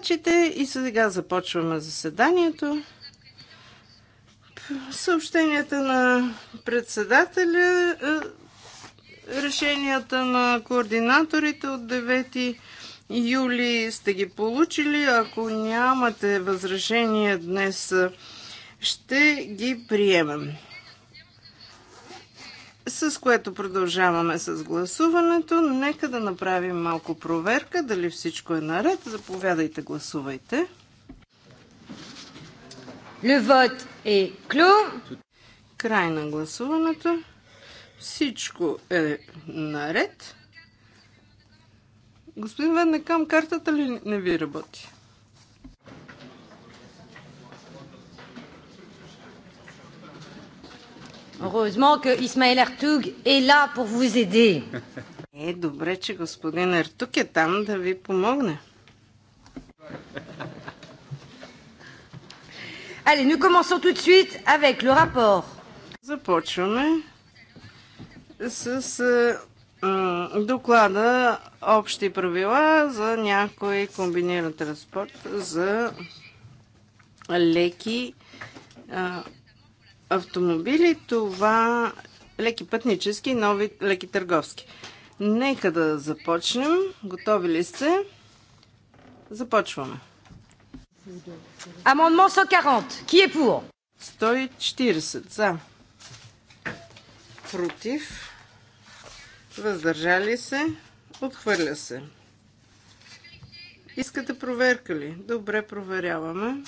Задачите и сега започваме заседанието. Съобщенията на председателя, е, решенията на координаторите от 9 юли сте ги получили. Ако нямате възражение днес, е, ще ги приемем. С което продължаваме с гласуването. Нека да направим малко проверка дали всичко е наред. Заповядайте, гласувайте. Le vote е Край на гласуването. Всичко е наред. Господин Веднекам, картата ли не ви работи? Heureusement que Исмаил Артуг е là pour vous aider. Е, добре, че господин Артук е там да ви помогне. Allez, nous commençons tout de suite avec le rapport. Започваме с доклада Общи правила за някой комбиниран транспорт за леки а, автомобили, това леки пътнически, нови леки търговски. Нека да започнем. Готови ли сте? Започваме. Амонмон 140. Ки е пур? 140 за. Против. Въздържали се. Отхвърля се. Искате проверка ли? Добре, проверяваме.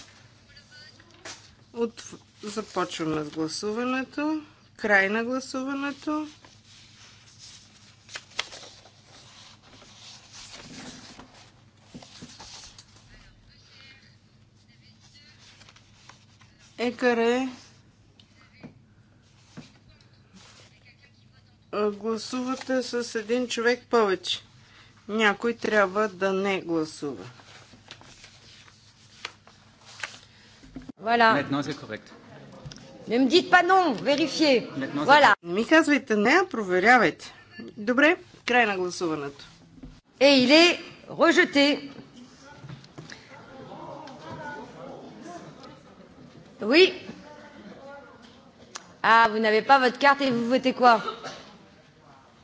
От Започваме с гласуването. Край на гласуването. Екаре гласувате с един човек повече. Някой трябва да не гласува. Voilà. Maintenant, c'est correct. Не ми дит па верифие. Не ми казвайте не, проверявайте. Добре, край на гласуването. Е, или режете. Oui. А, ah, vous n'avez па votre карта и ви votez quoi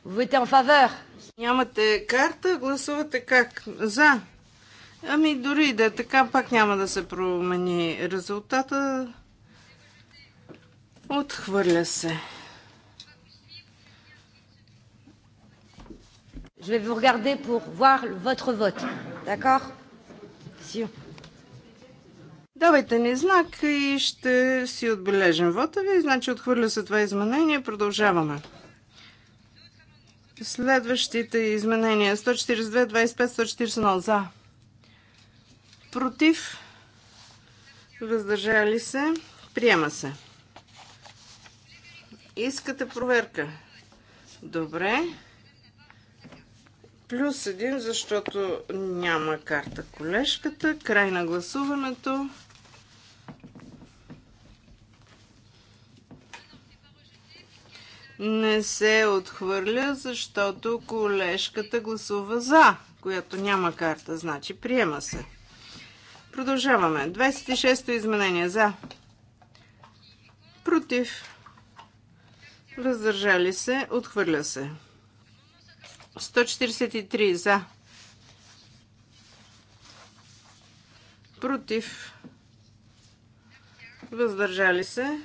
Vous votez en Нямате карта, гласувате как? За. Ами дори да е така, пак няма да се промени резултата. Отхвърля се. Je vais vous regarder pour voir votre vote. D'accord Давайте ни знак и ще си отбележим вота ви. Значи отхвърля се това изменение. Продължаваме. Следващите изменения 142, 25, 141 за. Против. Въздържали се. Приема се. Искате проверка? Добре. Плюс един, защото няма карта колешката. Край на гласуването. Не се отхвърля, защото колешката гласува за, която няма карта. Значи приема се. Продължаваме. 26-то изменение за. Против. Въздържали се. Отхвърля се. 143 за. Против. Въздържали се.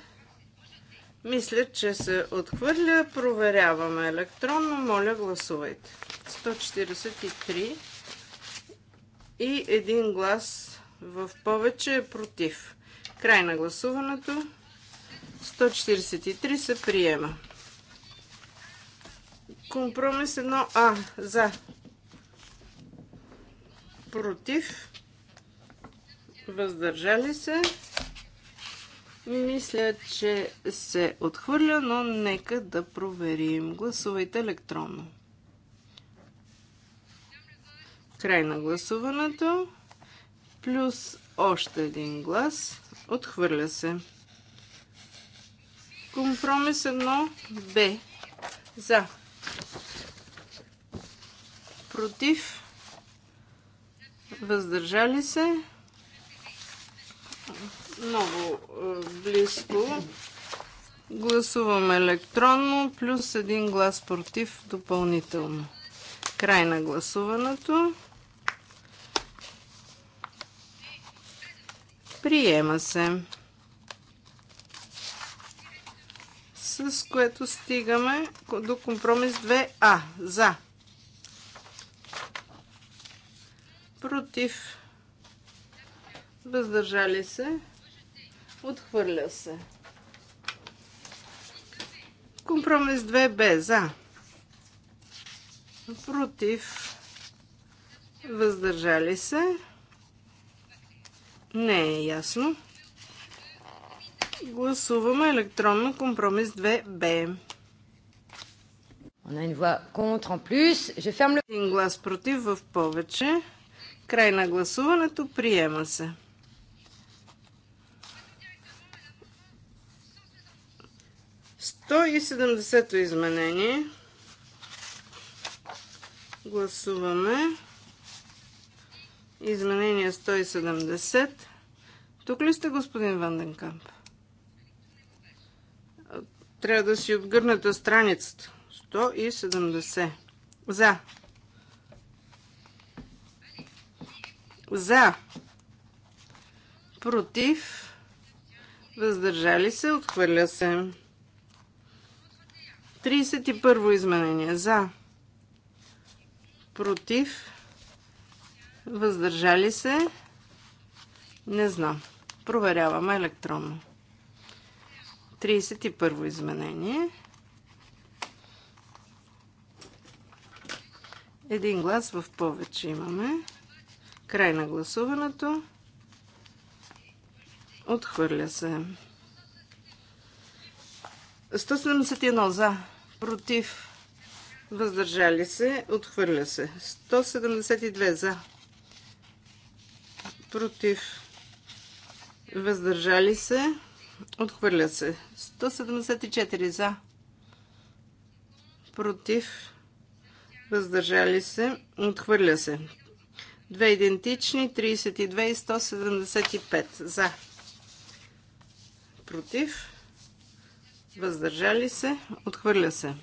Мисля, че се отхвърля. Проверяваме електронно. Моля, гласувайте. 143 и един глас в повече е против. Край на гласуването. 143 се приема. Компромис 1А за против въздържали се. Мисля, че се отхвърля, но нека да проверим. Гласувайте електронно. Край на гласуването. Плюс още един глас. Отхвърля се. Компромис 1 Б. За. Против. Въздържали се. Много е, близко. Гласувам електронно, плюс един глас против допълнително. Край на гласуването. Приема се. с което стигаме до компромис 2А. За. Против. Въздържали се. Отхвърля се. Компромис 2Б. За. Против. Въздържали се. Не е ясно. Гласуваме електронно компромис 2Б. On a une voix contre en plus. Je ferme le... Един глас против в повече. Край на гласуването. Приема се. Сто и седемдесето изменение. Гласуваме. Изменение 170. Тук ли сте, господин Ванденкамп? Трябва да си отгърната страницата. 170. За. За. Против. Въздържали се. Отхвърля се. 31 изменение. За. Против. Въздържали се. Не знам. Проверяваме електронно. 31 изменение. Един глас в повече имаме. Край на гласуването. Отхвърля се. 171 за, против, въздържали се, отхвърля се. 172 за, против, въздържали се. Отхвърля се. 174 за. Против. Въздържали се. Отхвърля се. Две идентични. 32 и 175 за. Против. Въздържали се. Отхвърля се.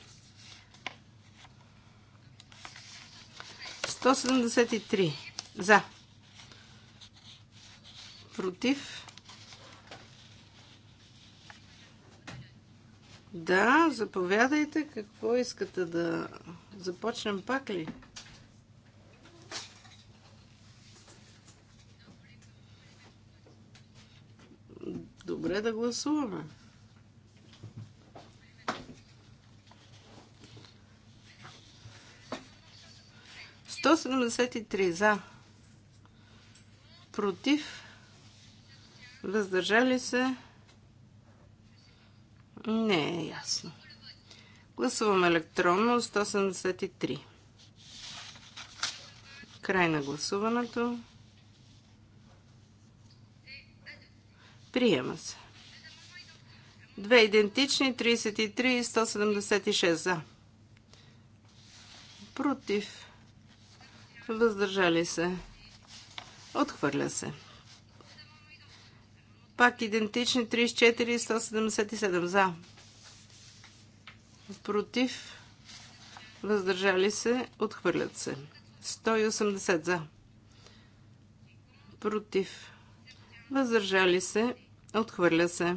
173 за. Против Да, заповядайте. Какво искате да започнем пак ли? Добре да гласуваме. Сто седемдесет три за. Против. Въздържали се. Не е ясно. Гласувам електронно 173. Край на гласуването. Приема се. Две идентични, 33 и 176 за. Против. Въздържали се. Отхвърля се. Пак идентични 34 и 177 за. Против. Въздържали се. Отхвърлят се. 180 за. Против. Въздържали се. Отхвърля се.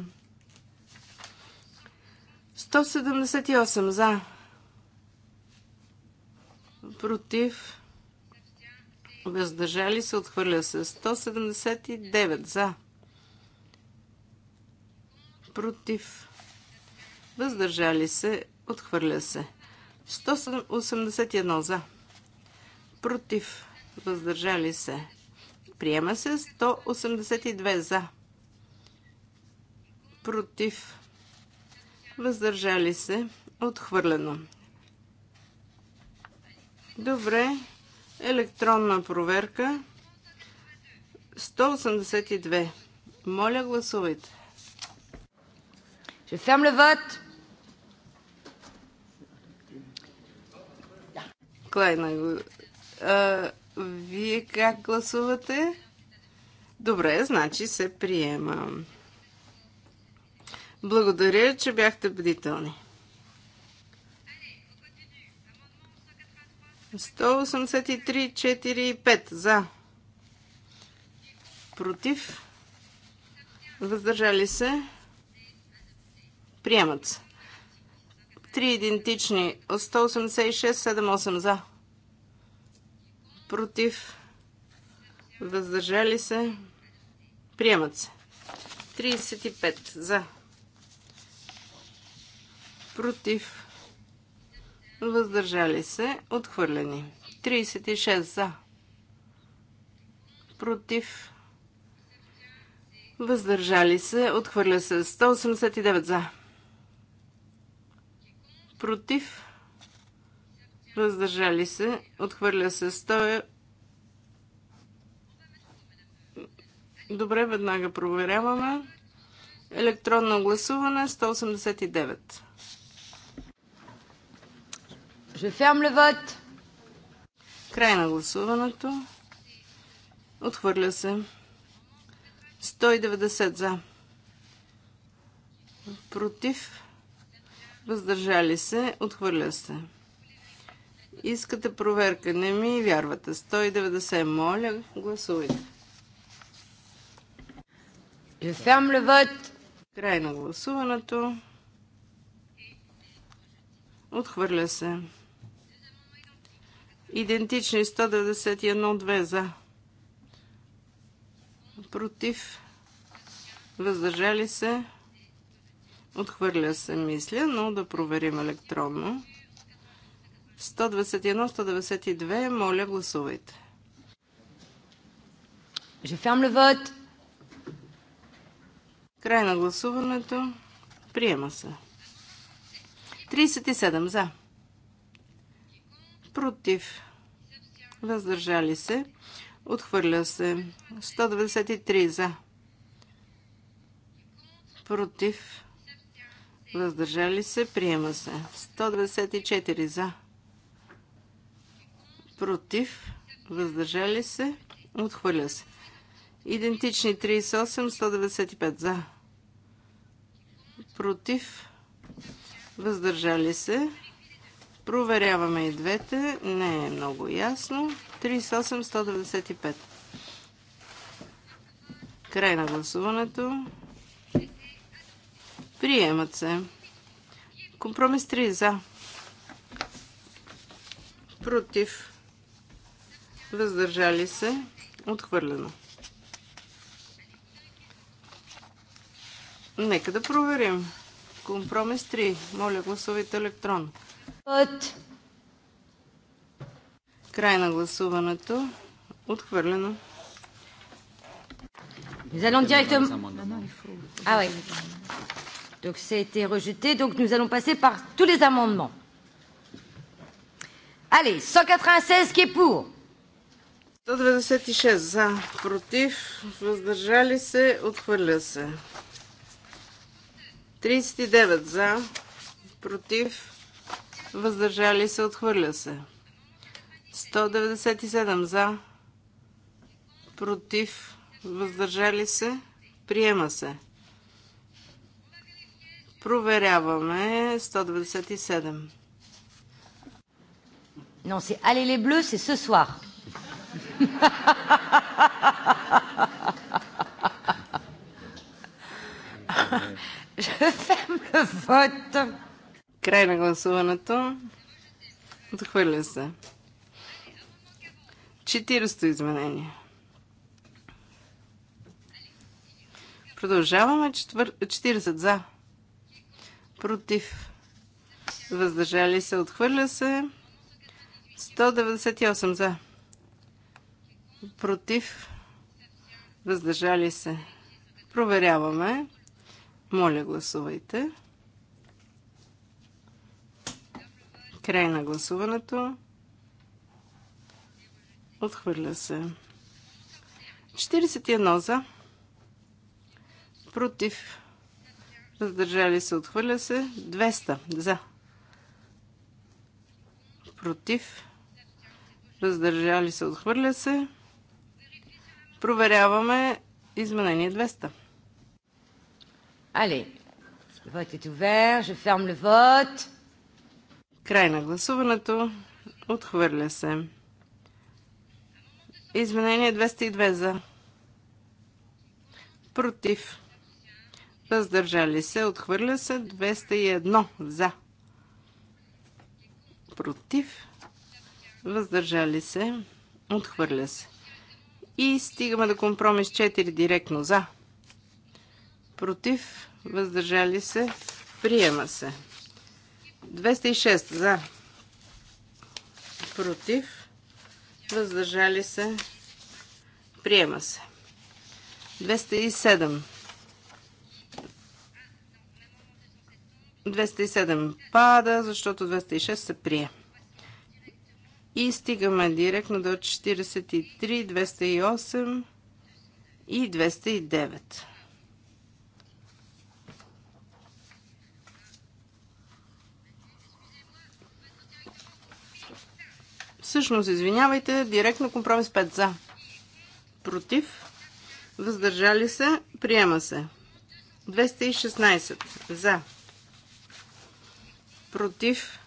178 за. Против. Въздържали се. Отхвърля се. 179 за против, въздържали се, отхвърля се. 181 за, против, въздържали се, приема се. 182 за, против, въздържали се, отхвърлено. Добре, електронна проверка. 182. Моля, гласувайте. Je ferme le vote. Клай е го. вие как гласувате? Добре, значи се приема. Благодаря, че бяхте бдителни. 183, 4 5 за. Против. Въздържали се. Приемат се. Три идентични от 186, 7-8 за. Против. Въздържали се. Приемат се. 35 за. Против. Въздържали се. Отхвърлени. 36 за. Против. Въздържали се. Отхвърля се. 189 за против, въздържали се, отхвърля се 100. Е- Добре, веднага проверяваме. Електронно гласуване 189. Je ferme le vote. Край на гласуването. Отхвърля се. 190 за. Против. Въздържали се, отхвърля се. Искате проверка, не ми вярвате. 190, моля, гласувайте. Фям левът. Край на гласуването. Отхвърля се. Идентични 191-2 за. Против. Въздържали се. Отхвърля се, мисля, но да проверим електронно. 121-192, моля гласувайте. Je ferme le vote. Край на гласуването. Приема се. 37 за. Против. Въздържали се. Отхвърля се. 193 за. Против. Въздържали се. Приема се. 194 за. Против. Въздържали се. Отхвърля се. Идентични 38, 195 за. Против. Въздържали се. Проверяваме и двете. Не е много ясно. 38, 195. Край на гласуването. Приемат се. Компромис 3 за. Против. Въздържали се. Отхвърлено. Нека да проверим. Компромис 3. Моля, гласувайте електронно. От. Край на гласуването. Отхвърлено. Nous allons directement. Ah ouais. Donc ça a été rejeté. Donc nous allons passer par tous les amendements. Allez, 196 qui est pour. 196 за, против, въздържали се, отхвърля се. 39 за, против, въздържали се, отхвърля се. 197 за, против, въздържали се, приема се. Проверяваме 197. Non, c'est Allez les Bleus, c'est ce soir. Je ferme le vote. Край на гласуването. Отхвърля се. 40 изменение. Продължаваме. 40 за против, въздържали се, отхвърля се. 198 за, против, въздържали се. Проверяваме. Моля, гласувайте. Край на гласуването. Отхвърля се. 41 за. Против. Въздържали се, отхвърля се. 200 за. Против. Въздържали се, отхвърля се. Проверяваме изменение 200. Али. le е увер, ouvert, je ferme le vote. Край на гласуването. Отхвърля се. Изменение 202 за. Против. Против. Въздържали се. Отхвърля се. 201 за. Против. Въздържали се. Отхвърля се. И стигаме до компромис 4 директно за. Против. Въздържали се. Приема се. 206 за. Против. Въздържали се. Приема се. 207 207 пада, защото 206 се прие. И стигаме директно до 43, 208 и 209. Всъщност, извинявайте, директно компромис 5 за. Против. Въздържали се. Приема се. 216 за против,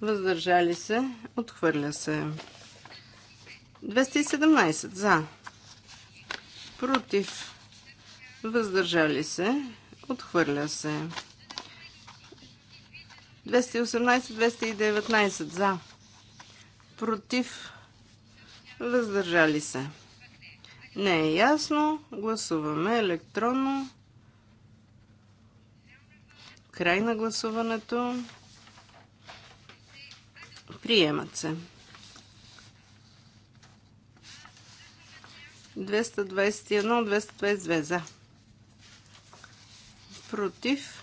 въздържали се, отхвърля се. 217 за, против, въздържали се, отхвърля се. 218-219 за, против, въздържали се. Не е ясно, гласуваме електронно край на гласуването. Приемат се. 221-222 за. Против.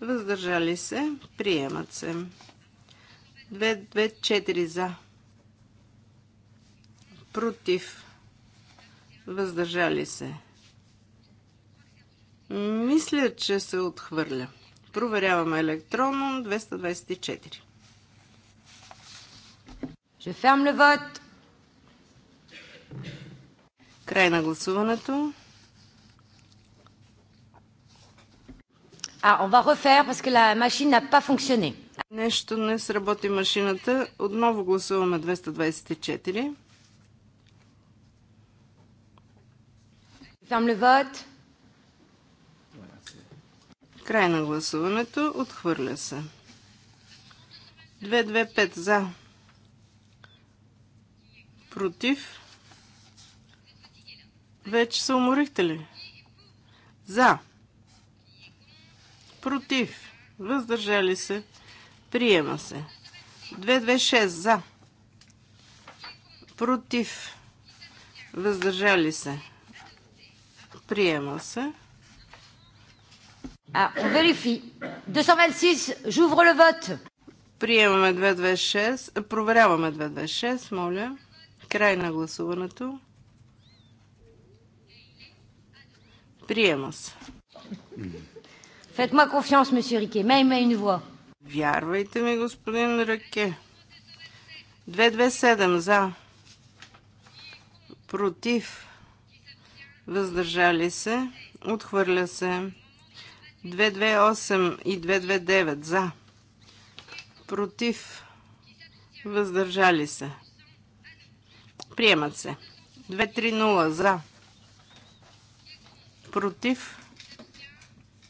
Въздържали се. Приемат се. 224 за. Против. Въздържали се. Мисля, че се отхвърля. Проверяваме електронно 224. Je ferme le vote. Край на гласуването. А, ah, on va refaire parce que la machine n'a pas fonctionné. Нещо не сработи машината. Отново гласуваме 224. Ferme le vote. Край на гласуването. Отхвърля се. 225 за. Против. Вече се уморихте ли? За. Против. Въздържали се. Приема се. 226 за. Против. Въздържали се. Приема се. А, on vérifie. 226, j'ouvre le vote. Приемаме 226. Проверяваме 226, моля. Край на гласуването. Приема се. Faites-moi confiance, monsieur Riquet. има и ниво. Вярвайте ми, господин Раке. 227 за. Против. Въздържали се. Отхвърля се. 228 и 229 за. Против. Въздържали се. Приемат се. 2-3-0 за. Против.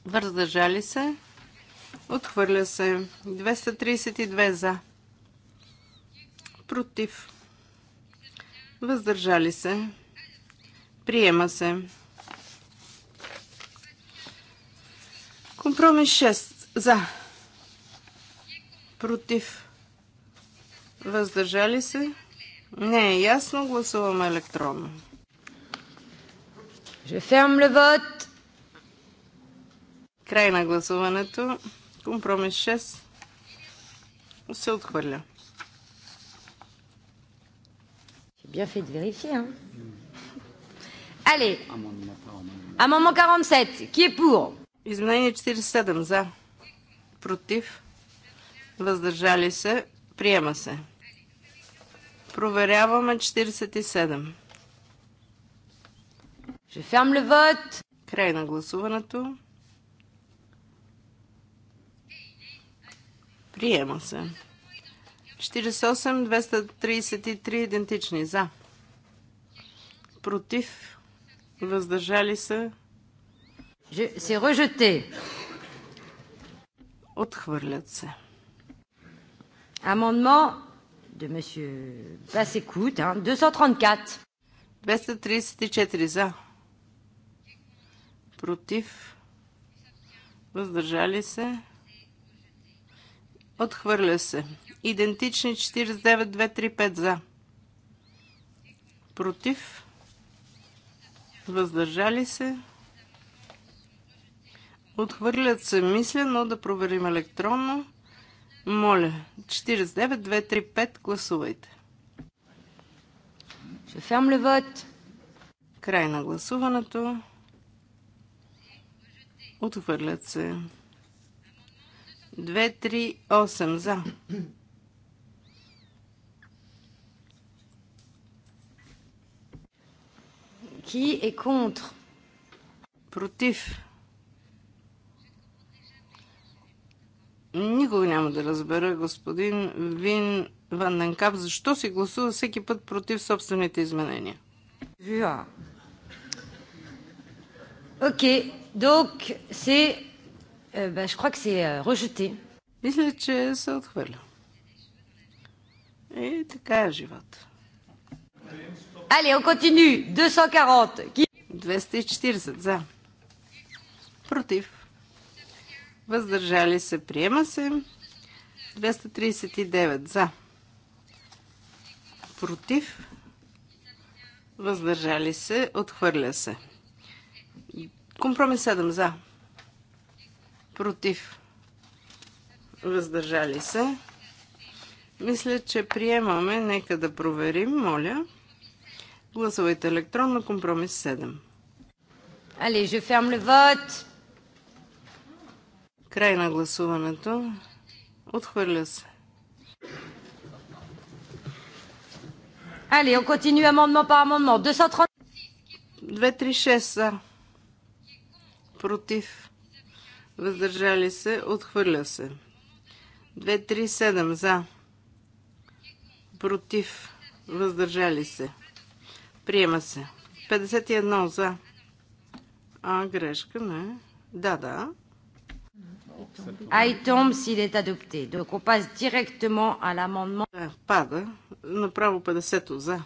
Въздържали се. Отхвърля се. 232 за. Против. Въздържали се. Приема се. Компромис 6 за. Против. Въздържали се. Не е ясно, гласуваме електронно. Je ferme le vote. Край на гласуването. Компромис 6 се отхвърля. Bien fait de vérifier. Hein. Allez. Amendement 47. Qui est pour? Изменение 47 за. Против. Въздържали се. Приема се. Проверяваме 47. Je ferme le vote. Край на гласуването. Приема се. 48, 233 идентични. За. Против. Въздържали се. Се ръжете. Отхвърлят се. Амонмо de Monsieur écoute, Hein, 234. 234 за. Против. Въздържали се. Отхвърля се. Идентични 49235 за. Против. Въздържали се. Отхвърлят се мисля, но да проверим електронно. Моля, 49-235, гласувайте. Je ferme le vote. Край на гласуването. Отхвърлят се. 238 за. Qui est contre? Против. Никога няма да разбера господин Вин Ванденкап защо се гласува всеки път против собствените изменения. Вия. Окей, Док си... Беш je си que euh, Мисля, че се отхвърля. И така е живота. Али, он континю. 240. 240 за. Против въздържали се, приема се. 239 за, против, въздържали се, отхвърля се. Компромис 7 за, против, въздържали се. Мисля, че приемаме. Нека да проверим, моля. Гласувайте електронно компромис 7. Allez, je ferme le vote. Край на гласуването. Отхвърля се. Але, он continue amendement по amendement. 236. 236 са. Против. Въздържали се. Отхвърля се. 237 за. Против. Въздържали се. Приема се. 51 за. А, грешка, не. Да, да. А и том си е адопте. Donc on passe directement à l'amendement. Пада направо 50 за.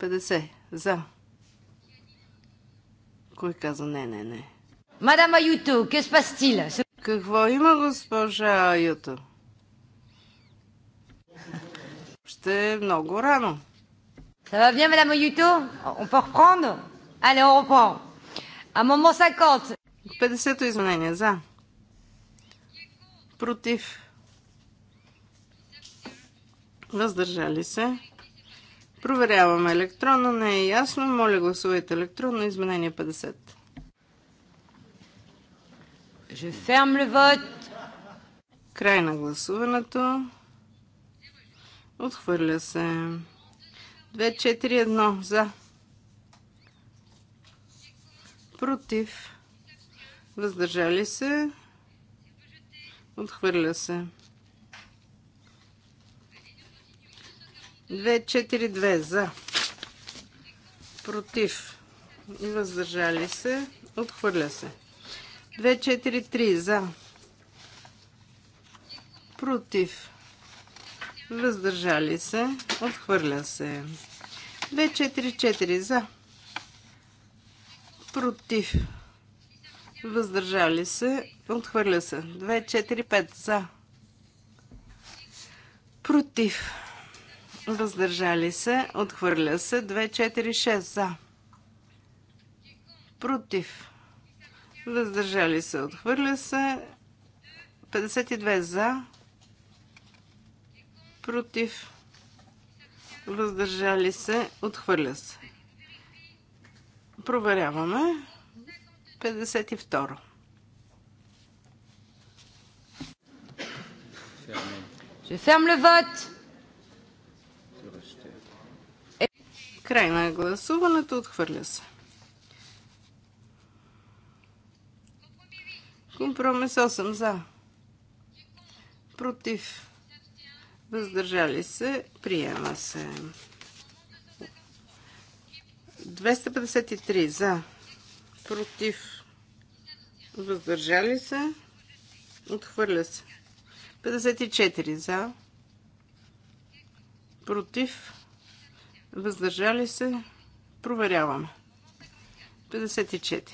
50 за. Кой каза не, не, не? Madame Ayuto, que se passe-t-il? Какво има, госпожа Ayuto. Ще много рано. Ça va bien, madame Ayuto? On peut reprendre? Allez, on reprend. Amendement 50. 50-то изменение за против, въздържали се. Проверяваме електронно, не е ясно. Моля гласувайте електронно, изменение 50. Je ferme le vote. Край на гласуването. Отхвърля се. 2-4-1 за. Против. Въздържали се. Отхвърля се. 2-4-2 за. Против. И въздържали се. Отхвърля се. 2-4-3 за. Против. Въздържали се. Отхвърля се. 2-4-4 за. Против въздържали се, отхвърля се. 2, 4, 5 за, против, въздържали се, отхвърля се. 2, 4, 6 за, против, въздържали се, отхвърля се. 52 за, против, въздържали се, отхвърля се. Проверяваме. 52. Je ferme le vote. Край на гласуването отхвърля се. Компромис 8 за. Против. Въздържали се. Приема се. 253 за. Против въздържали се, отхвърля се. 54 за, против, въздържали се, проверяваме. 54.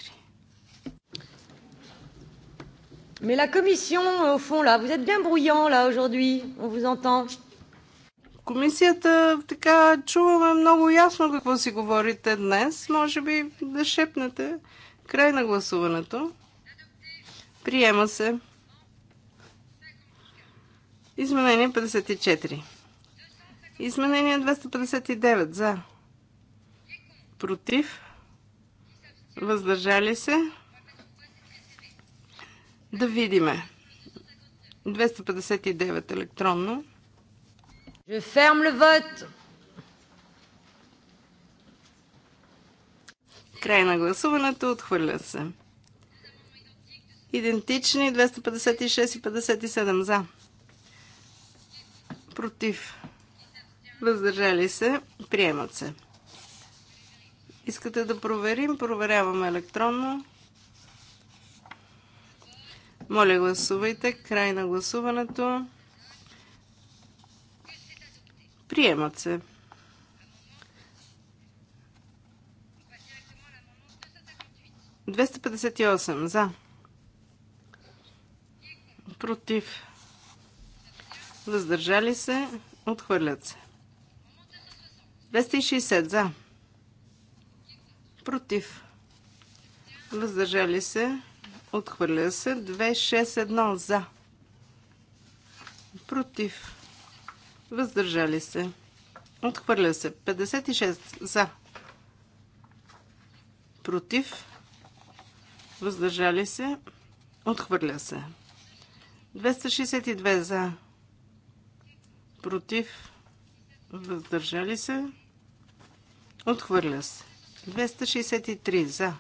Mais la commission, au fond, là, vous êtes bien bruyant, là, aujourd'hui. On vous entend. Комисията, така, чуваме много ясно какво си говорите днес. Може би да шепнете край на гласуването. Приема се. Изменение 54. Изменение 259 за. Против. Въздържали се. Да видиме. 259 електронно. Je ferme le vote. Край на гласуването. Отхвърля се. Идентични 256 и 57 за. Против. Въздържали се. Приемат се. Искате да проверим? Проверяваме електронно. Моля гласувайте. Край на гласуването. Приемат се. Двеста за против, въздържали се, отхвърлят се. 260 за, против, въздържали се, отхвърля се. 261 за, против, въздържали се, отхвърля се. 56 за, против, въздържали се, отхвърля се. 262 за. Против. Въздържали се. Отхвърля се. 263 за.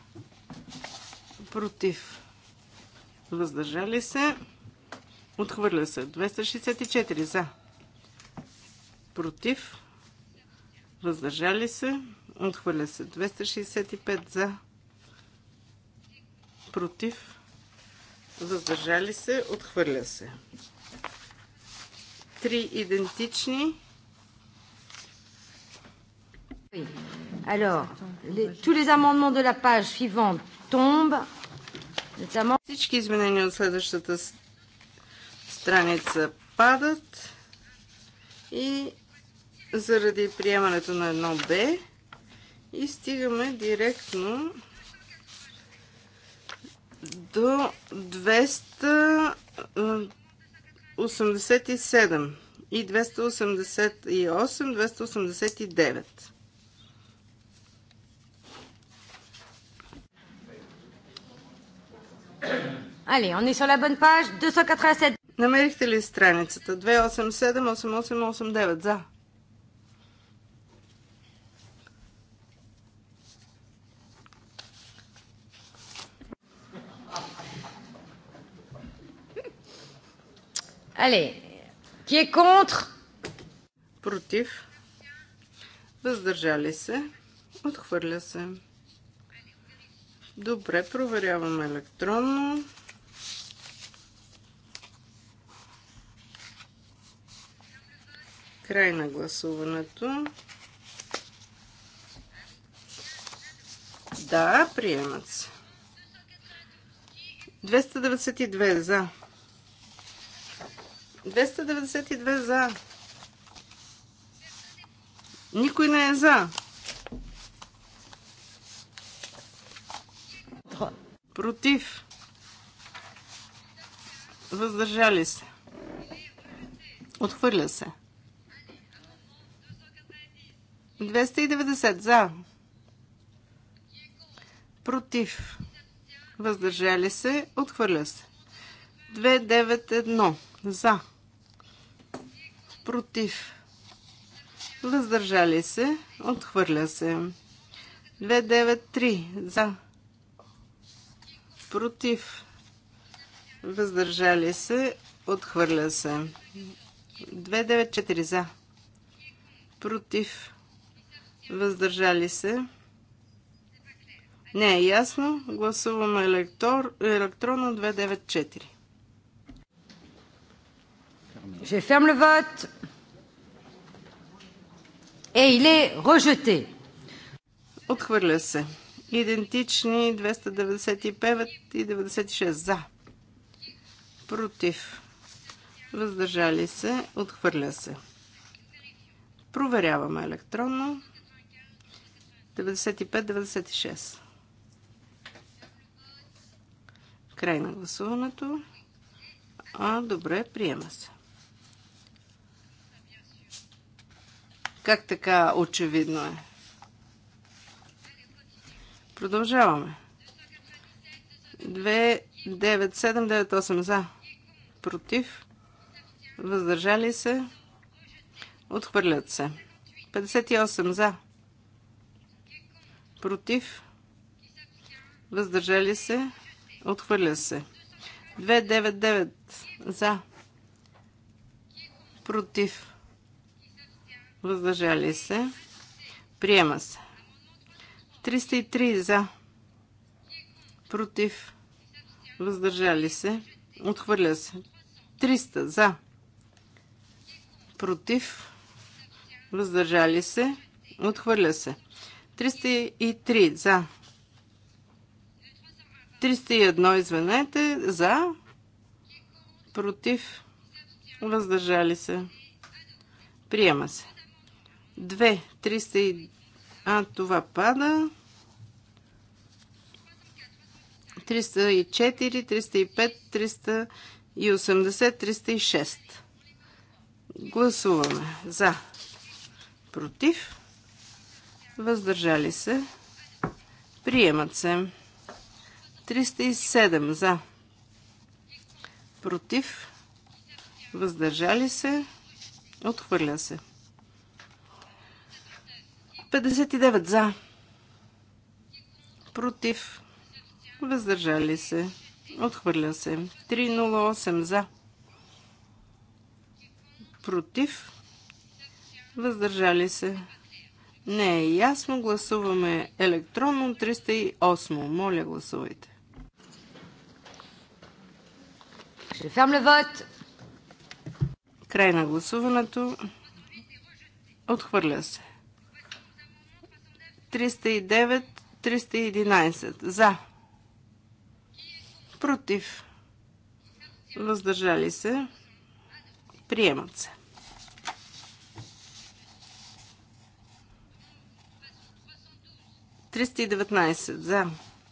Против. Въздържали се. Отхвърля се. 264 за. Против. Въздържали се. Отхвърля се. 265 за. Против въздържали се, отхвърля се. Три идентични. Alors, les, Всички изменения от следващата страница падат и заради приемането на едно Б и стигаме директно до 287 и 288-289. Allez, on est sur la bonne page, 287. Намерихте ли страницата? 287-8889, за. Але, ки е контр? Против. Въздържали се. Отхвърля се. Добре, проверяваме електронно. Край на гласуването. Да, приемат се. 292 за. 292 за. Никой не е за. Против. Въздържали се. Отхвърля се. 290 за. Против. Въздържали се. Отхвърля се. 291. За. Против. Въздържали се. Отхвърля се. 293. За. Против. Въздържали се. Отхвърля се. 294 за. Против. Въздържали се. Не е ясно. Гласуваме електор, електронно 294. Je ferme le vote. Et il est rejeté. Отхвърля се. Идентични 295 и 96 за. Против. Въздържали се. Отхвърля се. Проверяваме електронно. 95-96. Край на гласуването. А, добре, приема се. Как така очевидно е? Продължаваме. 29798 за. Против. Въздържали се. Отхвърлят се. 58 за. Против. Въздържали се. Отхвърля се. 299 за. Против въздържали се, приема се. 303 за, против, въздържали се, отхвърля се. 300 за, против, въздържали се, отхвърля се. 303 за, 301 извинете, за, против, въздържали се, приема се. 2. 300... А, това пада. 304, 305, 380, 306. Гласуваме за, против, въздържали се, приемат се. 307 за, против, въздържали се, отхвърля се. 59 за. Против. Въздържали се. Отхвърля се. 308 за. Против. Въздържали се. Не е ясно. Гласуваме електронно 308. Моля, гласувайте. Ще Край на гласуването. Отхвърля се. 309, 311. За. Против. Въздържали се. Приемат се. и деветнайсет за.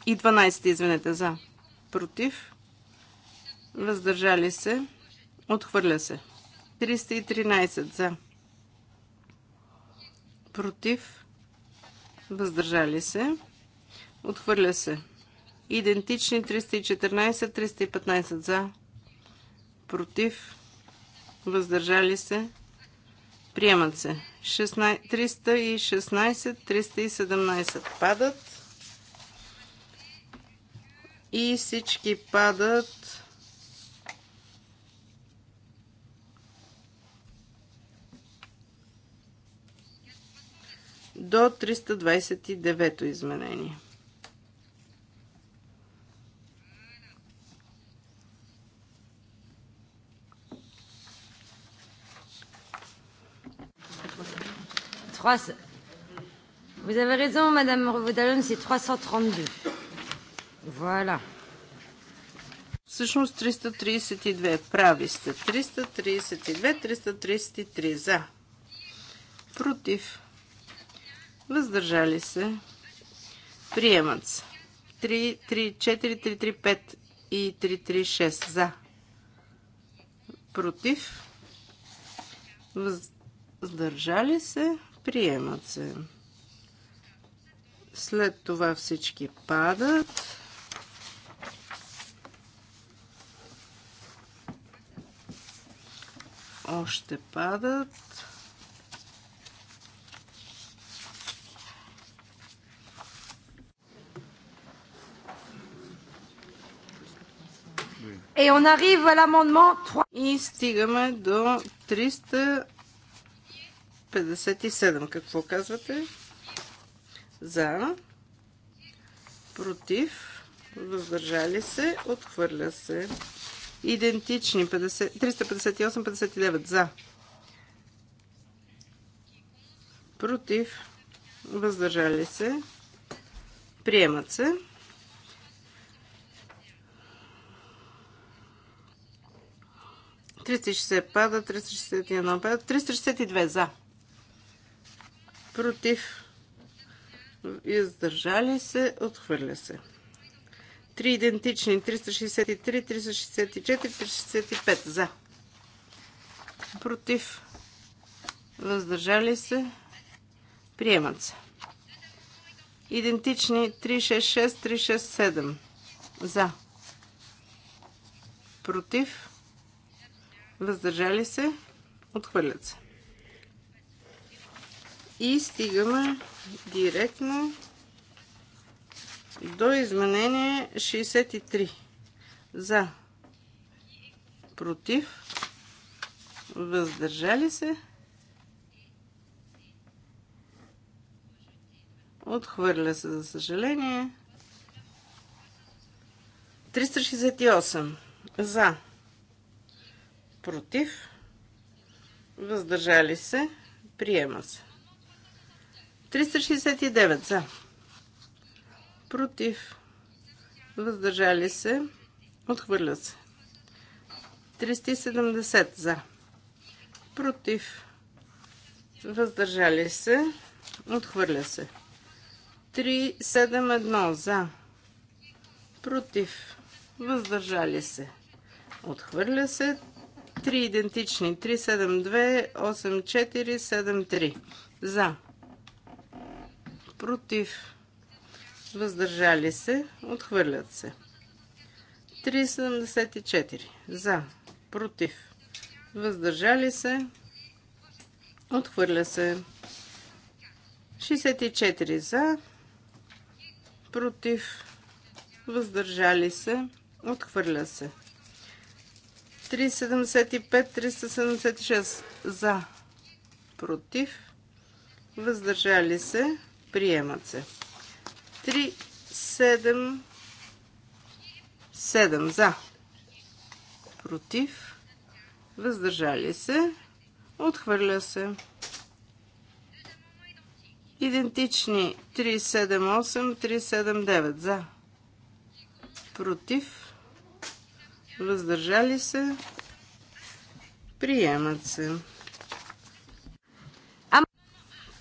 И 12, извинете, за. Против. Въздържали се. Отхвърля се. 313 за. Против въздържали се, отхвърля се. Идентични 314, 315 за, против, въздържали се, приемат се. 16, 316, 317 падат и всички падат до 329 изменение. Vous avez raison, Madame Revaudalon, c'est 332. Voilà. Всъщност 332. Прави сте. 332, 333. За. Против въздържали се, приемат се. 3, 3, 4, 3, 3, 5 и 3, 3, 6 за, против, въздържали се, приемат се. След това всички падат. Още падат. Et on arrive à l'amendement 3. И стигаме до 357. Какво казвате? За. Против. Въздържали се. Отхвърля се. Идентични. 50, 358-59. За. Против. Въздържали се. Приемат се. 360 пада, 361 пада, 362 за. Против. Издържали се, отхвърля се. Три идентични, 363, 364, 365 за. Против. Въздържали се. Приемат се. Идентични 366, 367 за. Против въздържали се, отхвърлят се. И стигаме директно до изменение 63. За, против, въздържали се, отхвърля се, за съжаление. 368. За против, въздържали се, приема се. 369 за, против, въздържали се, отхвърля се. 370 за, против, въздържали се, отхвърля се. 371 за, против, въздържали се. Отхвърля се Три идентични. 372, 84, 73. За. Против. Въздържали се. Отхвърлят се. 374. За. Против. Въздържали се. Отхвърля се. 64 за. Против. Въздържали се. Отхвърля се. 375-376 за, против, въздържали се, приемат се. 377 за, против, въздържали се, отхвърля се. Идентични 378-379 за, против, въздържали се, приемат се.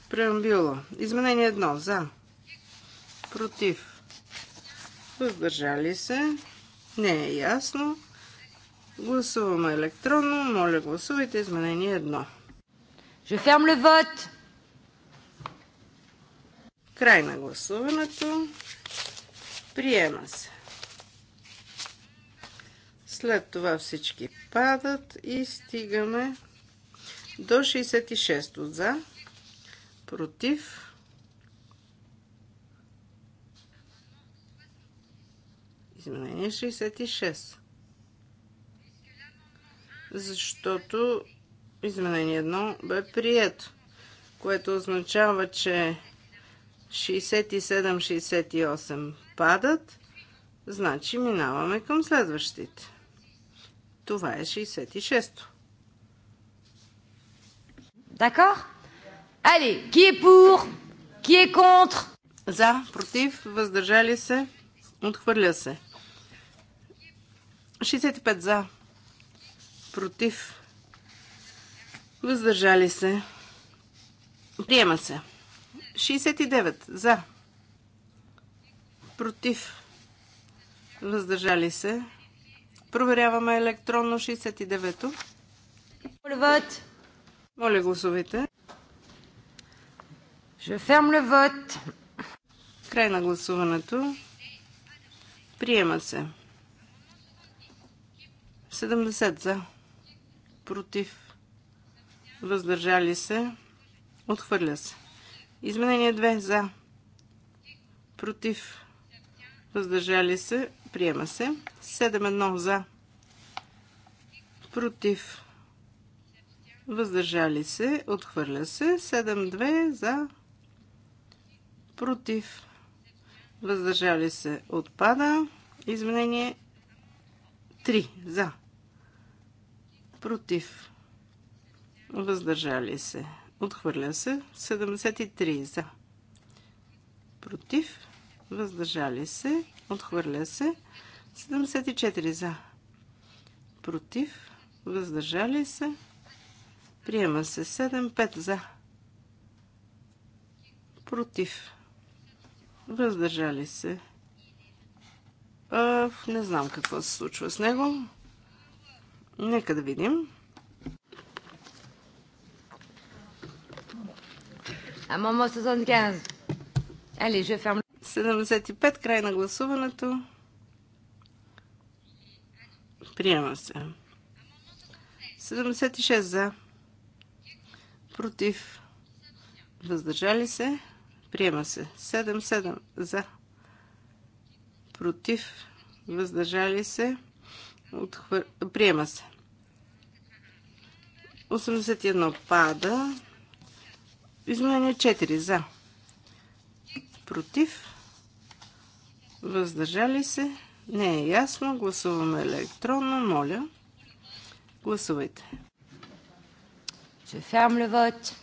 Преамбюла. Изменение едно. За. Против. Въздържали се. Не е ясно. Гласуваме електронно. Моля, гласувайте изменение едно. Je ferme le vote. Край на гласуването. Приема се. След това всички падат и стигаме до 66 за, против. Изменение 66. Защото изменение 1 бе прието, което означава, че 67-68 падат, значи минаваме към следващите. Това е 66-то. D'accord Allez, qui est pour Qui est contre За, против, въздържали се, отхвърля се. 65 за, против, въздържали се, приема се. 69 за, против, въздържали се, Проверяваме електронно 69-то. Левът. Моля, гласувайте. Je ferme Край на гласуването. Приема се. 70 за. Против. Въздържали се. Отхвърля се. Изменение 2 за. Против въздържали се, приема се. 7-1 за, против, въздържали се, отхвърля се. 7-2 за, против, въздържали се, отпада. Изменение 3 за, против, въздържали се, отхвърля се. 73 за, против, въздържали се, отхвърля се. 74 за, против, въздържали се, приема се 7, 5 за, против, въздържали се. А, не знам какво се случва с него. Нека да видим. се 75. Ели, ще ferme. 75. Край на гласуването. Приема се. 76 за. Против. Въздържали се. Приема се. 7-7 за. Против. Въздържали се. Отхвър... Приема се. 81 пада. Изменение 4 за. Против. Въздържали се? Не е ясно. Гласуваме електронно. Моля, гласувайте. Je ferme le vote.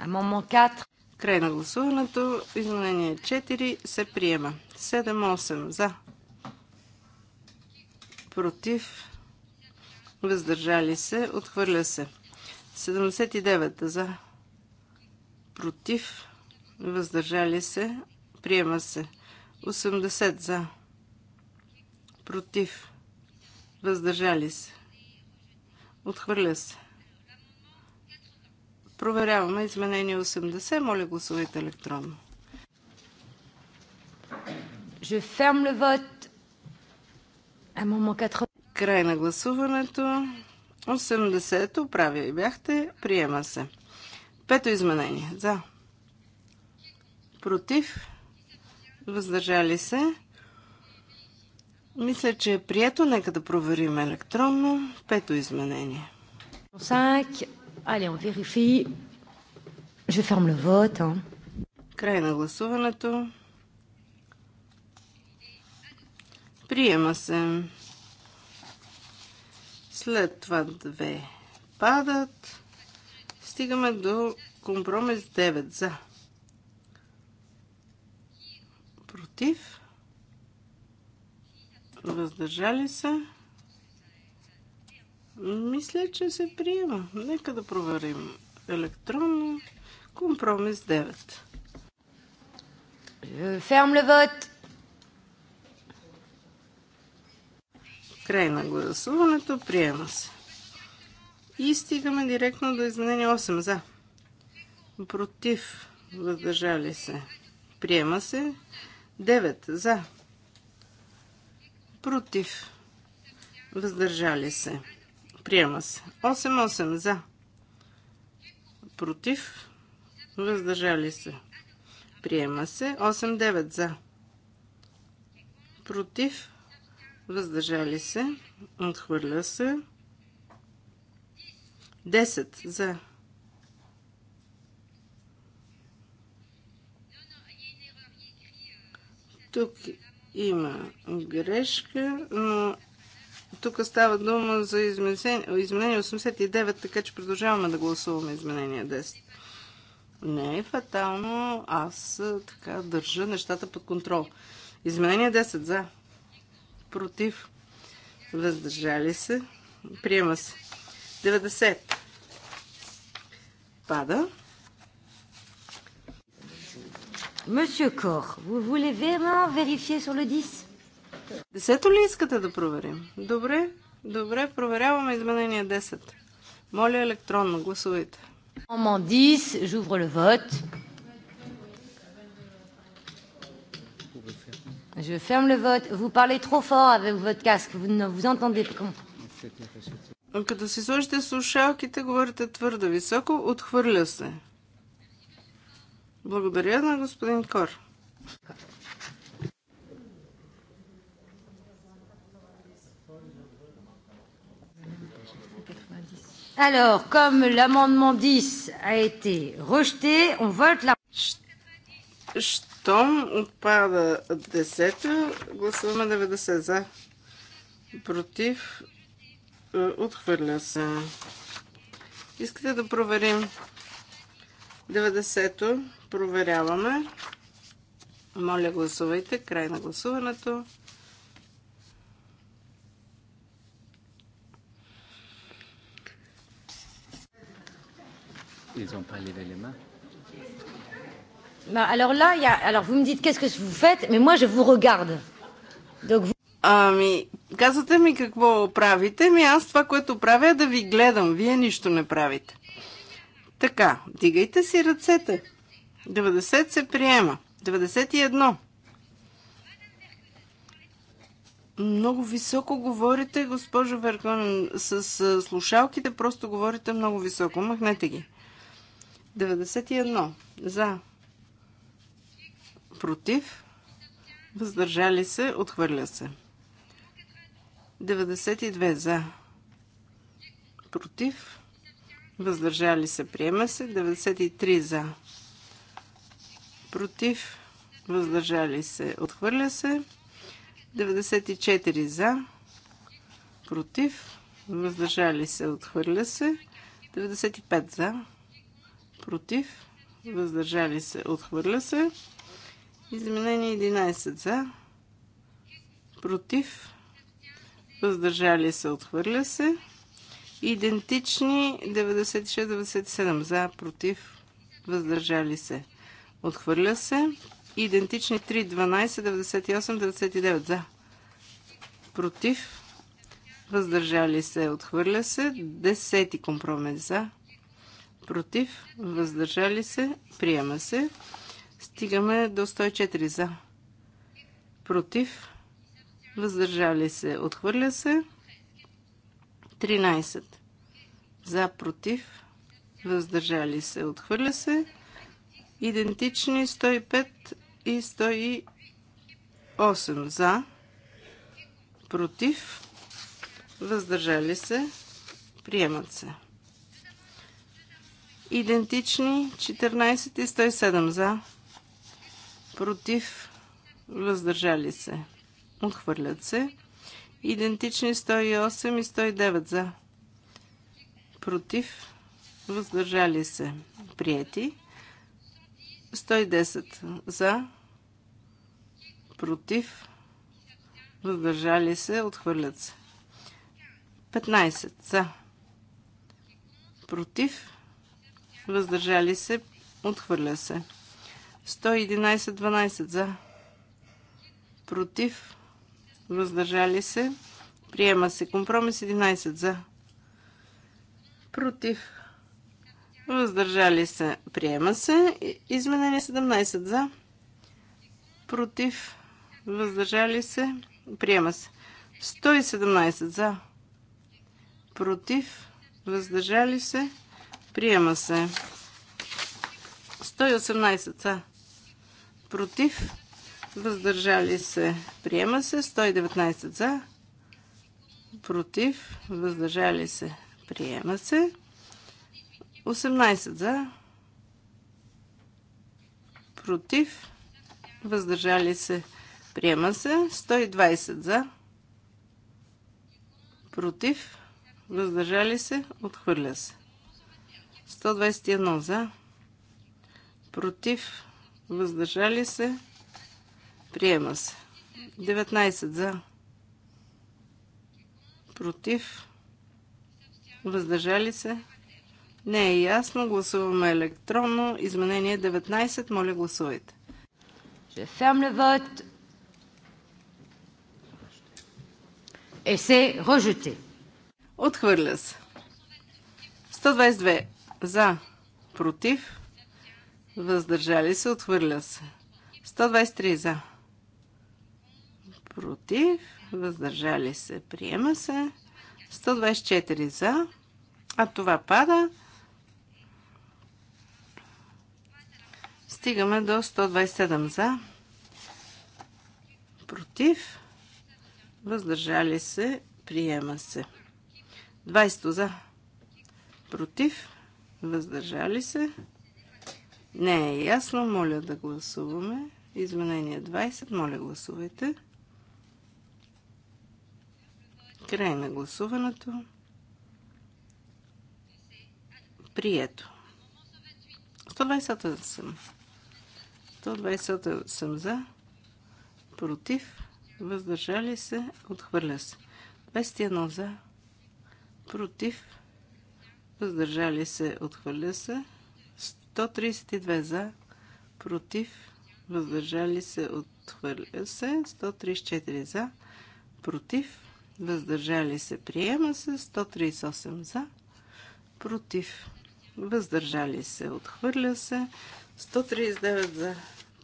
Amendement 4. Край на гласуването. Изменение 4 се приема. 7-8 за. Против. Въздържали се. Отхвърля се. 79 за. Против. Въздържали се. Приема се. 80 за. Против. Въздържали се. Отхвърля се. Проверяваме изменение 80. Моля гласувайте електронно. Je ferme le vote. 80. Край на гласуването. 80-то правя и бяхте. Приема се. Пето изменение. За. Против въздържали се. Мисля, че е прието. Нека да проверим електронно. Пето изменение. 5. Allez, on vérifie. Je ferme le vote. Край на гласуването. Приема се. След това две падат. Стигаме до компромис 9 за. Против. Въздържали се. Мисля, че се приема. Нека да проверим електронно. Компромис 9. Е, ферм Край на гласуването. Приема се. И стигаме директно до изменение 8 за. Против. Въздържали се. Приема се. 9 за. Против. Въздържали се. Приема се. 8-8 за. Против. Въздържали се. Приема се. 8-9 за. Против. Въздържали се. Отхвърля се. 10 за. Тук има грешка, но тук става дума за изменение 89, така че продължаваме да гласуваме изменение 10. Не е фатално, аз така държа нещата под контрол. Изменение 10 за. Против. Въздържали се. Приема се. 90. Пада. Monsieur Кор, vous voulez vraiment vérifier sur le 10? Десето ли искате да проверим? Добре, добре, проверяваме изменение 10. Моля електронно, гласувайте. Amendement 10, j'ouvre le vote. Je ferme le vote. Vous parlez trop fort avec votre casque. Vous ne vous entendez pas. Като си сложите слушалките, говорите твърде високо, отхвърля се. Благодаря на господин Кор. Alors, comme l'amendement 10 a été rejeté, on vote la... Щом отпада 10, гласуваме 90 за. Против, е, отхвърля се. Искате да проверим 90-то? Проверяваме. Моля, гласувайте. Край на гласуването. Ils n'ont pas levé les mains. Bah, alors là, y a... alors vous me dites qu'est-ce que vous faites, mais moi je vous regarde. Donc vous... Ами, казвате ми какво правите, ми аз това, което правя е да ви гледам. Вие нищо не правите. Така, дигайте си ръцете. 90 се приема. 91. Много високо говорите, госпожо Веркон. С слушалките просто говорите много високо. Махнете ги. 91. За. Против. Въздържали се. Отхвърля се. 92. За. Против. Въздържали се. Приема се. 93. За против, въздържали се, отхвърля се. 94 за, против, въздържали се, отхвърля се. 95 за, против, въздържали се, отхвърля се. Изменение 11 за, против, въздържали се, отхвърля се. Идентични 96-97 за, против, въздържали се. Отхвърля се. Идентични 3, 12, 98, 99 за. Против. Въздържали се. Отхвърля се. Десети компромис за. Против. Въздържали се. Приема се. Стигаме до 104 за. Против. Въздържали се. Отхвърля се. 13. За. Против. Въздържали се. Отхвърля се. Идентични 105 и 108 за, против, въздържали се, приемат се. Идентични 14 и 107 за, против, въздържали се, отхвърлят се. Идентични 108 и 109 за, против, въздържали се, приети. 110 за, против, въздържали се, отхвърлят се. 15 за, против, въздържали се, отхвърля се. 111-12 за, против, въздържали се, приема се. Компромис 11 за, против, Въздържали се. Приема се. Изменение 17 за. Против. Въздържали се. Приема се. 117 за. Против. Въздържали се. Приема се. 118 за. Против. Въздържали се. Приема се. 119 за. Против. Въздържали се. Приема се. 18 за, против, въздържали се, приема се. 120 за, против, въздържали се, отхвърля се. 121 за, против, въздържали се, приема се. 19 за, против, въздържали се, се. Не е ясно. Гласуваме електронно. Изменение 19. Моля, гласувайте. Je ferme le vote. Et c'est rejeté. Отхвърля се. 122 за, против, въздържали се, отхвърля се. 123 за, против, въздържали се, приема се. 124 за, а това пада. Стигаме до 127 за. Против. Въздържали се. Приема се. 20 за. Против. Въздържали се. Не е ясно. Моля да гласуваме. Изменение 20. Моля гласувайте. Край на гласуването. Прието. 128. 128 за, против, въздържали се, отхвърля се. 21 за, против, въздържали се, отхвърля се. 132 за, против, въздържали се, отхвърля се. 134 за, против, въздържали се, приема се. 138 за, против, въздържали се, отхвърля се. 139 за,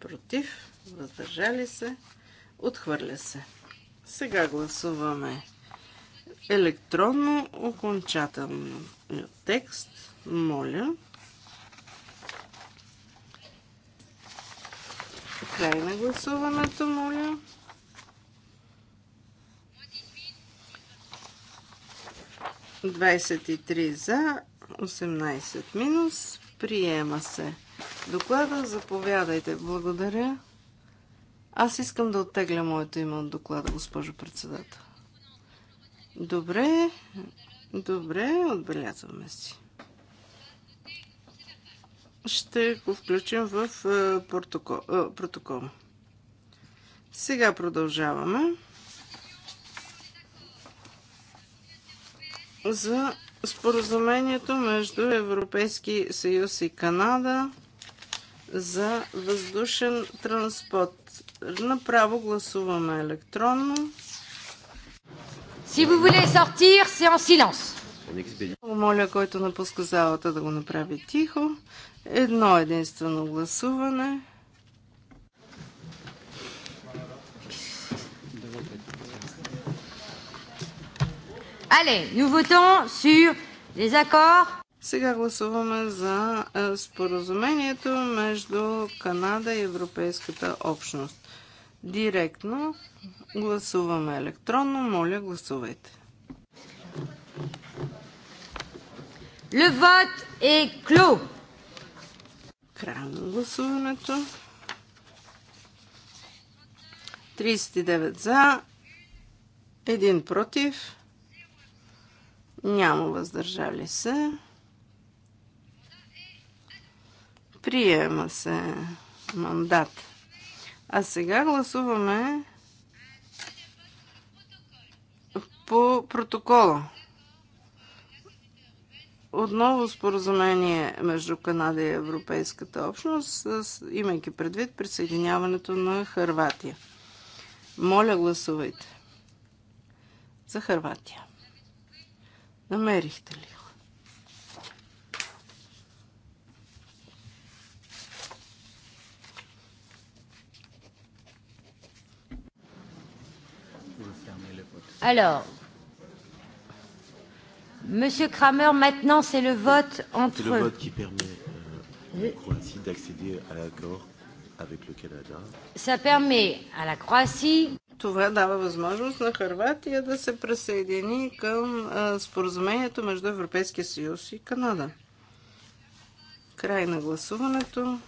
против, въздържали се, отхвърля се. Сега гласуваме електронно окончателно текст. Моля. Край на гласуването, моля. Двадесет и три за, 18 минус. Приема се доклада. Заповядайте. Благодаря. Аз искам да оттегля моето име от доклада, госпожо председател. Добре, добре, отбелязваме си. Ще го включим в е, протокол. Е, протокол. Сега продължаваме. За споразумението между Европейски съюз и Канада за въздушен транспорт. Направо гласуваме електронно. Si vous voulez sortir, c'est en silence. Моля, който напуска залата да го направи тихо. Едно единствено гласуване. Allez, nous votons sur les accords сега гласуваме за е, споразумението между Канада и Европейската общност. Директно гласуваме електронно. Моля, гласувайте. Le vote est clos. Край на гласуването. 39 за, 1 против, няма въздържали се. Приема се мандат. А сега гласуваме по протокола. Отново споразумение между Канада и Европейската общност, имайки предвид присъединяването на Харватия. Моля, гласувайте за Харватия. Намерихте ли? Alors, Monsieur Kramer, maintenant c'est le vote entre. C'est le vote qui permet euh, à la Croatie d'accéder à l'accord avec le Canada. Ça permet à la Croatie. Това дава възможност на Харватия да се присъедини към а, споразумението между Европейския съюз и Канада. Край на гласуването.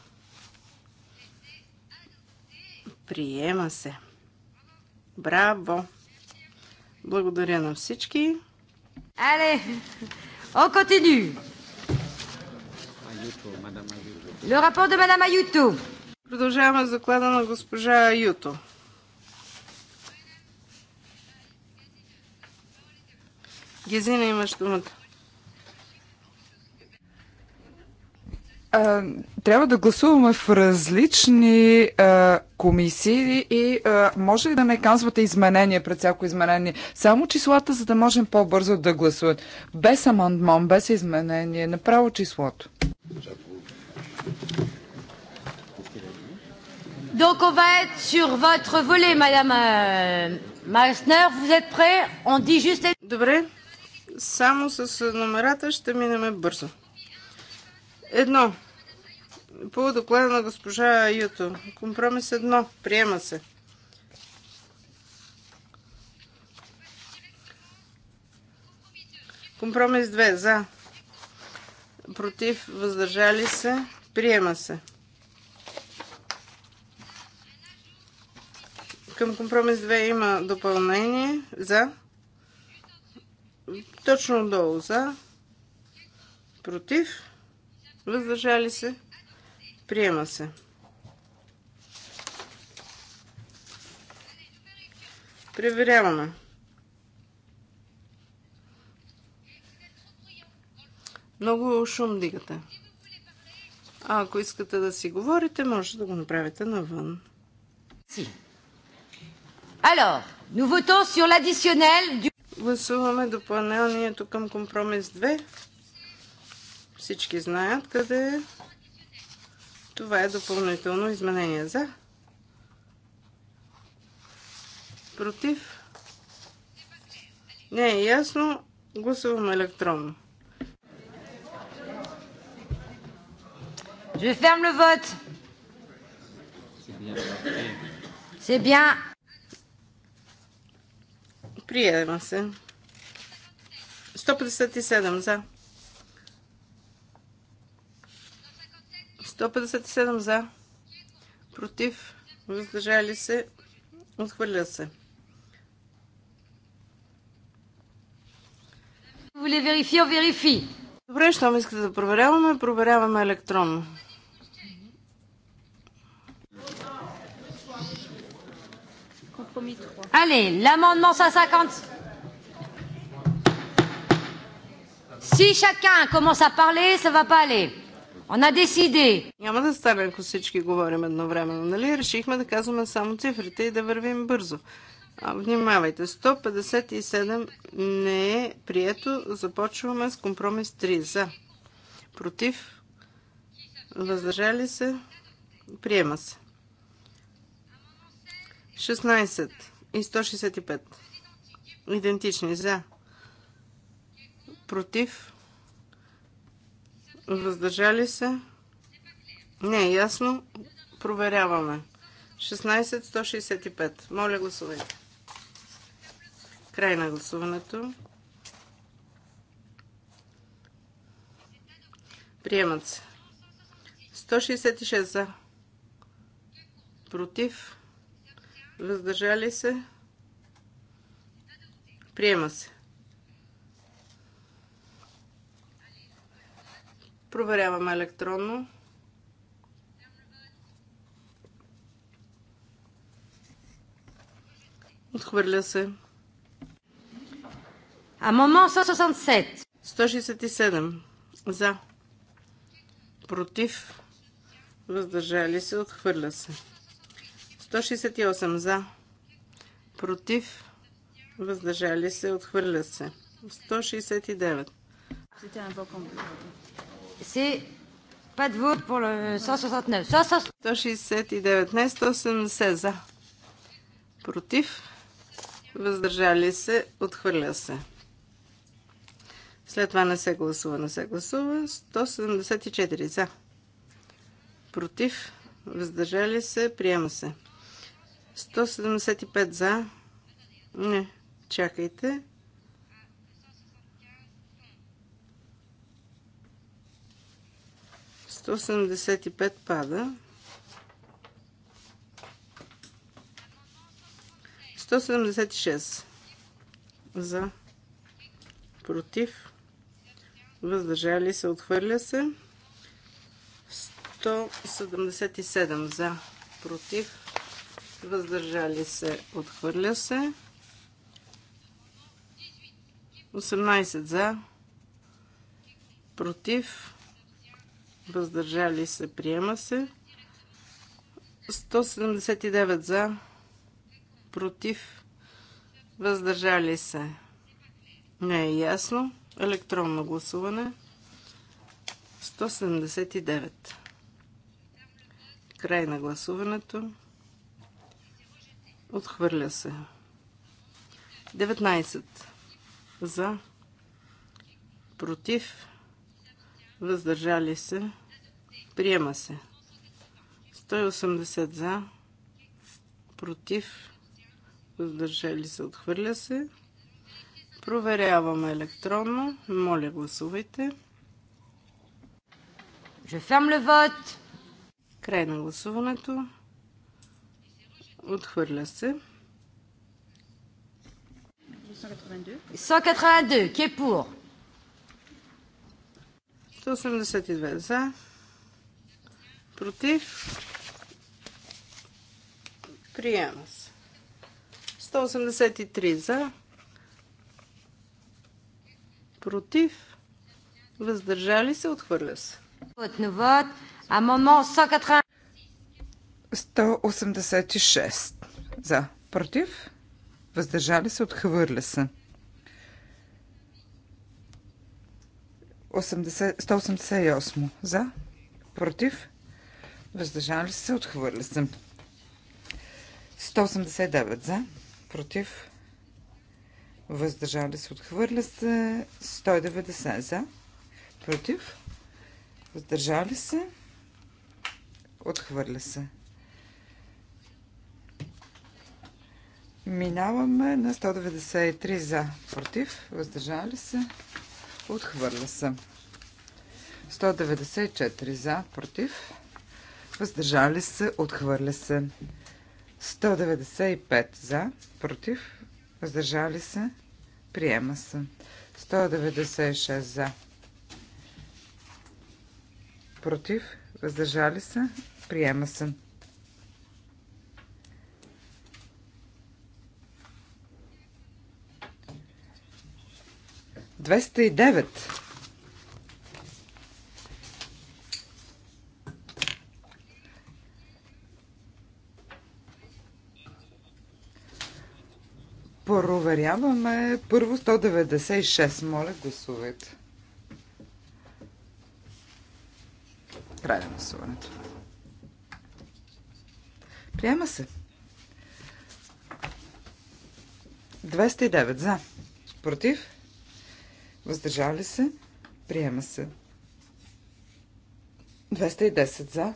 Приема се. Браво! Благодаря на всички. Але, on continue. Le rapport de Madame Ayuto. Продължаваме с доклада на госпожа Аюто. Гезина имаш думата. а, трябва да гласуваме в различни а, комисии и а, може ли да не казвате изменения пред всяко изменение? Само числата, за да можем по-бързо да гласуват. Без амандмон, без изменение, направо числото. Donc on va être sur votre volet, Madame euh, Meissner. Vous êtes prêt On dit juste... Добре, само с номерата ще минеме бързо. Едно. По доклада на госпожа Юто. Компромис едно. Приема се. Компромис 2. За. Против. Въздържали се. Приема се. Към компромис 2 има допълнение. За. Точно долу. За. Против. Против Въздържали се. Приема се. Преверяваме. Много шум дигате. А ако искате да си говорите, може да го направите навън. Си. Alors, nous votons sur l'additionnel du... Гласуваме допълнението към компромис 2. Всички знаят къде е. Това е допълнително изменение за. Против. Не е ясно. Гласуваме електронно. Je ferme le vote. C'est bien. Приема се. 157 за. 157 за, против, въздържали се, отхвърля се. Добре, щом искате да проверяваме, проверяваме електронно. Allez, l'amendement 150. Si chacun commence à parler, ça va pas aller. On a décidé. Няма да стане, ако всички говорим едновременно, нали? Решихме да казваме само цифрите и да вървим бързо. А, внимавайте, 157 не е прието. Започваме с компромис 3. За. Против. Въздържали се. Приема се. 16 и 165. Идентични. За. Против. Въздържали се? Не е ясно. Проверяваме. 16-165. Моля гласувайте. Край на гласуването. Приемат се. 166 за. Против. Въздържали се. Приема се. Проверяваме електронно. Отхвърля се. А мамо 167. 167. За. Против. Въздържали се. Отхвърля се. 168. За. Против. Въздържали се. Отхвърля се. 169. C'était un bon се. Pas de vote pour le 169. 169, не 170 за. Против. Въздържали се. Отхвърля се. След това не се гласува, не се гласува. 174 за. Против. Въздържали се. Приема се. 175 за. Не. Чакайте. 175 пада. 176 за против въздържали се отхвърля се 177 за против въздържали се отхвърля се 18 за против въздържали се, приема се. 179 за, против, въздържали се. Не е ясно. Електронно гласуване. 179. Край на гласуването. Отхвърля се. 19 за, против, въздържали се, приема се. 180 за, против, въздържали се, отхвърля се. Проверяваме електронно. Моля, гласувайте. Je ferme le vote. Край на гласуването. Отхвърля се. 182. 182. Qui est pour? 182 за, против, приема се. 183 за, против, въздържали се, отхвърля се. 186 за, против, въздържали се, отхвърля се. 188 за, против, въздържали се, отхвърля се. 189 за, против, въздържали се, отхвърля се. 190 за, против, въздържали се, отхвърля се. Минаваме на 193 за, против, въздържали се, Отхвърля се. 194 за, против. Въздържали се, отхвърля се. 195 за, против. Въздържали се, приема се. 196 за, против. Въздържали се, приема се. 209. Проверяваме първо 196. Моля, гласувайте. Край на гласуването. Приема се. 209 за. Против? Въздържали се? Приема се. 210 за.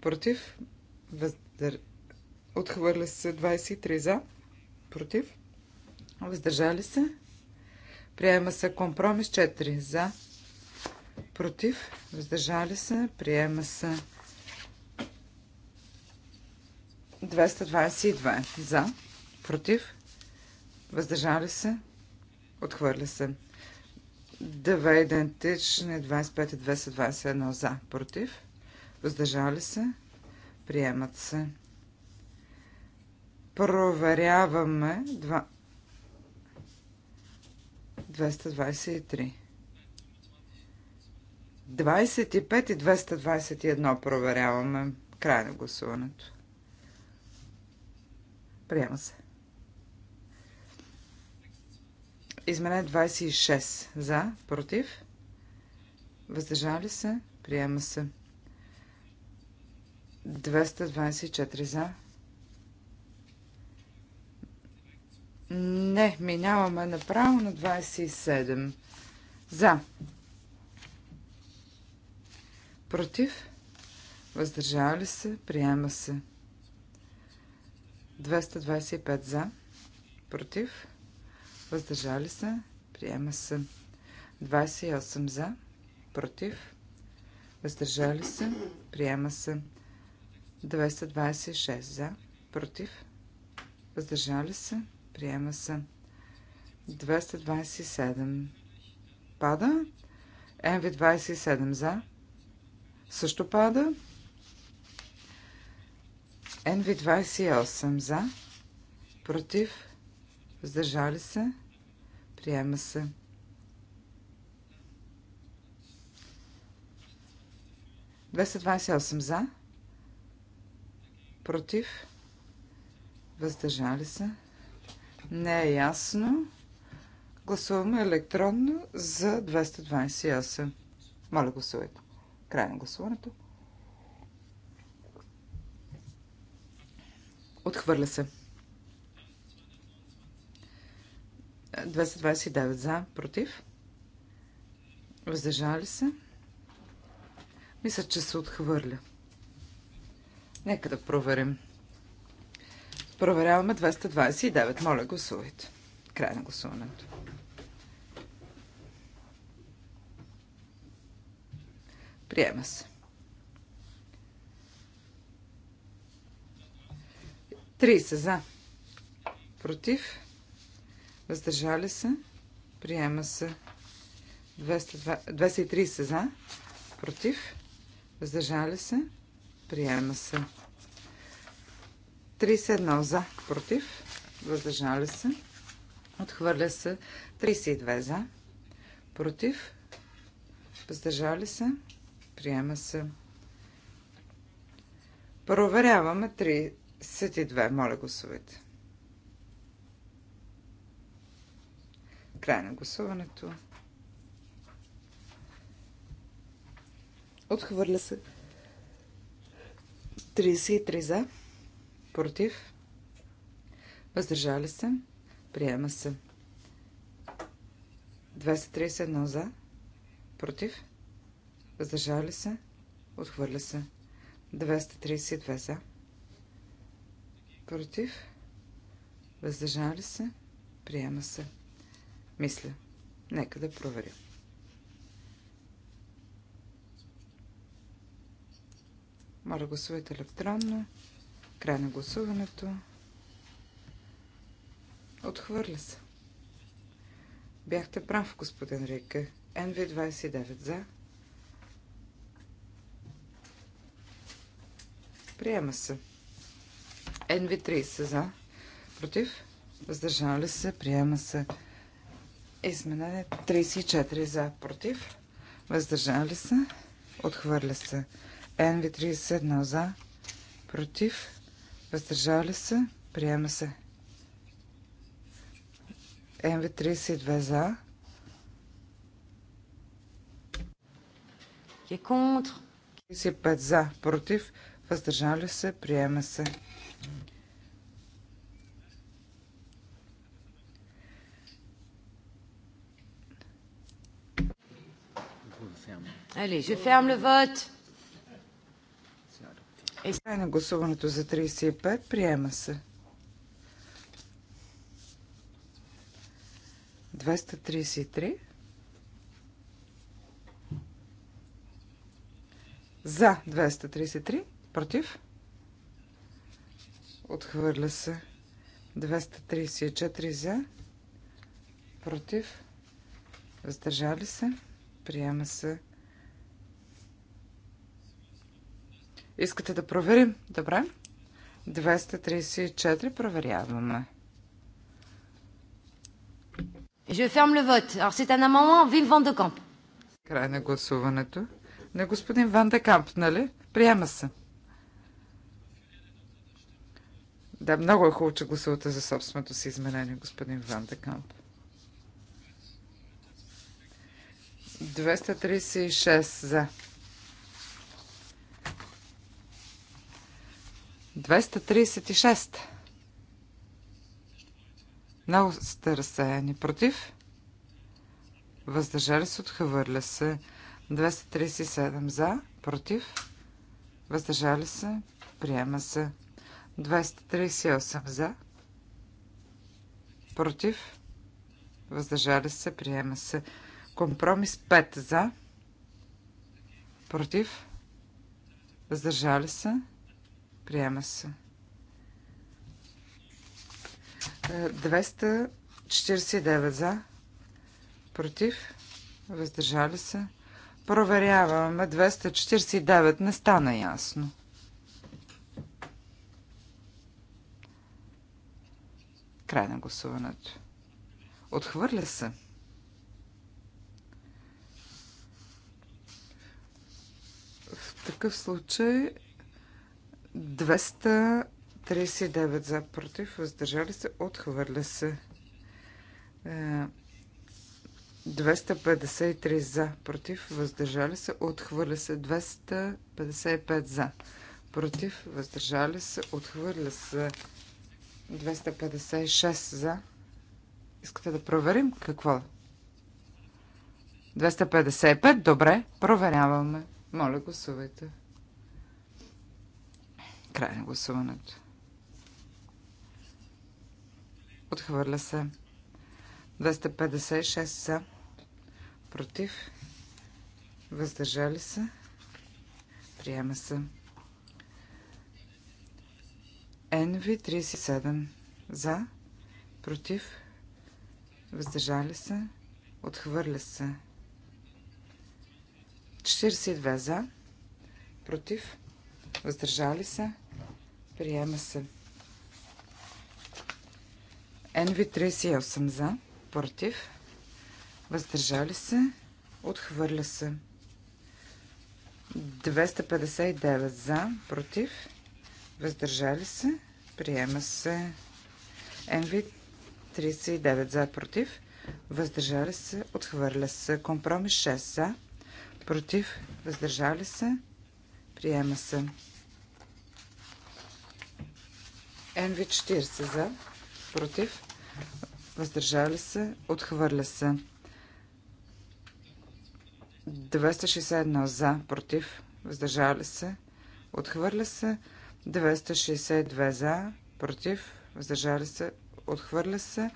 Против? Въздър... Отхвърля се 23 за. Против? Въздържали се? Приема се компромис 4 за. Против? Въздържали се? Приема се 222 за. Против? Въздържали се? Отхвърля се. Две идентични, 25 и 221 за, против. Въздържали се. Приемат се. Проверяваме 223. 25 и 221 проверяваме. Край на гласуването. Приема се. Измене 26. За, против, въздържали се, приема се. 224 за. Не, минаваме направо на 27. За. Против. Въздържали се. Приема се. 225 за. Против въздържали се, приема се. 28 за, против, въздържали се, приема се. 226 за, против, въздържали се, приема се. 227 пада. МВ-27 за. Също пада. НВ-28 за. Против. Въздържали се. Приема се. Двеста за. Против. Въздържали се. Не е ясно. Гласуваме електронно за 228. Моля, гласувайте. Край на гласуването. Отхвърля се. 229 за, против. Въздържали се. Мисля, че се отхвърля. Нека да проверим. Проверяваме 229. Моля, гласувайте. Край на гласуването. Приема се. 30 за. Против. Въздържали се. Приема се 230 за. Против. Въздържали се. Приема се. 31 за. Против. Въздържали се. Отхвърля се 32 за. Против. Въздържали се. Приема се. Проверяваме 32. Моля, гласовете. Край на гласуването. Отхвърля се. 33 за. Против. Въздържали се. Приема се. 231 за. Против. Въздържали се. Отхвърля се. 232 за. Против. Въздържали се. Приема се. Мисля. Нека да проверя. Моля гласувайте електронно. Край на гласуването. Отхвърля се. Бяхте прав, господин Рейка. НВ-29 за. Приема се. НВ-30 за. Против. ли се. Приема се. Изменение 34 за против. Въздържали се. Отхвърля се. НВ 31 за против. Въздържали се. Приема се. нв 32 за. Е контр. 35 за, против, въздържали се, приема се. Allez, je ferme le vote. Край на гласуването за 35. Приема се. 233. За 233. Против. Отхвърля се. 234 за. Против. Въздържали се. Приема се. Искате да проверим? Добре. 234 проверяваме. Je ferme le vote. Alors c'est un amendement Wim van de Kamp. Край на гласуването. На господин Ван де Камп, нали? Приема се. Да, много е хубаво, че гласувате за собственото си изменение, господин Ван де Камп. 236 за. 236. Много сте разсеяни. Против? Въздържали се, отхвърля се. 237 за, против? Въздържали се, приема се. 238 за, против? Въздържали се, приема се. Компромис 5 за, против? Въздържали се, се. Приема се. 249 е, за. Против. Въздържали се. Проверяваме. 249. Не стана ясно. Край на гласуването. Отхвърля се. В такъв случай 239 за против, въздържали се, отхвърля се. 253 е, за против, въздържали се, отхвърля се. 255 за против, въздържали се, отхвърля се. 256 за. Искате да проверим какво? 255, добре, проверяваме. Моля, гласувайте. Край на гласуването. Отхвърля се. 256 за. Против. Въздържали се. Приема се. NV37 за. Против. Въздържали се. Отхвърля се. 42 за. Против. Въздържали се. Приема се. НВ 38 за, против, въздържали се, отхвърля се. 259 за, против, въздържали се, приема се. НВ 39 за, против, въздържали се, отхвърля се. Компромис 6 за, против, въздържали се, приема се. NV40 за, против, въздържали се, отхвърля се. 261 за, против, въздържали се, отхвърля се. 262 за, против, въздържали се, отхвърля се.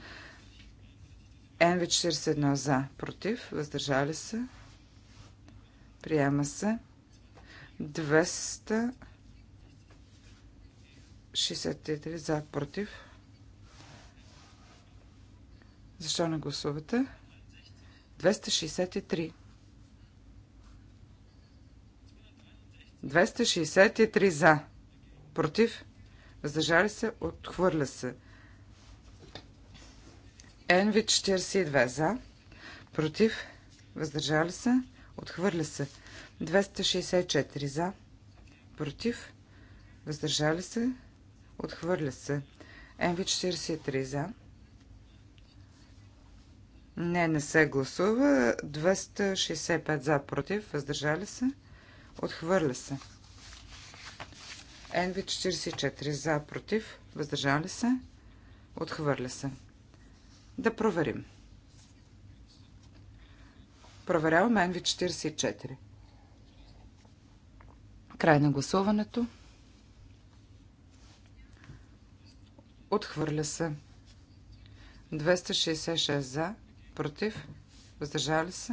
НВ41 за, против, въздържали се, приема се. 200 63 за, против. Защо не гласувате? 263. 263 за. Против. Въздържали се. Отхвърля се. nv 42 за. Против. Въздържали се. Отхвърля се. 264 за. Против. Въздържали се. Отхвърля се. МВ-43 за. Не, не се гласува. 265 за против. Въздържали се. Отхвърля се. НВ-44 за против. Въздържали се. Отхвърля се. Да проверим. Проверяваме NV44. Край на гласуването. Отхвърля се. 266 за, против, въздържали се.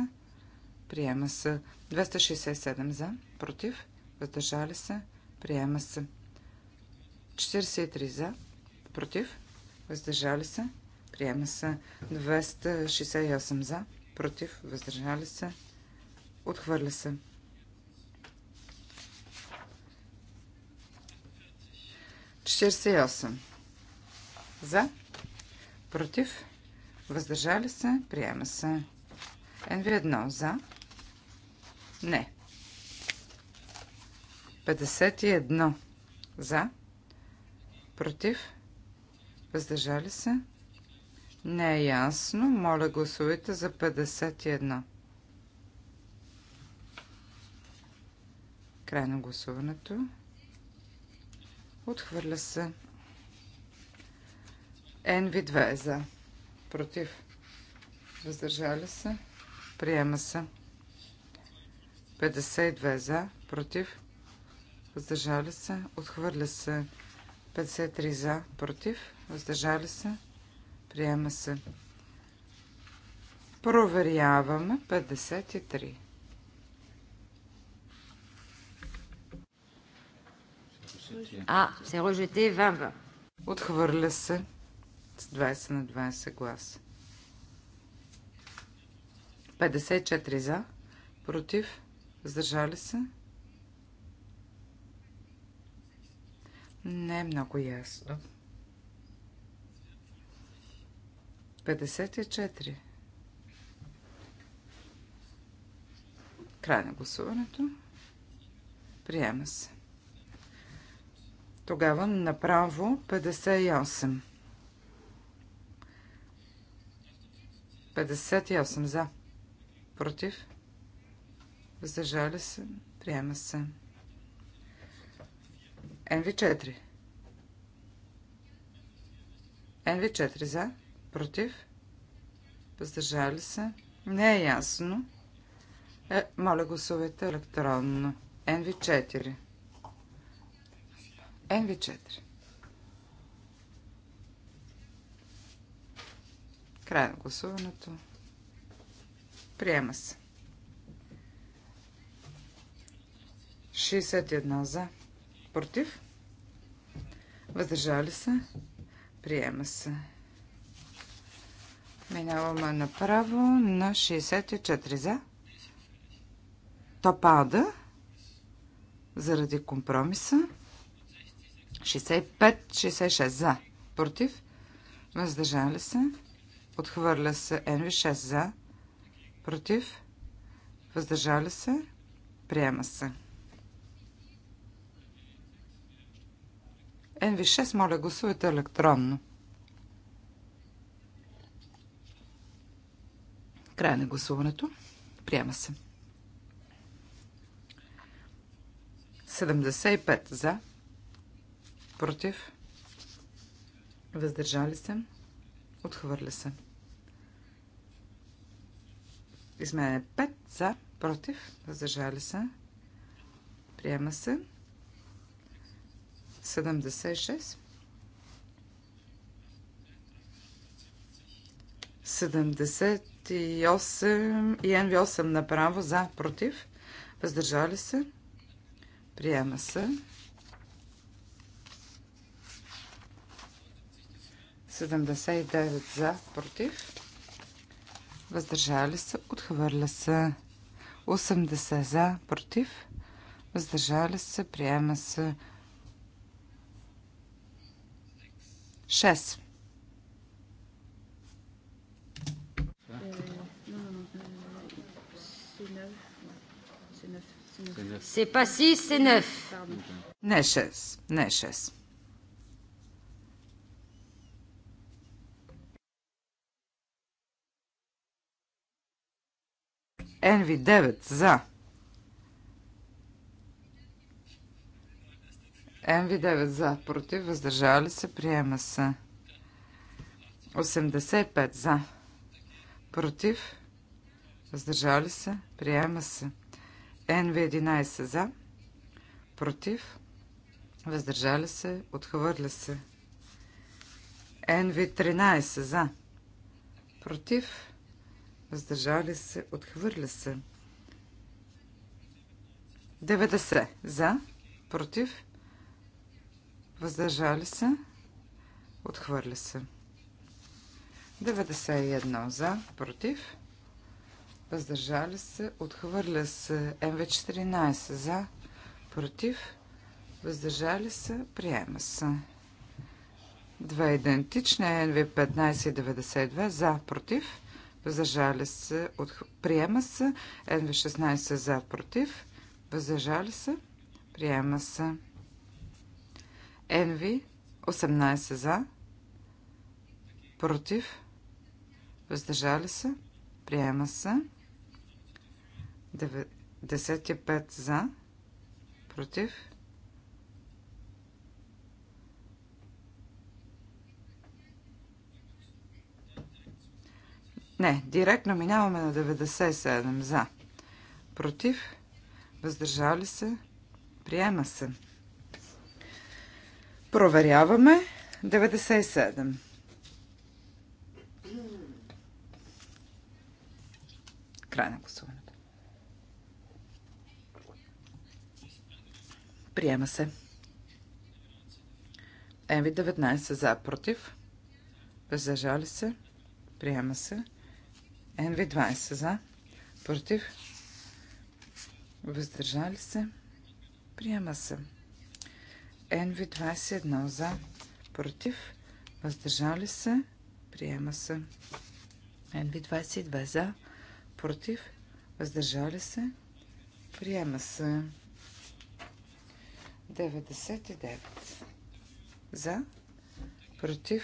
Приема се. 267 за, против, въздържали се. Приема се. 43 за, против, въздържали се. Приема се. 268 за, против, въздържали се. Отхвърля се. 48. За. Против. Въздържали се. Приема се. нв 1 За. Не. 51. За. Против. Въздържали се. Не е ясно. Моля гласувайте за 51. Край на гласуването. Отхвърля се. NV2 е за. Против. Въздържали се. Приема се. 52 е за. Против. Въздържали се. Отхвърля се. 53 за. Против. Въздържали се. Приема се. Проверяваме 53. А, се рожете 20. Отхвърля се. 20 на 20 гласа. 54 за, против, въздържали се. Не е много ясно. 54. Край на гласуването. Приема се. Тогава направо 58. 58 за. Против. Въздържали се. Приема се. НВ4. НВ4 за. Против. Въздържали се. Не е ясно. Е, моля гласувайте електронно. НВ4. НВ4. Край на гласуването. Приема се. 61 за. Против. Въздържали се. Приема се. Минаваме направо на 64 за. То пада заради компромиса. 65-66 за. Против. Въздържали се. Отхвърля се NV6 за. Против. Въздържали се. Приема се. NV6, моля, гласувайте електронно. Край на гласуването. Приема се. 75 за. Против. Въздържали се. Отхвърля се. Изменя 5 за, против, въздържали се. Приема се. 76. 78 и НВ 8 направо за, против, въздържали се. Приема се. 79 за, против въздържали се, отхвърля се. 80 за, против, въздържали се, приема се. 6. Не 6. Не 6. Енви 9 за. Енви 9 за. Против. Въздържали се. Приема се. 85 за. Против. Въздържали се. Приема се. НВ 11 за. Против. Въздържали се. Отхвърля се. НВ 13 за. Против въздържали се, отхвърля се. 90 за, против, въздържали се, отхвърля се. 91 за, против, въздържали се, отхвърля се. МВ-14 за, против, въздържали се, приема се. Две идентични, НВ-15 и 92 за, против, въздържали се, от... приема се, НВ-16 за, против, въздържали се, приема се, НВ-18 за, против, въздържали се, приема се, 95 за, против, Не, директно минаваме на 97 за. Против. Въздържали се. Приема се. Проверяваме 97. Край на гласуването. Приема се. МВ 19 за против. Въздържали се. Приема се. НВ20 за, против, въздържали се, приема се. НВ21 за, против, въздържали се, приема се. НВ22 за, против, въздържали се, приема се. 99 за, против,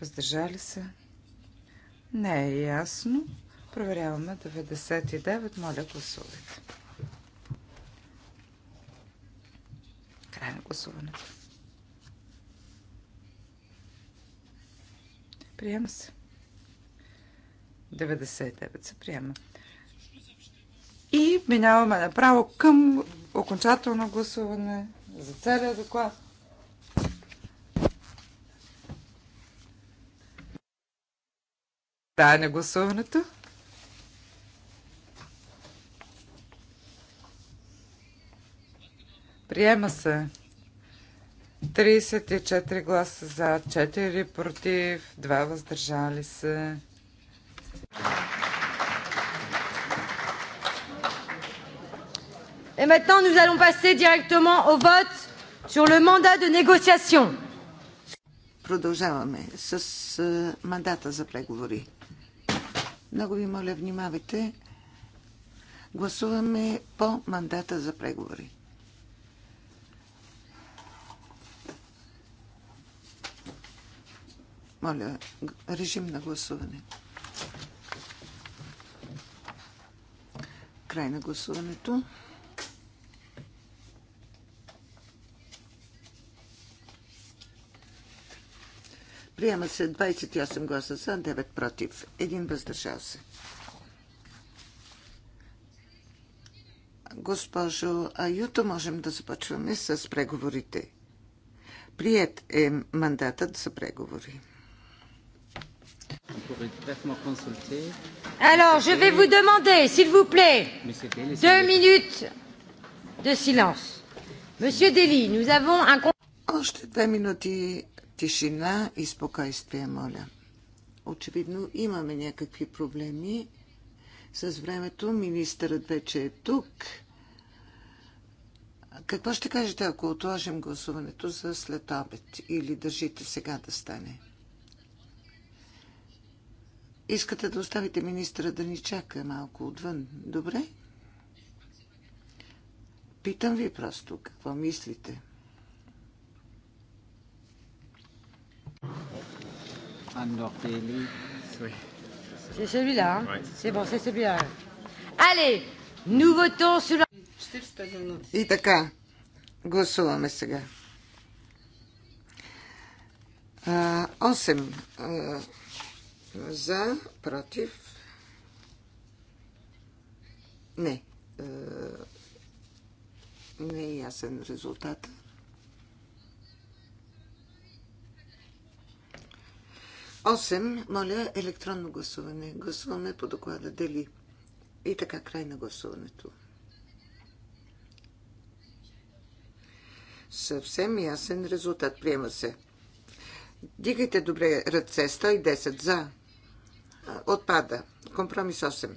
въздържали се, приема се. Не е ясно. Проверяваме 99. Моля, гласувайте. Край на гласуването. Приема се. 99 се приема. И минаваме направо към окончателно гласуване за целия доклад. Тая на гласуването. Приема се. 34 гласа за, 4 против, 2 въздържали се. Et maintenant, nous allons passer directement au vote sur le mandat de négociation. Продължаваме с е, мандата за преговори. Много ви моля, внимавайте. Гласуваме по мандата за преговори. Моля, режим на гласуване. Край на гласуването. Приема се 28 гласа за, 9 против, 1 въздържал се. Госпожо Аюто, можем да започваме с преговорите. Прият е мандатът за преговори. Alors, je vais vous demander, s'il vous plaît, deux minutes de silence. Monsieur Dely, nous avons un... Още две минути Тишина и спокойствие, моля. Очевидно имаме някакви проблеми с времето. Министърът вече е тук. Какво ще кажете, ако отложим гласуването за след обед или държите сега да стане? Искате да оставите министра да ни чака малко отвън, добре? Питам ви просто какво мислите. C'est celui-là. Hein c'est bon, c'est celui-là. Allez, nous votons sur la... И така, гласуваме сега. 8 за, против. Не. Не е ясен резултатът. 8, моля, електронно гласуване. Гласуваме по доклада Дали. И така, край на гласуването. Съвсем ясен резултат. Приема се. Дигайте добре ръце. 110 за. Отпада. Компромис 8.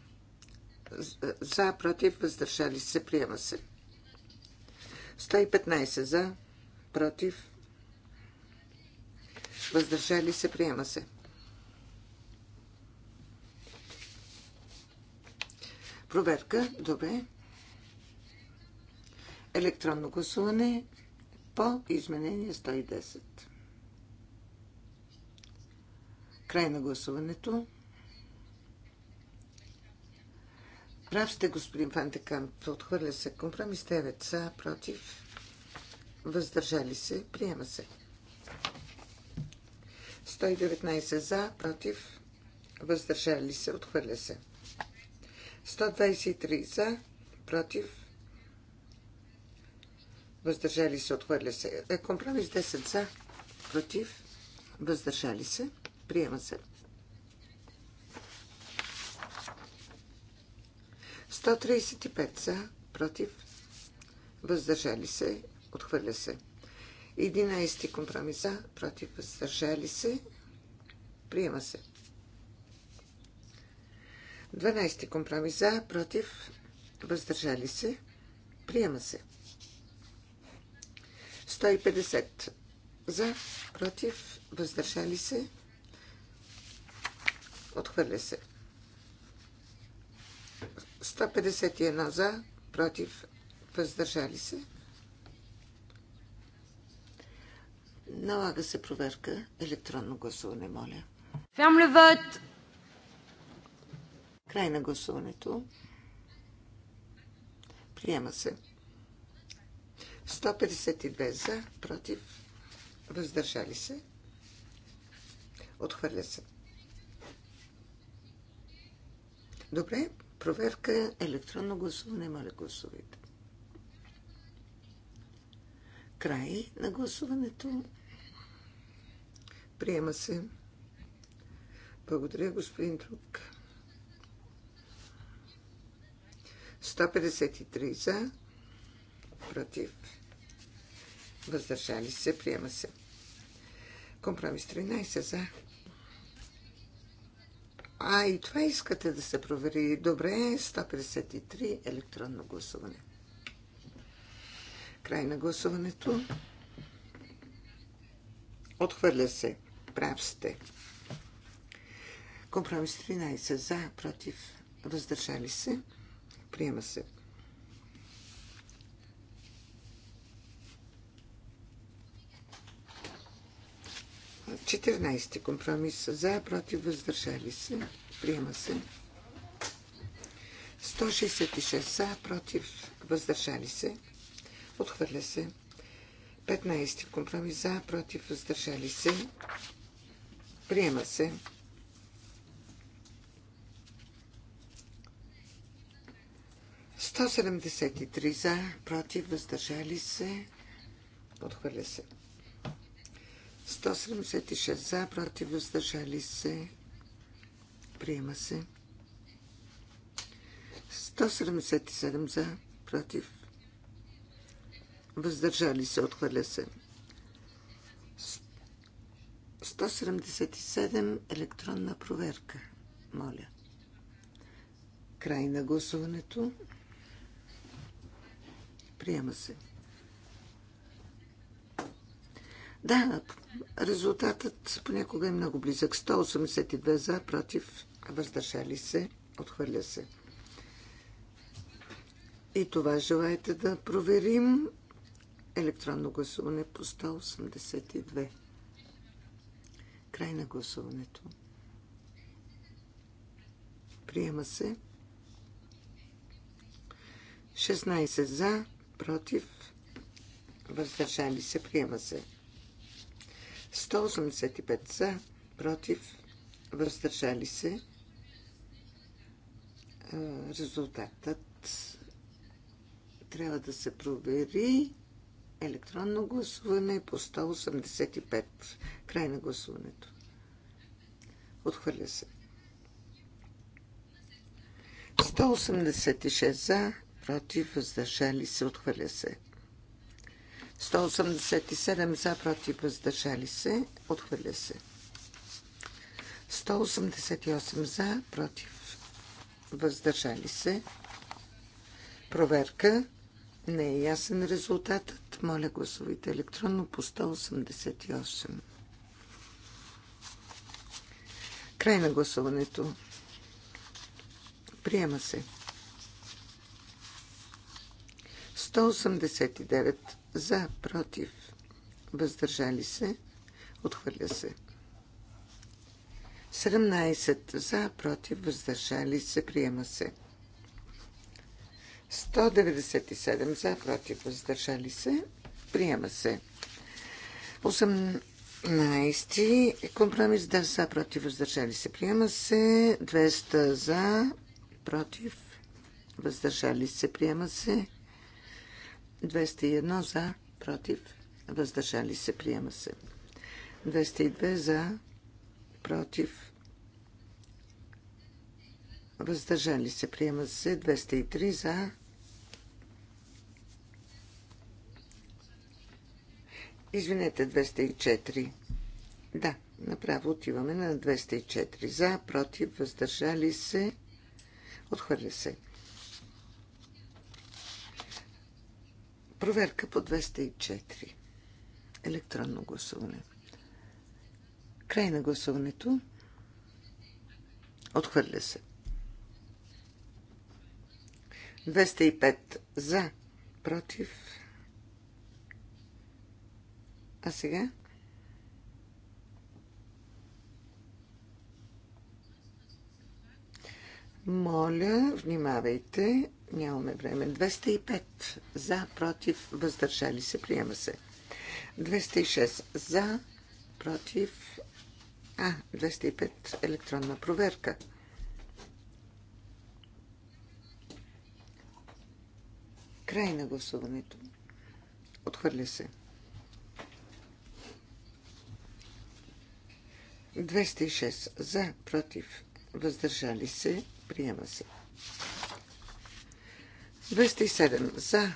За, против, въздържали се. Приема се. 115 за, против, въздържали се. Приема се. Проверка. Добре. Електронно гласуване по изменение 110. Край на гласуването. Прав сте, господин Фантекамп. Отхвърля се компромис 9 са против. Въздържали се. Приема се. 119 за, против. Въздържали се. Отхвърля се. 123 за, против, въздържали се, отхвърля се. Е, компромис 10 за, против, въздържали се, приема се. 135 за, против, въздържали се, отхвърля се. 11 компромис за, против, въздържали се, приема се. 12-ти компромис за, против, въздържали се, приема се. 150 за, против, въздържали се, отхвърля се. 151 за, против, въздържали се. Налага се проверка. Електронно гласуване, моля. Фям левът! Край на гласуването. Приема се. 152 за, против, въздържали се. Отхвърля се. Добре, проверка електронно гласуване. Моля, гласувайте. Край на гласуването. Приема се. Благодаря, господин Трук. 153 за, против, въздържали се, приема се. Компромис 13 за. А и това искате да се провери. Добре, 153 електронно гласуване. Край на гласуването. Отхвърля се. Прав сте. Компромис 13 за, против, въздържали се. Приема се. Четирнайсти компромис. За, против, въздържали се. Приема се. 166 за, против, въздържали се. Отхвърля се. 15 компромис за, против, въздържали се. Приема се. 173 за, против, въздържали се. Подхвърля се. 176 за, против, въздържали се. Приема се. 177 за, против, въздържали се, отхвърля се. 177 електронна проверка. Моля. Край на гласуването. Приема се. Да, резултатът понякога е много близък. 182 за, против, въздържали се, отхвърля се. И това желаете да проверим. Електронно гласуване по 182. Край на гласуването. Приема се. 16 за, против, въздържали се, приема се. 185 за, против, въздържали се. Резултатът трябва да се провери. Електронно гласуване по 185. Край на гласуването. Отхвърля се. 186 за, против, въздържали се, отхвърля се. 187 за, против, въздържали се, отхвърля се. 188 за, против, въздържали се. Проверка. Не е ясен резултатът. Моля, гласувайте електронно по 188. Край на гласуването. Приема се. 189 за, против, въздържали се, отхвърля се. 17 за, против, въздържали се, приема се. 197 за, против, въздържали се, приема се. 18 компромис да за, против, въздържали се, приема се. 200 за, против, въздържали се, приема се. 201 за, против, въздържали се, приема се. 202 за, против, въздържали се, приема се. 203 за, Извинете, 204. Да, направо отиваме на 204. За, против, въздържали се, отхвърля се. Проверка по 204. Електронно гласуване. Край на гласуването. Отхвърля се. 205 за, против. А сега? Моля, внимавайте. Нямаме време. 205 за, против, въздържали се, приема се. 206 за, против. А, 205 електронна проверка. Край на гласуването. Отхвърля се. 206 за, против, въздържали се, приема се. 207 за,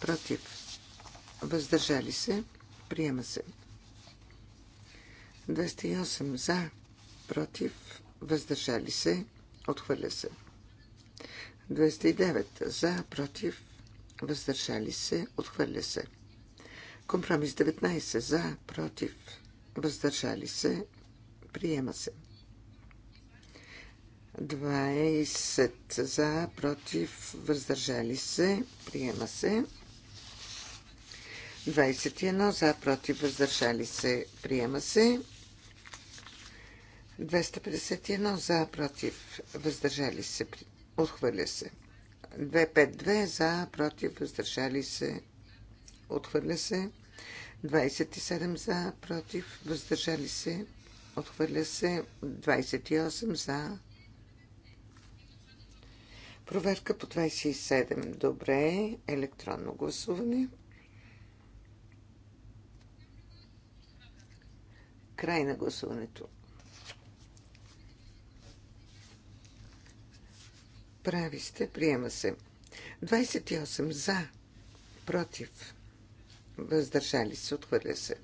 против, въздържали се, приема се. 208 за, против, въздържали се, отхвърля се. 209 за, против, въздържали се, отхвърля се. Компромис 19 за, против, въздържали се, приема се. 20 за, против, въздържали се, приема се. 21 за, против, въздържали се, приема се. 251 за, против, въздържали се, отхвърля се. 252 за, против, въздържали се, отхвърля се. 27 за, против, въздържали се, отхвърля се. 28 за, Проверка по 27. Добре. Електронно гласуване. Край на гласуването. Прави сте. Приема се. 28 за. Против. Въздържали се. Отхвърля се.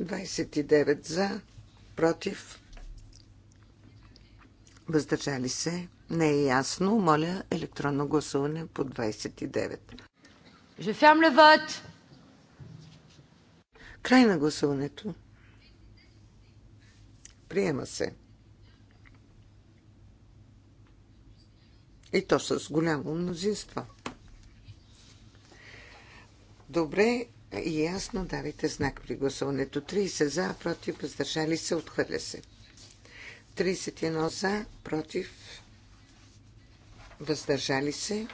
29 за. Против. Въздържали се не е ясно. Моля електронно гласуване по 29. Je ferme le vote. Край на гласуването. Приема се. И то с голямо мнозинство. Добре и ясно давайте знак при гласуването. 30 за, против, въздържали се, отхвърля се. 31 за, против, въздържали се,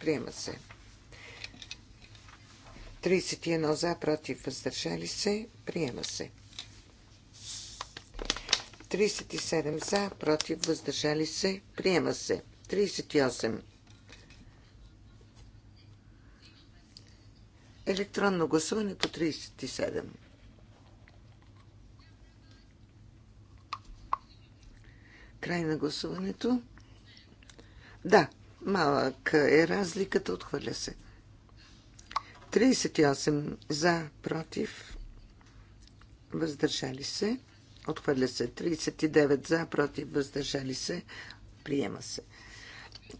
приема се. 31 за, против, въздържали се, приема се. 37 за, против, въздържали се, приема се. 38. Електронно гласуване по 37. Край на гласуването. Да, малък е разликата, отхвърля се. 38 за, против, въздържали се. Отхвърля се 39 за, против, въздържали се. Приема се.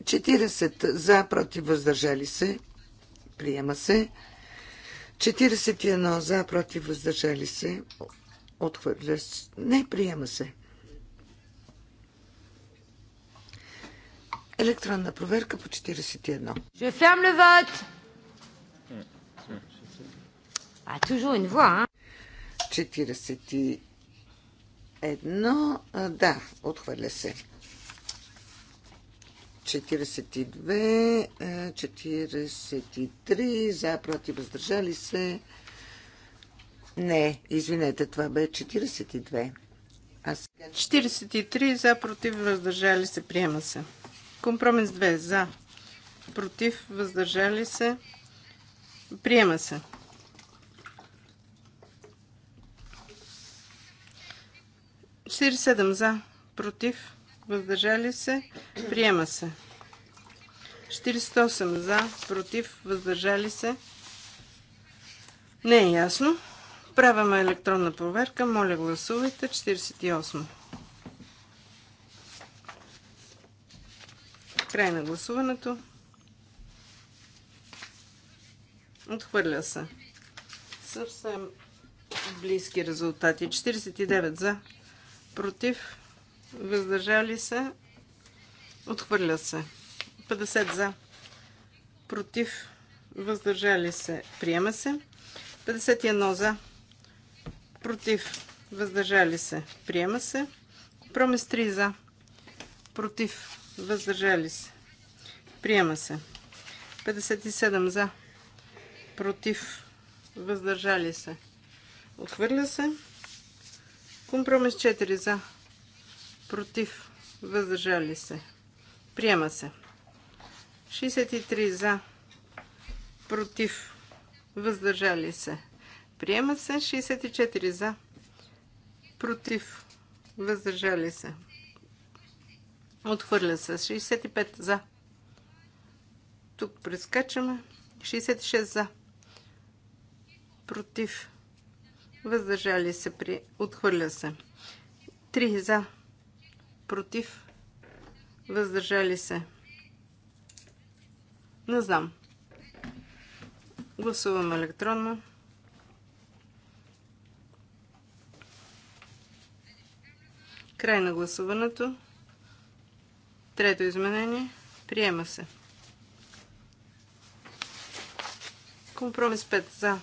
40 за, против, въздържали се. Приема се. 41 за, против, въздържали се. Отхвърля се. Не, приема се. Електронна проверка по 41. Je ferme le vote. А, toujours une voix, 41. Да, отхвърля се. 42, 43, за, против, въздържали се. Не, извинете, това бе 42. А сега... 43, за, против, въздържали се, приема се. Компромис 2 за. Против. Въздържали се. Приема се. Четири седем за. Против. Въздържали се. Приема се. 48 за. Против. Въздържали се. Не е ясно. Правяме електронна проверка. Моля гласувайте. 48. Край на гласуването. Отхвърля се. Съвсем близки резултати. 49 за, против, въздържали се, отхвърля се. 50 за, против, въздържали се, приема се. 51 за, против, въздържали се, приема се. Компромис 3 за, против, въздържали се. Приема се. 57 за, против, въздържали се. Отхвърля се. Компромис 4 за, против, въздържали се. Приема се. 63 за, против, въздържали се. Приема се 64 за, против, въздържали се. Отхвърля се. 65 за. Тук прескачаме. 66 за. Против. Въздържали се при... Отхвърля се. 3 за. Против. Въздържали се. Не знам. Гласувам електронно. Край на гласуването. Трето изменение. Приема се. Компромис 5. За.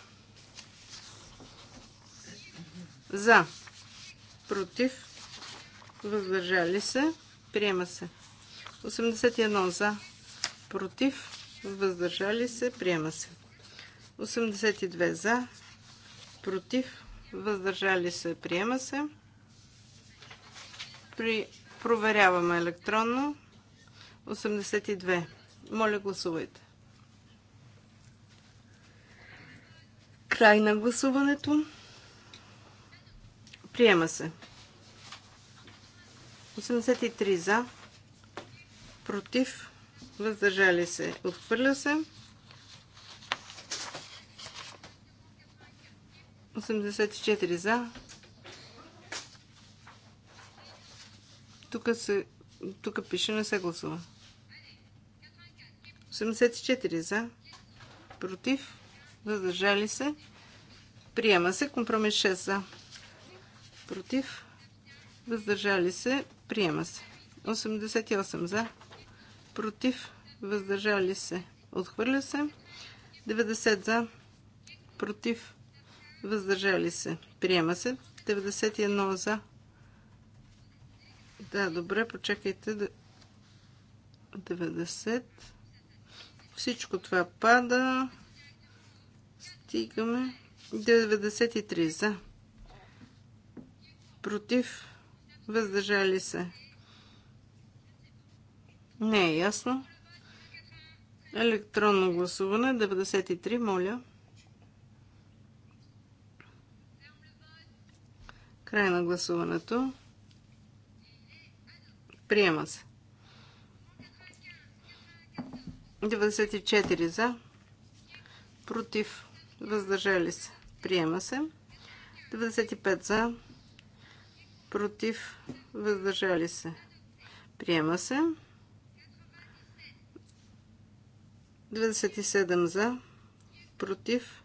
За. Против. Въздържали се. Приема се. 81 за. Против. Въздържали се. Приема се. 82 за. Против. Въздържали се. Приема се. При... Проверяваме електронно. 82. Моля, гласувайте. Край на гласуването. Приема се. 83 за. Против. Въздържали се. Отхвърля се. 84 за. Тук, се, тук пише не се гласува. 84 за, против, въздържали се. Приема се. Компромис 6 за, против, въздържали се. Приема се. 88 за, против, въздържали се. Отхвърля се. 90 за, против, въздържали се. Приема се. 91 за. Да, добре, почекайте. 90. Всичко това пада. Стигаме 93 за. Против. Въздържали се. Не е ясно. Електронно гласуване 93, моля. Край на гласуването. Приема се. 94 за, против, въздържали се, приема се. 95 за, против, въздържали се, приема се. 97 за, против,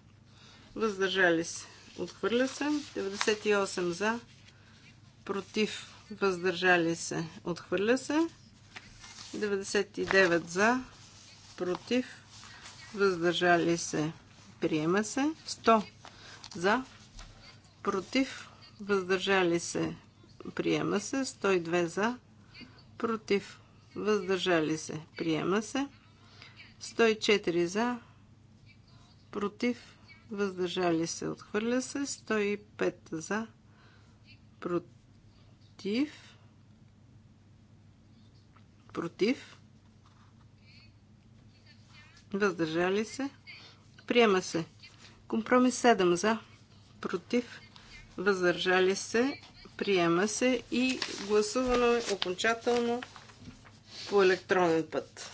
въздържали се, отхвърля се. 98 за, против, въздържали се, отхвърля се. 99 за, против, въздържали се, приема се. 100 за, против, въздържали се, приема се. 102 за, против, въздържали се, приема се. 104 за, против, въздържали се, отхвърля се. 105 за, против, против, въздържали се, приема се. Компромис 7 за, против, въздържали се, приема се и гласуваме окончателно по електронен път.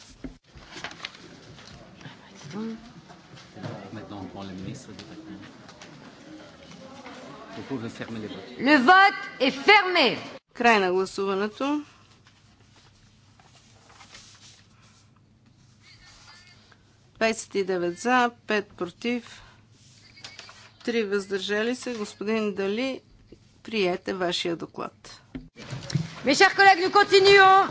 Le vote est fermé. Край на гласуването. 29 за, 5 против, 3 въздържали се. Господин Дали, приете вашия доклад. Мишах колег, collègues, nous continuons.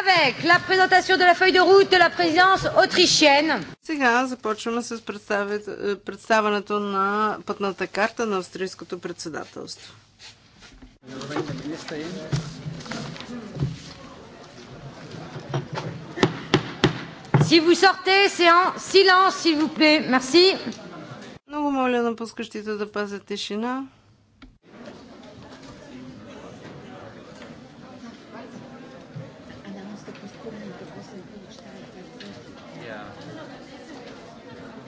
Avec la présentation de la feuille de route de la présidence autrichienne. Сега започваме с представането на пътната карта на австрийското председателство. Si vous sortez, c'est en silence, s'il vous plaît. Merci. Много моля напускащите да пазят тишина.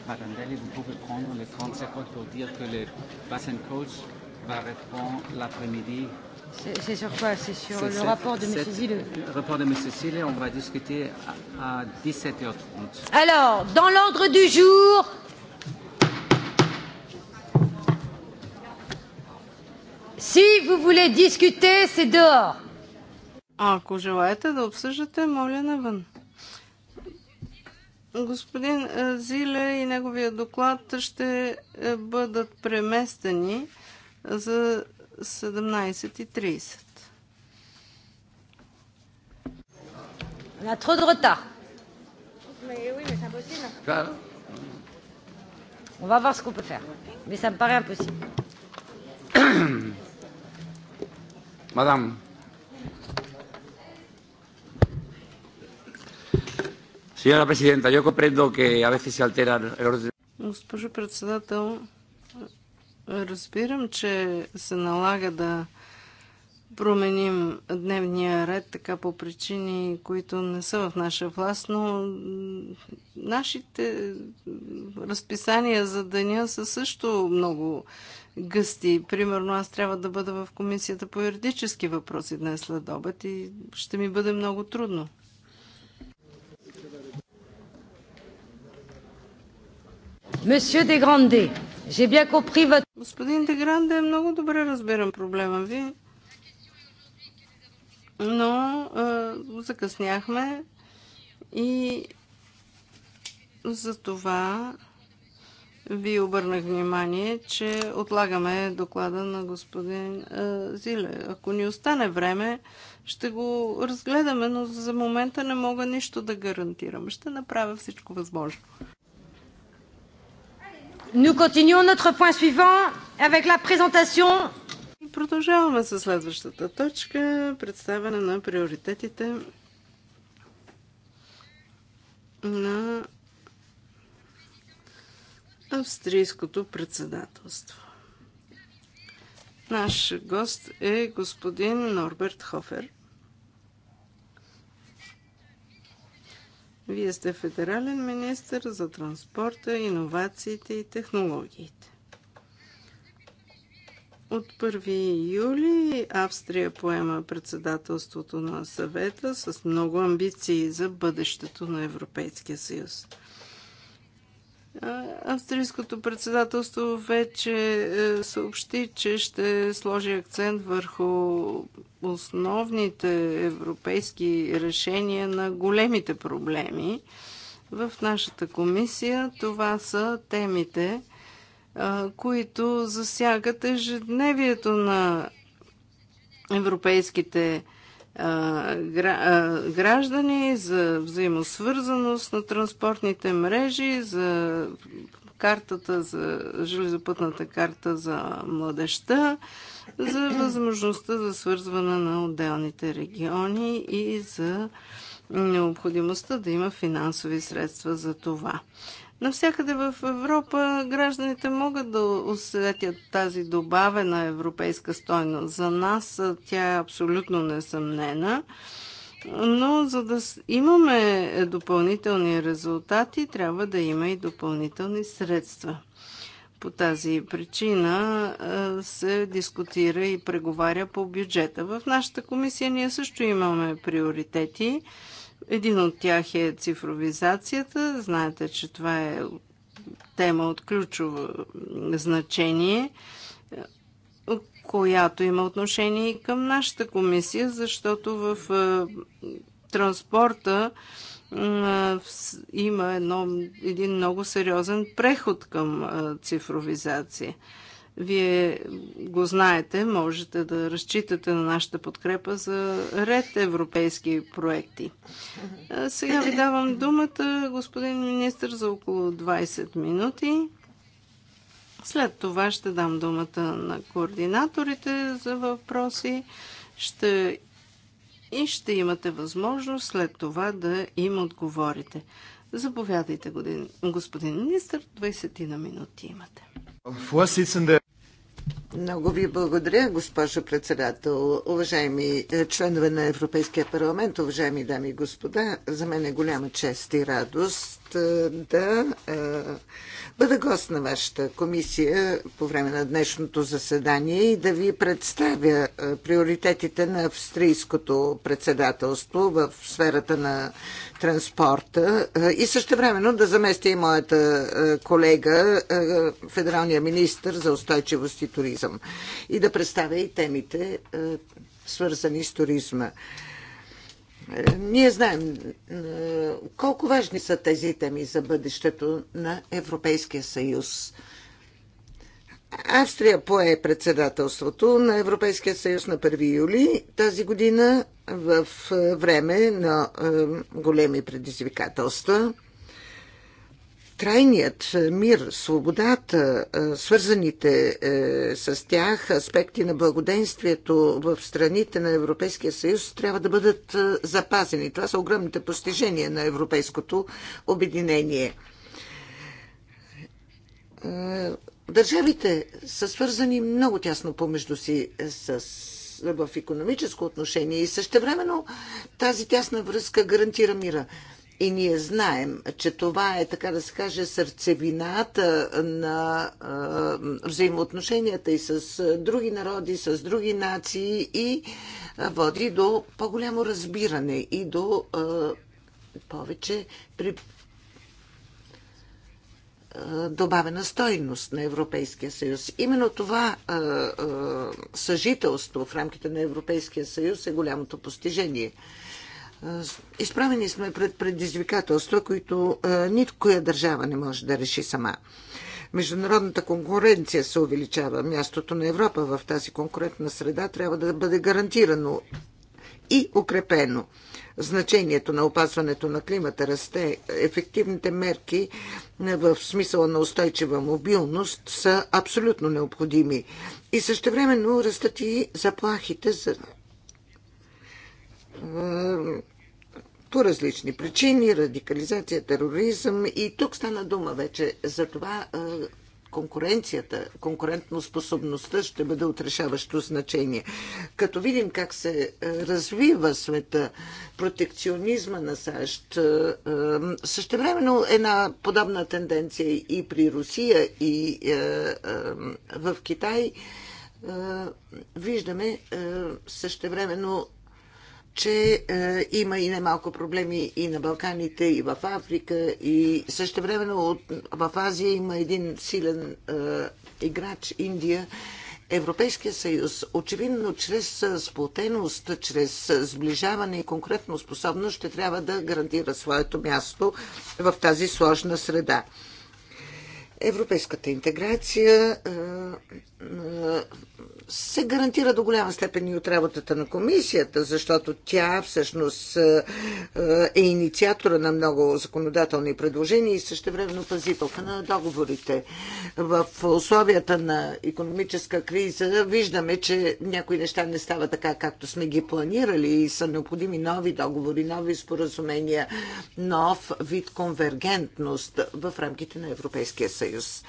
Marandelli, vous pouvez prendre les 30 secondes pour dire que le bassin coach va répondre l'après-midi C'est sur quoi C'est sur le rapport de M. Zille Le rapport de M. Zille, on va discuter à 17h30. Alors, dans l'ordre du jour, Si vous voulez discuter, c'est dehors. Ако желаете да обсъждате, моля навън. Господин Зиле и неговия доклад ще бъдат преместени за 17.30. On a trop de Mais oui, mais c'est impossible. On va voir ce qu'on peut faire. Mais ça me paraît impossible. Madame. Señora presidenta, yo comprendo que a veces se altera el orden. Госпожо председател, Разбирам, че се налага да променим дневния ред така по причини, които не са в наша власт, но нашите разписания за деня са също много гъсти. Примерно аз трябва да бъда в комисията по юридически въпроси днес след обед и ще ми бъде много трудно. Monsieur Дегранде. Господин Дегранде, много добре разбирам проблема ви, но е, закъсняхме и за това ви обърнах внимание, че отлагаме доклада на господин Зиле. Ако ни остане време, ще го разгледаме, но за момента не мога нищо да гарантирам. Ще направя всичко възможно. Nous continuons notre point suivant avec la présentation. Продължаваме със следващата точка представяне на приоритетите на австрийското председателство. Наш гост е господин Норберт Хофер – Вие сте федерален министр за транспорта, иновациите и технологиите. От 1 юли Австрия поема председателството на съвета с много амбиции за бъдещето на Европейския съюз. Австрийското председателство вече е, съобщи, че ще сложи акцент върху основните европейски решения на големите проблеми. В нашата комисия това са темите, които засягат ежедневието на европейските граждани, за взаимосвързаност на транспортните мрежи, за картата за железопътната карта за младеща, за възможността за свързване на отделните региони и за необходимостта да има финансови средства за това. Навсякъде в Европа гражданите могат да усетят тази добавена европейска стойност. За нас тя е абсолютно несъмнена. Но за да имаме допълнителни резултати, трябва да има и допълнителни средства. По тази причина се дискутира и преговаря по бюджета. В нашата комисия ние също имаме приоритети. Един от тях е цифровизацията. Знаете, че това е тема от ключово значение, която има отношение и към нашата комисия, защото в транспорта има едно, един много сериозен преход към цифровизация. Вие го знаете, можете да разчитате на нашата подкрепа за ред европейски проекти. Сега ви давам думата, господин министр, за около 20 минути. След това ще дам думата на координаторите за въпроси. Ще и ще имате възможност след това да им отговорите. Заповядайте, господин министр, 20 на минути имате. Vorsitzende. Много ви благодаря, госпожо председател, уважаеми е, членове на Европейския парламент, уважаеми дами и господа. За мен е голяма чест и радост е, да е, бъда гост на вашата комисия по време на днешното заседание и да ви представя приоритетите на австрийското председателство в сферата на транспорта и също времено да заместя и моята колега, федералния министр за устойчивост и туризъм туризъм и да представя и темите, е, свързани с туризма. Е, ние знаем е, колко важни са тези теми за бъдещето на Европейския съюз. Австрия пое председателството на Европейския съюз на 1 юли тази година в време на големи предизвикателства трайният мир, свободата, е, свързаните е, с тях аспекти на благоденствието в страните на Европейския съюз трябва да бъдат е, запазени. Това са огромните постижения на Европейското обединение. Държавите са свързани много тясно помежду си с в економическо отношение и същевременно тази тясна връзка гарантира мира. И ние знаем, че това е, така да се каже, сърцевината на а, взаимоотношенията и с други народи, с други нации и води до по-голямо разбиране и до а, повече при добавена стойност на Европейския съюз. Именно това а, а, съжителство в рамките на Европейския съюз е голямото постижение Изправени сме пред предизвикателства, които е, никоя държава не може да реши сама. Международната конкуренция се увеличава. Мястото на Европа в тази конкурентна среда трябва да бъде гарантирано и укрепено. Значението на опазването на климата расте. Ефективните мерки в смисъла на устойчива мобилност са абсолютно необходими. И същевременно растат и заплахите за е, по различни причини, радикализация, тероризъм. И тук стана дума вече за това конкуренцията, конкурентноспособността ще бъде отрешаващо значение. Като видим как се развива света, протекционизма на САЩ, същевременно една подобна тенденция и при Русия, и в Китай, виждаме същевременно че е, има и немалко проблеми и на Балканите, и в Африка, и също времено в Азия има един силен е, играч Индия. Европейския съюз очевидно чрез сплотеност, чрез сближаване и конкретно способност ще трябва да гарантира своето място в тази сложна среда. Европейската интеграция е, се гарантира до голяма степен и от работата на комисията, защото тя всъщност е, е инициатора на много законодателни предложения и същевременно пазителка на договорите. В условията на економическа криза виждаме, че някои неща не стават така, както сме ги планирали и са необходими нови договори, нови споразумения, нов вид конвергентност в рамките на Европейския съюз съюз.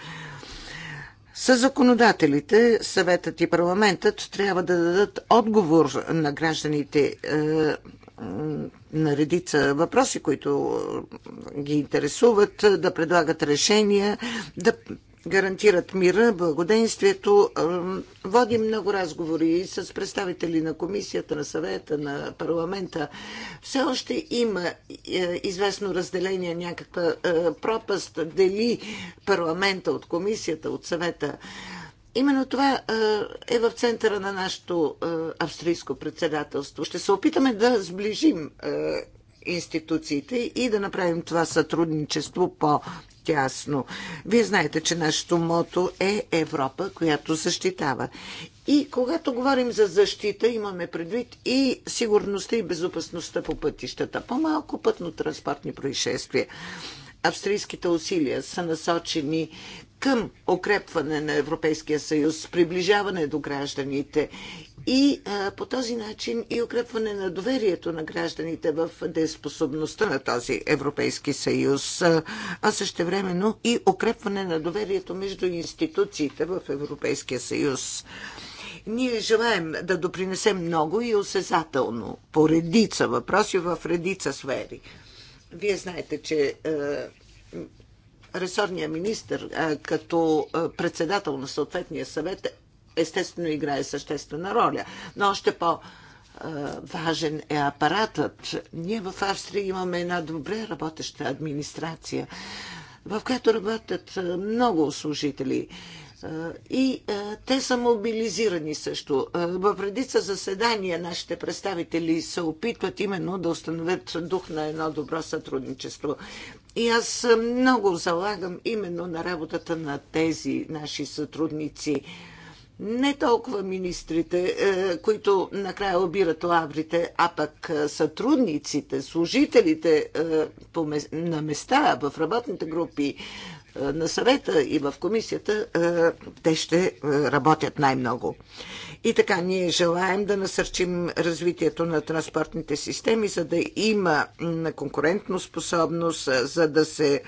С законодателите, съветът и парламентът трябва да дадат отговор на гражданите е, на редица въпроси, които ги интересуват, да предлагат решения, да гарантират мира, благоденствието. Водим много разговори с представители на комисията, на съвета, на парламента. Все още има е, известно разделение, някаква е, пропаст дели парламента от комисията, от съвета. Именно това е, е в центъра на нашето австрийско председателство. Ще се опитаме да сближим институциите и да направим това сътрудничество по-тясно. Вие знаете, че нашето мото е Европа, която защитава. И когато говорим за защита, имаме предвид и сигурността и безопасността по пътищата. По-малко пътно-транспортни происшествия. Австрийските усилия са насочени към укрепване на Европейския съюз, приближаване до гражданите и а, по този начин и укрепване на доверието на гражданите в дееспособността на този Европейски съюз, а също времено и укрепване на доверието между институциите в Европейския съюз. Ние желаем да допринесем много и осезателно по редица въпроси в редица сфери. Вие знаете, че е, ресорният министр е, като председател на съответния съвет естествено играе съществена роля. Но още по- важен е апаратът. Ние в Австрия имаме една добре работеща администрация, в която работят много служители. И те са мобилизирани също. В редица заседания нашите представители се опитват именно да установят дух на едно добро сътрудничество. И аз много залагам именно на работата на тези наши сътрудници не толкова министрите, е, които накрая обират лаврите, а пък е, сътрудниците, служителите е, на места в работните групи, на съвета и в комисията, те ще работят най-много. И така, ние желаем да насърчим развитието на транспортните системи, за да има конкурентно способност, за да се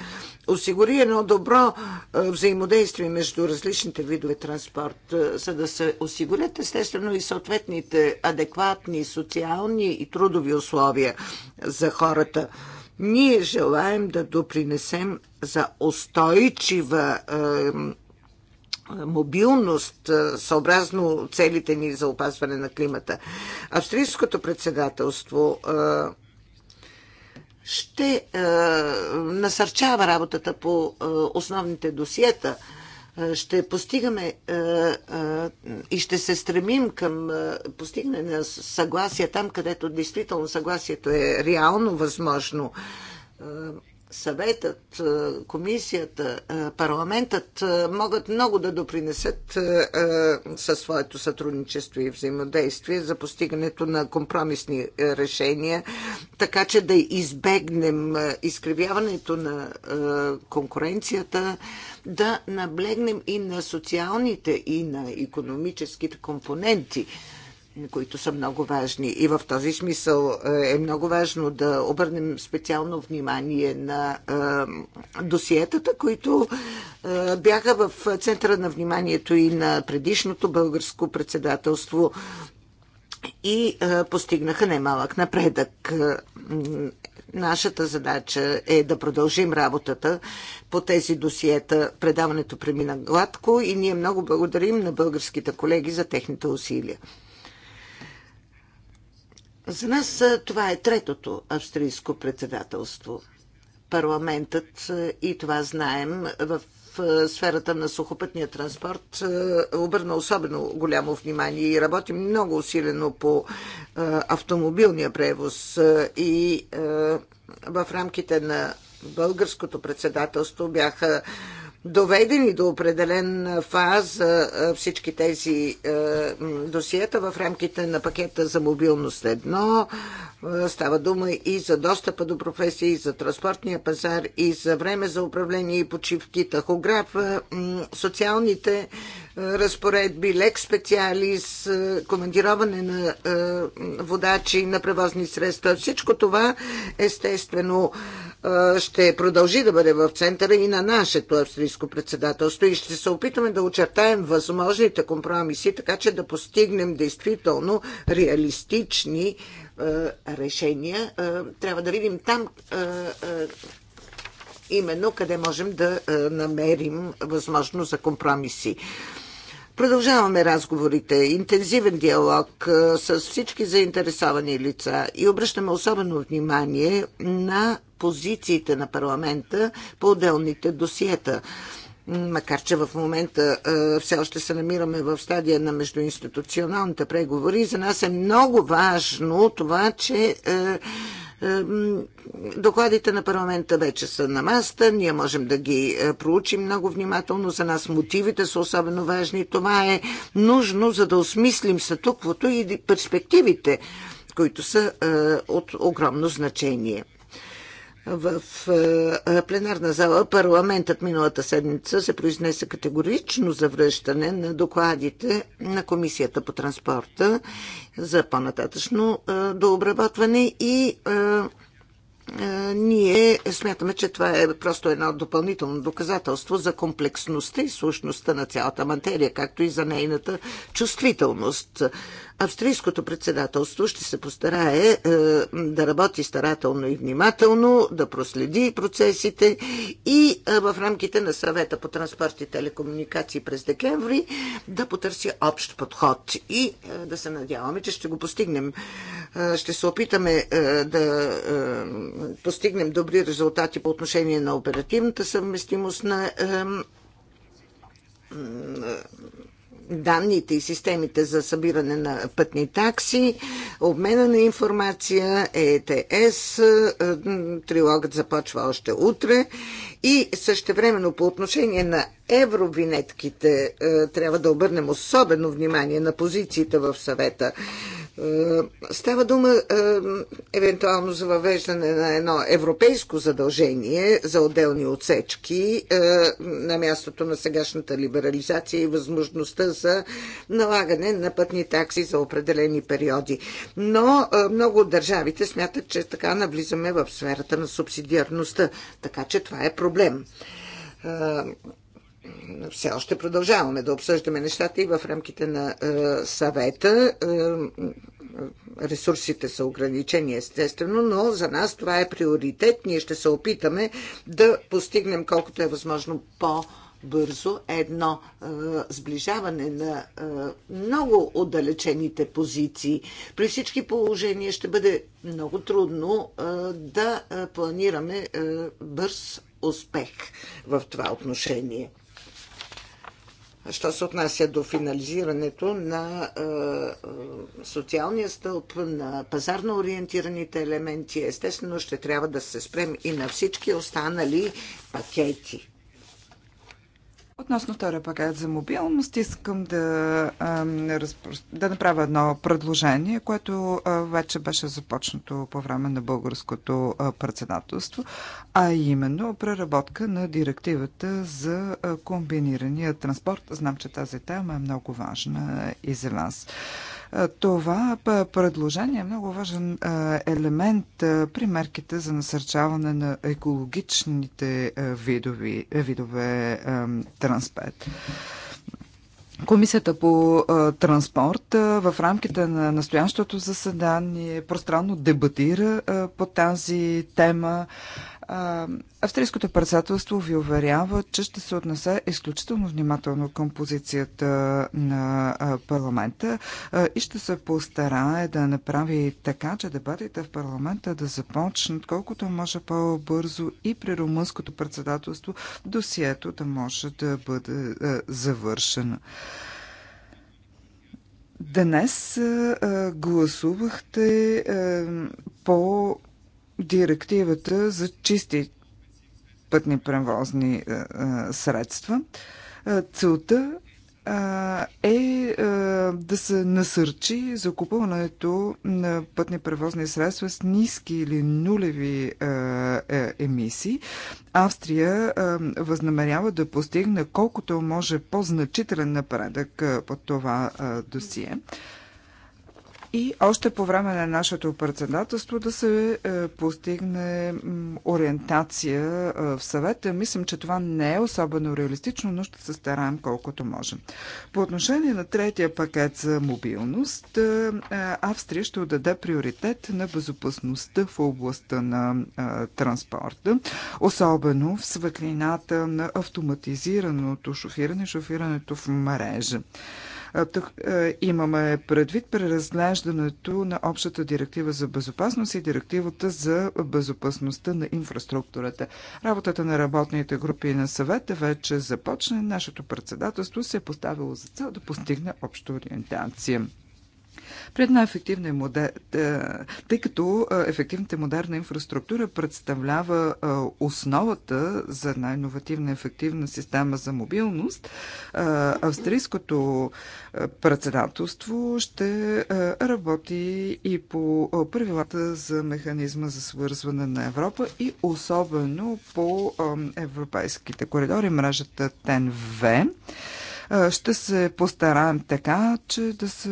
осигури едно добро е, взаимодействие между различните видове транспорт, е, за да се осигурят естествено и съответните адекватни социални и трудови условия за хората. Ние желаем да допринесем за устойчива е, мобилност съобразно целите ни за опазване на климата. Австрийското председателство ще насърчава работата по основните досиета ще постигаме и ще се стремим към постигане на съгласие там, където действително съгласието е реално възможно съветът, е, комисията, е, парламентът е, могат много да допринесат със своето сътрудничество и взаимодействие за постигането на компромисни решения, така че да избегнем изкривяването на конкуренцията, да наблегнем и на социалните и на економическите компоненти които са много важни. И в този смисъл е, е много важно да обърнем специално внимание на е, досиетата, които е, бяха в центъра на вниманието и на предишното българско председателство и постигнаха немалък напредък. Нашата задача е да продължим работата по тези досиета. Предаването премина гладко и ние много благодарим на българските колеги за техните усилия. За нас това е третото австрийско председателство. Парламентът, и това знаем, в сферата на сухопътния транспорт обърна особено голямо внимание и работи много усилено по автомобилния превоз и в рамките на българското председателство бяха доведени до определен фаза всички тези досиета в рамките на пакета за мобилност едно. Става дума и за достъпа до професии, и за транспортния пазар, и за време за управление и почивки, тахограф, социалните разпоредби, лек специалист, командироване на водачи, на превозни средства. Всичко това естествено ще продължи да бъде в центъра и на нашето австрийско председателство и ще се опитаме да очертаем възможните компромиси, така че да постигнем действително реалистични е, решения. Е, трябва да видим там е, именно къде можем да намерим възможност за компромиси. Продължаваме разговорите, интензивен диалог е, с всички заинтересовани лица и обръщаме особено внимание на позициите на парламента по отделните досиета. Макар, че в момента е, все още се намираме в стадия на междуинституционалните преговори, за нас е много важно това, че е, Докладите на парламента вече са на маста, ние можем да ги е, проучим много внимателно. За нас мотивите са особено важни. Това е нужно, за да осмислим сътуквото и перспективите, които са е, от огромно значение в пленарна зала парламентът миналата седмица се произнесе категорично за връщане на докладите на Комисията по транспорта за по-нататъчно дообработване и ние смятаме, че това е просто едно допълнително доказателство за комплексността и сущността на цялата материя, както и за нейната чувствителност. Австрийското председателство ще се постарае е, да работи старателно и внимателно, да проследи процесите и е, в рамките на съвета по транспорт и телекомуникации през декември да потърси общ подход и е, да се надяваме, че ще го постигнем. Ще се опитаме да постигнем добри резултати по отношение на оперативната съвместимост на данните и системите за събиране на пътни такси, обмена на информация, ЕТС, трилогът започва още утре и същевременно по отношение на евровинетките трябва да обърнем особено внимание на позициите в съвета. Е, става дума е, евентуално за въвеждане на едно европейско задължение за отделни отсечки е, на мястото на сегашната либерализация и възможността за налагане на пътни такси за определени периоди. Но много от държавите смятат, че така навлизаме в сферата на субсидиарността, така че това е проблем все още продължаваме да обсъждаме нещата и в рамките на е, съвета. Е, е, ресурсите са ограничени, естествено, но за нас това е приоритет. Ние ще се опитаме да постигнем колкото е възможно по- бързо едно е, сближаване на е, много отдалечените позиции. При всички положения ще бъде много трудно е, да е, планираме е, бърз успех в това отношение що се отнася до финализирането на е, е, социалния стълб, на пазарно ориентираните елементи, естествено ще трябва да се спрем и на всички останали пакети. Относно втория пакет за мобилност, искам да, да направя едно предложение, което вече беше започнато по време на българското председателство, а именно преработка на директивата за комбинирания транспорт. Знам, че тази тема е много важна и за вас. Е, това предложение е много важен е, елемент е, при мерките за насърчаване на екологичните видови, видове транспорт. Комисията по транспорт в рамките на настоящото заседание пространно дебатира по тази тема. Австрийското председателство ви уверява, че ще се отнесе изключително внимателно към позицията на парламента и ще се постарае да направи така, че дебатите в парламента да започнат колкото може по-бързо и при румънското председателство досието да може да бъде завършено. Днес гласувахте по директивата за чисти пътни превозни е, е, средства. Е, целта е да се насърчи закупуването на пътни превозни средства с ниски или нулеви емисии. Австрия възнамерява да постигне колкото може по-значителен напредък по това досие и още по време на нашето председателство да се е, постигне ориентация е, в съвета. Мислим, че това не е особено реалистично, но ще се стараем колкото можем. По отношение на третия пакет за мобилност, е, Австрия ще отдаде приоритет на безопасността в областта на транспорта, особено в светлината на автоматизираното шофиране, шофирането в мрежа. Тук е, имаме предвид преразглеждането на общата директива за безопасност и директивата за безопасността на инфраструктурата. Работата на работните групи и на съвета вече започна. Нашето председателство се е поставило за цел да постигне обща ориентация при една ефективна и модер... Е, тъй като е, ефективната модерна инфраструктура представлява е, основата за една иновативна ефективна система за мобилност, австрийското председателство ще работи и по правилата за механизма за свързване на Европа и особено по европейските коридори, мрежата ТЕН-В. Ще се постараем така, че да се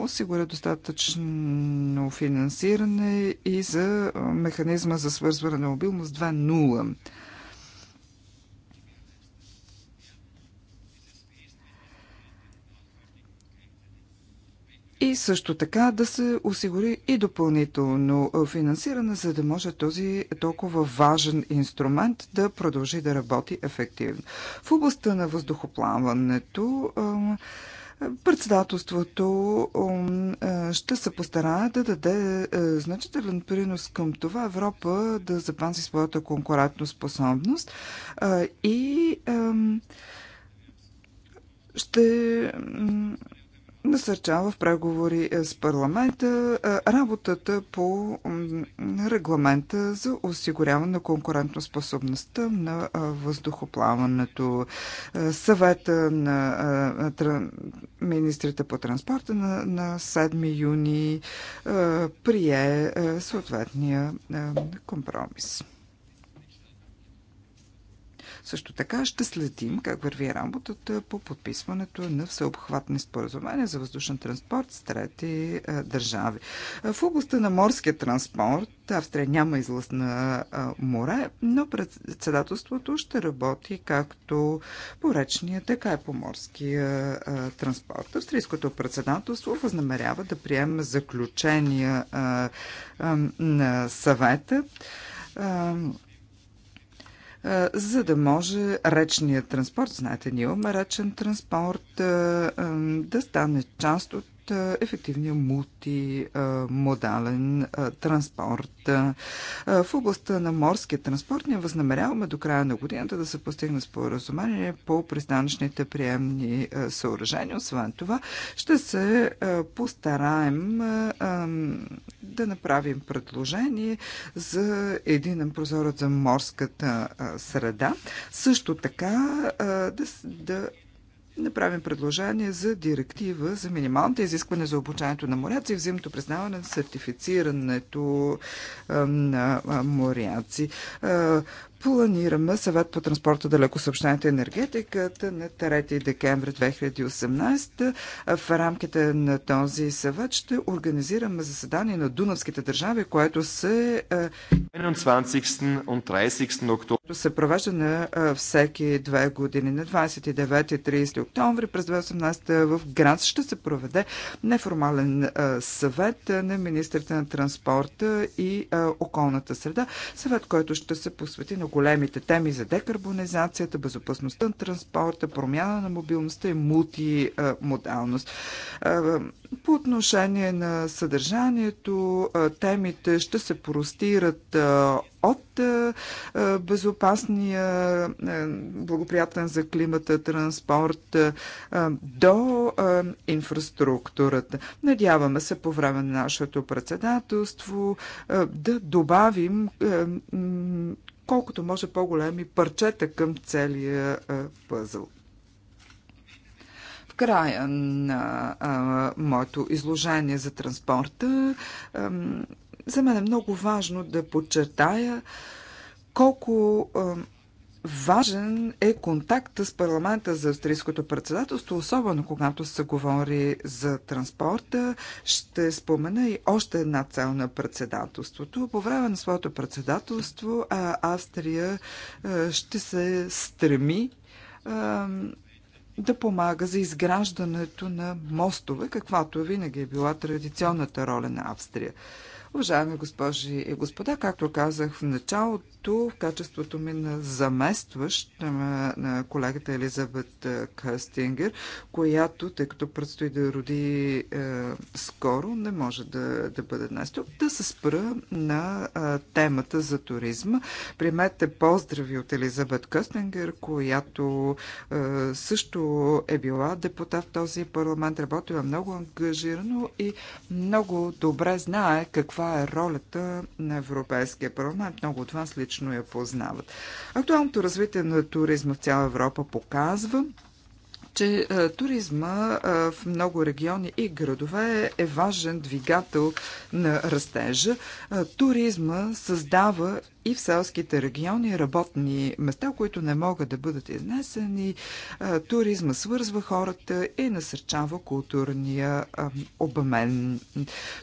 осигуря достатъчно финансиране и за механизма за свързване на мобилност 2.0. И също така да се осигури и допълнително е, финансиране, за да може този толкова важен инструмент да продължи да работи ефективно. В областта на въздухоплаването е, е, Председателството ще се постарае да даде значителен принос към това Европа да запази своята конкурентоспособност и ще насърчава в преговори е, с парламента е, работата по регламента за осигуряване на конкурентоспособността на е, въздухоплаването. Съвета на министрите по транспорта на 7 юни прие съответния компромис. Също така ще следим как върви работата по подписването на всеобхватни споразумения за въздушен транспорт с трети държави. В областта на морския транспорт Австрия няма излъз на море, но председателството ще работи както по речния, така и по морския транспорт. Австрийското председателство възнамерява да приеме заключения на съвета за да може речният транспорт, знаете, ние имаме речен транспорт, да стане част от от е, ефективния мултимодален е, транспорт. Е, в областта на морския транспорт ние възнамеряваме до края на годината да се постигне споразумение по пристанищните приемни съоръжения. Освен това, ще се постараем да направим предложение за един прозорец за морската среда. Също така да, да направим предложение за директива за минималните изискване за обучението на моряци и взаимното признаване на сертифицирането на моряци планираме съвет по транспорта, далеко съобщението и енергетиката на 3 декември 2018. В рамките на този съвет ще организираме заседание на Дунавските държави, което се, 21 е, се провежда на е, всеки две години. На 29 и 30 октомври през 2018 в Гранц ще се проведе неформален е, съвет на министрите на транспорта и околната среда. Съвет, който ще се посвети на големите теми за декарбонизацията, безопасността на транспорта, промяна на мобилността и мултимодалност. По отношение на съдържанието, темите ще се простират от безопасния, благоприятен за климата транспорт до инфраструктурата. Надяваме се по време на нашето председателство да добавим колкото може по-големи парчета към целия е, пъзъл В края на а, е, моето изложение за транспорта, а, е, за мен е много важно да подчертая колко а, Важен е контакт с парламента за австрийското председателство, особено когато се говори за транспорта. Ще спомена и още една цел на председателството. По време на своето председателство Австрия ще се стреми да помага за изграждането на мостове, каквато винаги е била традиционната роля на Австрия. Уважаеми госпожи и господа, както казах в началото, в качеството ми на заместващ на колегата Елизабет Кастингер, която, тъй като предстои да роди е, скоро, не може да, да бъде днес тук, да се спра на е, темата за туризма. Примете поздрави от Елизабет Къстингер, която е, също е била депутат в този парламент, работила много ангажирано и много добре знае какво каква е ролята на Европейския парламент. Много от вас лично я познават. Актуалното развитие на туризма в цяла Европа показва, че е, туризма е, в много региони и градове е важен двигател на растежа. Е, туризма създава и в селските региони работни места, които не могат да бъдат изнесени. Туризма свързва хората и насърчава културния обмен.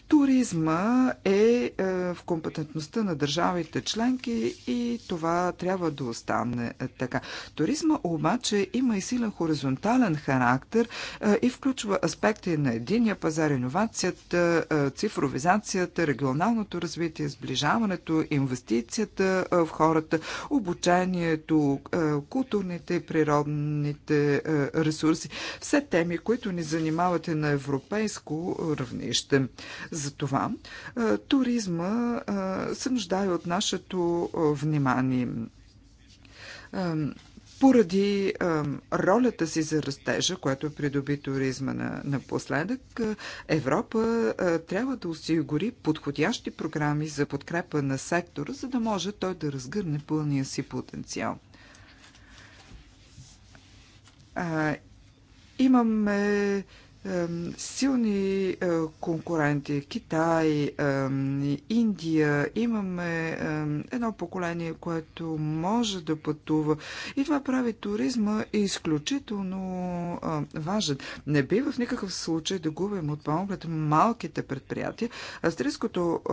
Туризма е в компетентността на държавите членки и това трябва да остане така. Туризма обаче има и силен хоризонтален характер и включва аспекти на единия пазар, иновацията, цифровизацията, регионалното развитие, сближаването, инвестицията, интеграцията в хората, обучението, културните и природните ресурси. Все теми, които ни занимават и на европейско равнище. Затова туризма се нуждае от нашето внимание. Поради а, ролята си за растежа, което е придоби туризма на, напоследък, Европа а, трябва да осигури подходящи програми за подкрепа на сектора, за да може той да разгърне пълния си потенциал. А, имаме силни е, конкуренти Китай, Индия. Имаме едно поколение, което може да пътува. И това прави туризма изключително е, важен. Не би в никакъв случай да губим от поглед малките предприятия. Австрийското е,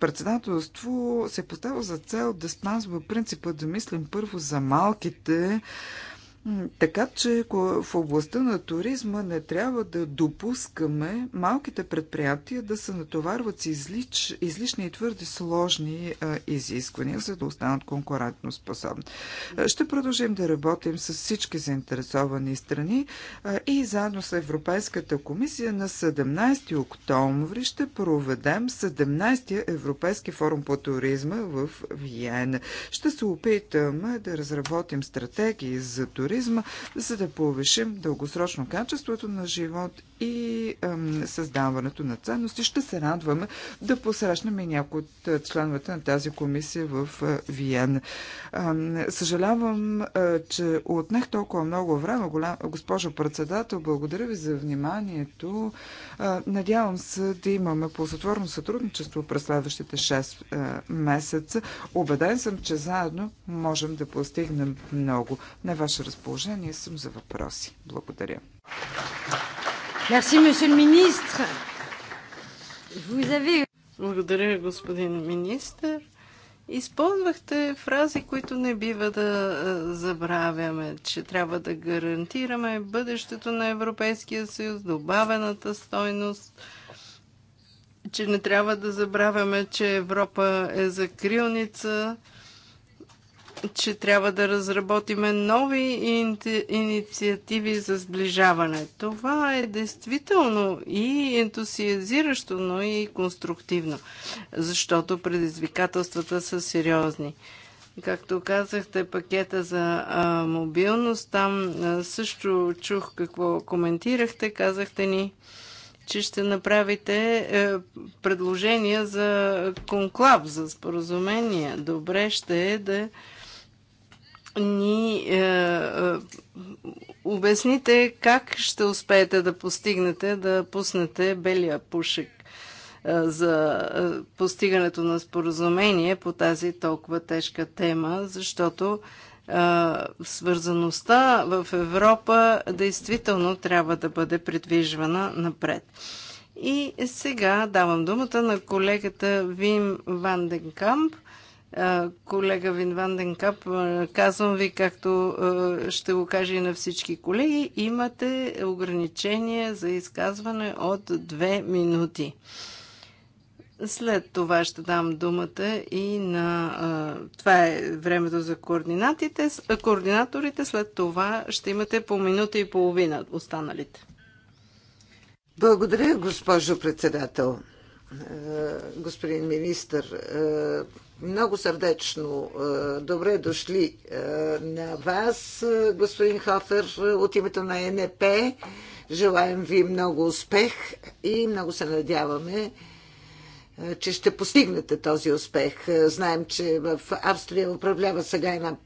председателство се поставя за цел да спазва принципа да мислим първо за малките така че в областта на туризма не трябва да допускаме малките предприятия да се натоварват с излич, излишни и твърде сложни а, изисквания, за да останат конкурентно способни. Ще продължим да работим с всички заинтересовани страни а, и заедно с Европейската комисия на 17 октомври ще проведем 17-я Европейски форум по туризма в Виена. Ще се опитаме да разработим стратегии за туризма туризма, за да повишим дългосрочно качеството на живот и ем, създаването на ценности. Ще се радваме да посрещнем и някои от членовете на тази комисия в Виен. Ем, съжалявам, е, че отнех толкова много време. Голям... Госпожо председател, благодаря ви за вниманието. Е, надявам се да имаме ползотворно сътрудничество през следващите 6 е, месеца. Обеден съм, че заедно можем да постигнем много. На ваше разположение разположение съм за въпроси. Благодаря. Благодаря, господин министр. Използвахте фрази, които не бива да е, забравяме, че трябва да гарантираме бъдещето на Европейския съюз, добавената стойност, че не трябва да забравяме, че Европа е закрилница че трябва да разработиме нови инициативи за сближаване. Това е действително и ентусиазиращо, но и конструктивно, защото предизвикателствата са сериозни. Както казахте, пакета за а, мобилност, там а, също чух какво коментирахте. Казахте ни, че ще направите е, предложения за конклав, за споразумение. Добре ще е да ни е, е, обясните как ще успеете да постигнете, да пуснете белия пушек е, за е, постигането на споразумение по тази толкова тежка тема, защото е, свързаността в Европа действително трябва да бъде придвижвана напред. И сега давам думата на колегата Вим Ванденкамп, колега Вин Ванденкап, казвам ви, както ще го кажа и на всички колеги, имате ограничение за изказване от две минути. След това ще дам думата и на... Това е времето за координатите. Координаторите след това ще имате по минута и половина останалите. Благодаря, госпожо председател. Господин министр, много сърдечно е, добре дошли е, на вас, е, господин Хофер, от името на НП. Желаем ви много успех и много се надяваме, че ще постигнете този успех. Знаем, че в Австрия управлява сега една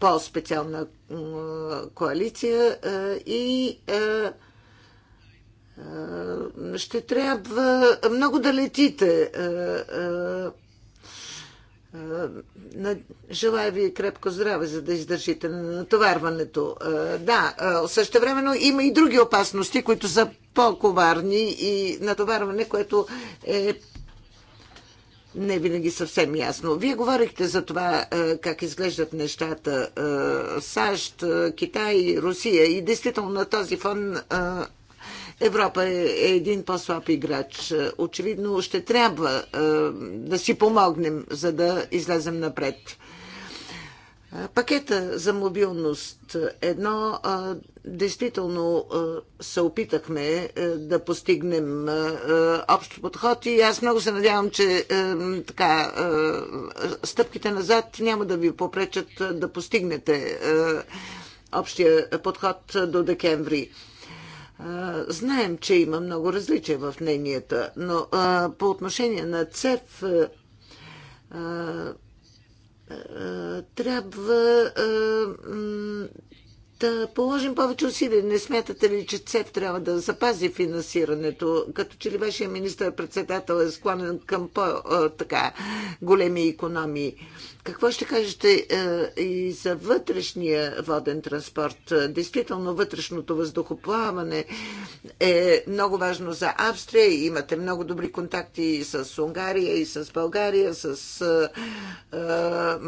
по-специална коалиция и ще трябва много да летите. Е, е, е, желая ви крепко здраве, за да издържите на натоварването. Да, също времено има и други опасности, които са по-коварни и натоварване, което е не винаги съвсем ясно. Вие говорихте за това как изглеждат нещата САЩ, Китай, Русия и действително на този фон Европа е, е един по-слаб играч. Е, очевидно ще трябва е, да си помогнем, за да излезем напред. Пакета за мобилност едно, действително се опитахме да постигнем общ подход и аз много се надявам, че така, стъпките назад няма да ви попречат да постигнете общия подход до декември. Знаем, че има много различия в мненията, но по отношение на ЦЕФ трябва да положим повече усилия. Не смятате ли, че ЦЕФ трябва да запази финансирането? Като че ли вашия министър-председател е склонен към по-големи економии? Какво ще кажете е, и за вътрешния воден транспорт? Действително, вътрешното въздухоплаване е много важно за Австрия. Имате много добри контакти и с Унгария, и с България, с е,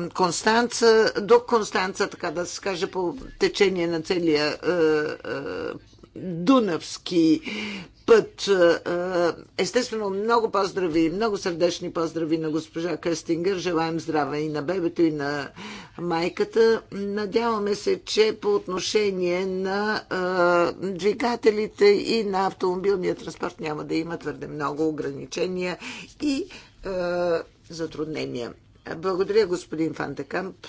е, Констанца, до Констанца, така да се каже, по течение на целия Дунавски път. Е, е, естествено, много поздрави, много сърдечни поздрави на госпожа Къстингър. Желаем здраве и на бебето, и на майката. Надяваме се, че по отношение на е, двигателите и на автомобилния транспорт няма да има твърде много ограничения и затруднения. Благодаря, господин Фантекамп. Камп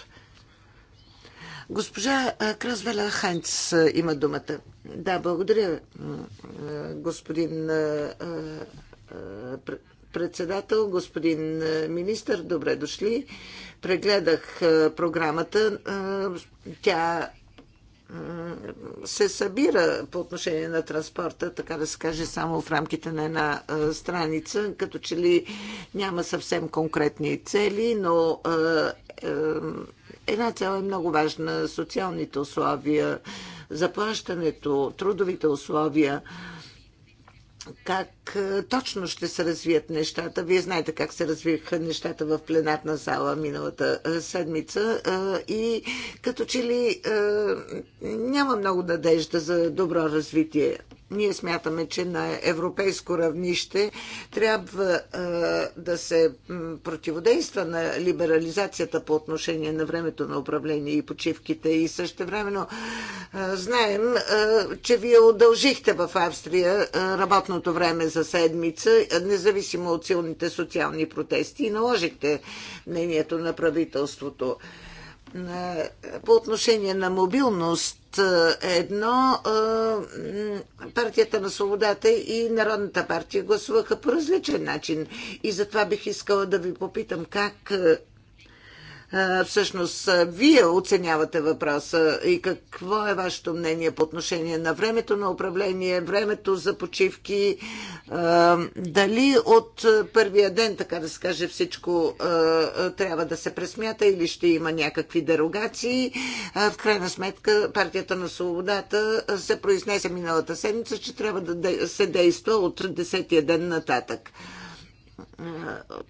Госпожа Красвела Хайнц има думата. Да, благодаря, господин председател, господин министр, добре дошли. Прегледах програмата. Тя се събира по отношение на транспорта, така да се каже, само в рамките на една страница, като че ли няма съвсем конкретни цели, но Една цяло е много важна. Социалните условия, заплащането, трудовите условия, как е, точно ще се развият нещата. Вие знаете как се развиха нещата в пленарна зала миналата е, седмица е, и като че ли няма много надежда за добро развитие. Ние смятаме, че на европейско равнище трябва да се противодейства на либерализацията по отношение на времето на управление и почивките и също времено знаем, че вие удължихте в Австрия работното време за седмица, независимо от силните социални протести, и наложихте мнението на правителството. По отношение на мобилност, едно партията на свободата и Народната партия гласуваха по различен начин. И затова бих искала да ви попитам как Всъщност, вие оценявате въпроса и какво е вашето мнение по отношение на времето на управление, времето за почивки, дали от първия ден, така да се каже, всичко трябва да се пресмята или ще има някакви дерогации. В крайна сметка, партията на свободата се произнесе миналата седмица, че трябва да се действа от десетия ден нататък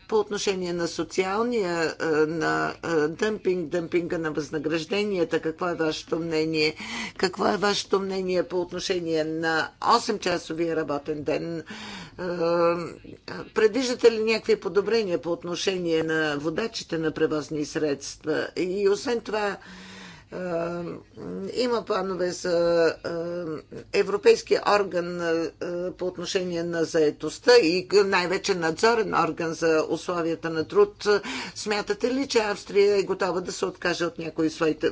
по отношение на социалния, е, на е, дъмпинг, дъмпинга на възнагражденията, какво е вашето мнение? Какво е вашето мнение по отношение на 8-часовия работен ден? Е, предвиждате ли някакви подобрения по отношение на водачите на превозни средства? И освен това, е, има планове за е, Европейския орган е, по отношение на заетостта и най-вече надзорен орган за условията на труд. Смятате ли, че Австрия е готова да се откаже от някои своите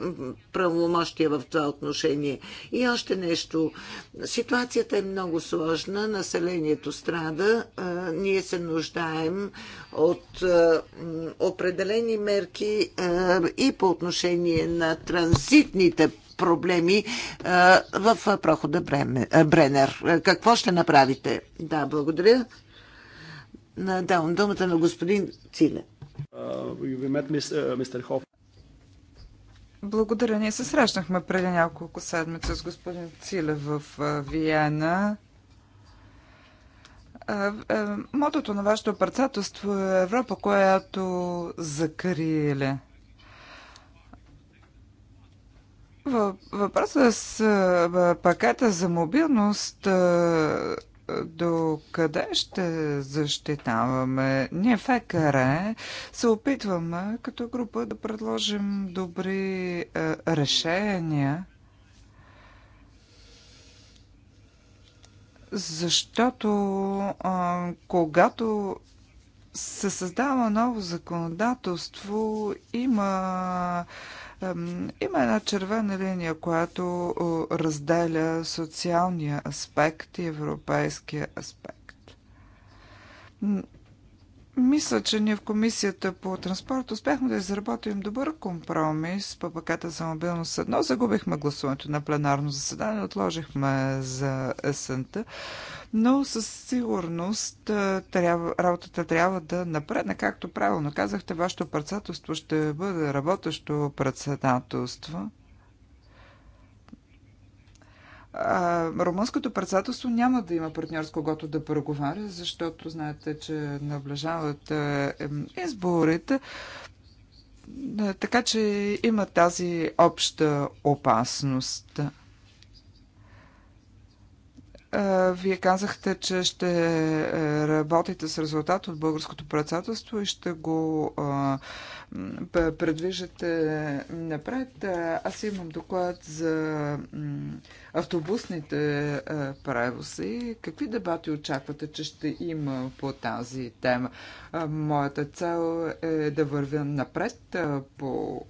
правомощия в това отношение? И още нещо. Ситуацията е много сложна, населението страда, ние се нуждаем от е, определени мерки е, и по отношение на транзитните проблеми е, в прохода Бренер. Какво ще направите? Да, благодаря. Давам думата на господин Циле. Благодаря. Ние се срещнахме преди няколко седмици с господин Циле в Виена. Мотото на вашето председателство е Европа, която закриле. Въпросът е с пакета за мобилност до къде ще защитаваме? Ние в ЕКР се опитваме като група да предложим добри решения защото а, когато се създава ново законодателство, има, има една червена линия, която разделя социалния аспект и европейския аспект. Мисля, че ние в комисията по транспорт успяхме да изработим добър компромис по пакета за мобилност едно. Загубихме гласуването на пленарно заседание, отложихме за есента, но със сигурност трябва, работата трябва да напредне. Както правилно казахте, вашето председателство ще бъде работещо председателство а, румънското председателство няма да има партньор с когото да преговаря, защото знаете, че наближават е, изборите. А, така че има тази обща опасност. Вие казахте, че ще е, работите с резултат от българското председателство и ще го предвиждате напред. Аз имам доклад за автобусните а, превози. Какви дебати очаквате, че ще има по тази тема? А, моята цел е да вървя напред а, по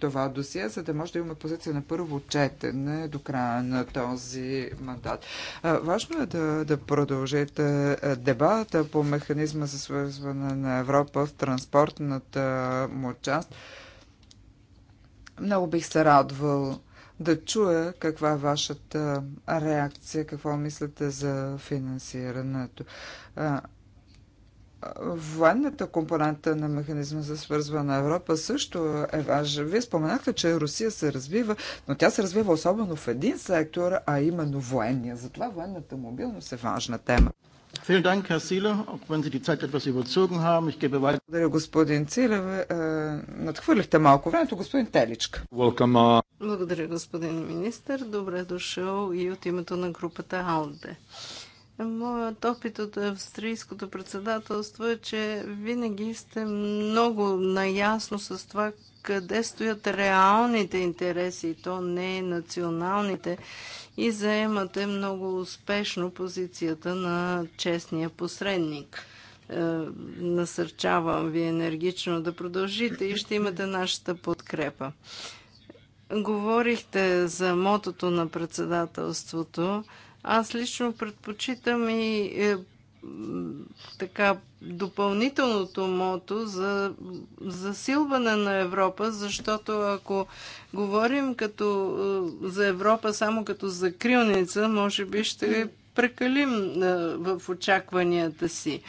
това досие, за да може да имаме позиция на първо четене до края на този мандат. А, важно е да, да продължите дебата по механизма за свързване на Европа в транспортната му част. Много бих се радвал да чуя каква е вашата реакция, какво мислите за финансирането. Военната компонента на механизма за свързване на Европа също е важна. Вие споменахте, че Русия се развива, но тя се развива особено в един сектор, а именно военния. Затова военната мобилност е важна тема. Благодаря, господин Цилев. Е, надхвърлихте малко времето, господин Теличка. Welcome, uh, благодаря, господин министр. Добре дошъл и от името на групата АЛДЕ. Моят опит от австрийското председателство е, че винаги сте много наясно с това къде стоят реалните интереси, и то не националните, и заемате много успешно позицията на честния посредник. Е, насърчавам ви енергично да продължите и ще имате нашата подкрепа. Говорихте за мотото на председателството. Аз лично предпочитам и е, така допълнителното мото за засилване на Европа, защото ако говорим като, е, за Европа само като закрилница, може би ще прекалим е, в очакванията си.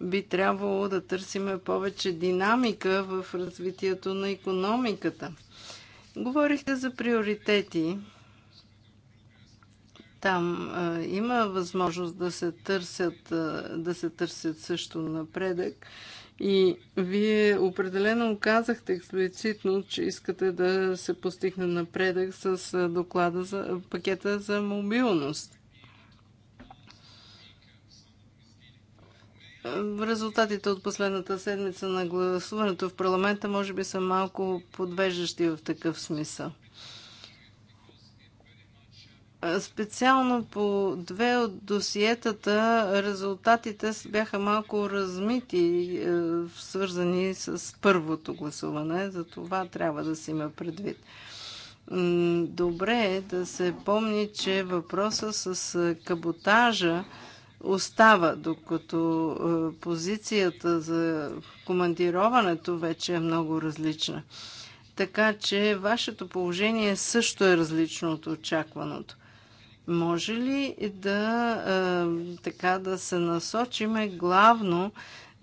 Би трябвало да търсиме повече динамика в развитието на економиката. Говорихте за приоритети. Там а, има възможност да се търсят, а, да се търсят също напредък. И вие определено казахте експлицитно, че искате да се постигне напредък с доклада за пакета за мобилност. Резултатите от последната седмица на гласуването в парламента може би са малко подвеждащи в такъв смисъл. Специално по две от досиетата резултатите бяха малко размити, е, свързани с първото гласуване. За това трябва да се има предвид. Добре е да се помни, че въпроса с каботажа остава, докато е, позицията за командироването вече е много различна. Така че вашето положение също е различно от очакваното. Може ли да, е, така, да се насочиме главно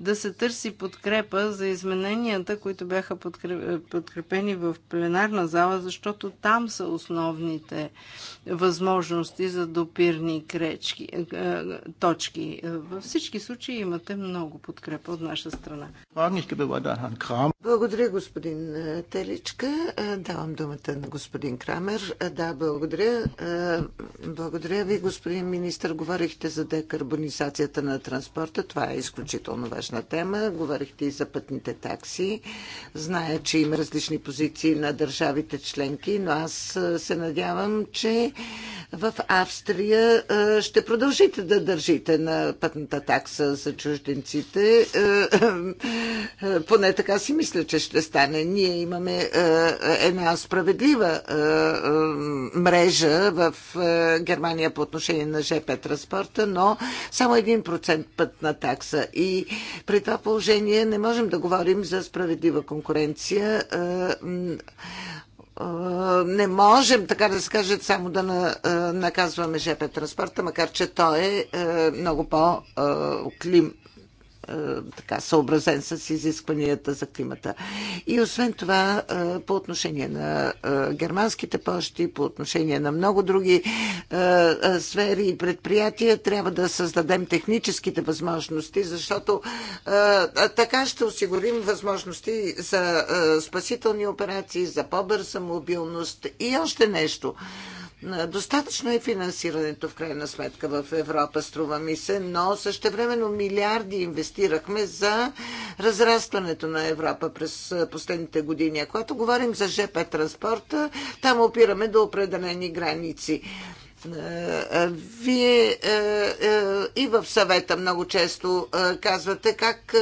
да се търси подкрепа за измененията, които бяха е, подкрепени в пленарна зала, защото там са основните възможности за допирни кречки, е, е, точки. Във всички случаи имате много подкрепа от наша страна. Благодаря, господин Теличка. Давам думата на господин Крамер. Да, благодаря. Благодаря ви, господин министр. Говорихте за декарбонизацията на транспорта. Това е изключително важно важна тема. Говорихте и за пътните такси. Зная, че има различни позиции на държавите членки, но аз се надявам, че в Австрия ще продължите да държите на пътната такса за чужденците. Поне така си мисля, че ще стане. Ние имаме една справедлива мрежа в Германия по отношение на ЖП транспорта, но само 1% пътна такса. И при това положение не можем да говорим за справедлива конкуренция. Е, е, не можем, така да се каже, само да е, наказваме ЖП транспорта, макар че той е много по-клим е, така, съобразен с изискванията за климата. И освен това, е, по отношение на е, германските почти, по отношение на много други сфери и предприятия, трябва да създадем техническите възможности, защото така ще осигурим възможности за спасителни операции, за по-бърза мобилност и още нещо – Достатъчно е финансирането в крайна сметка в Европа, струва ми се, но същевременно милиарди инвестирахме за разрастването на Европа през последните години. А когато говорим за ЖП транспорта, там опираме до определени граници. Е, е, вие е, и в съвета много често казвате как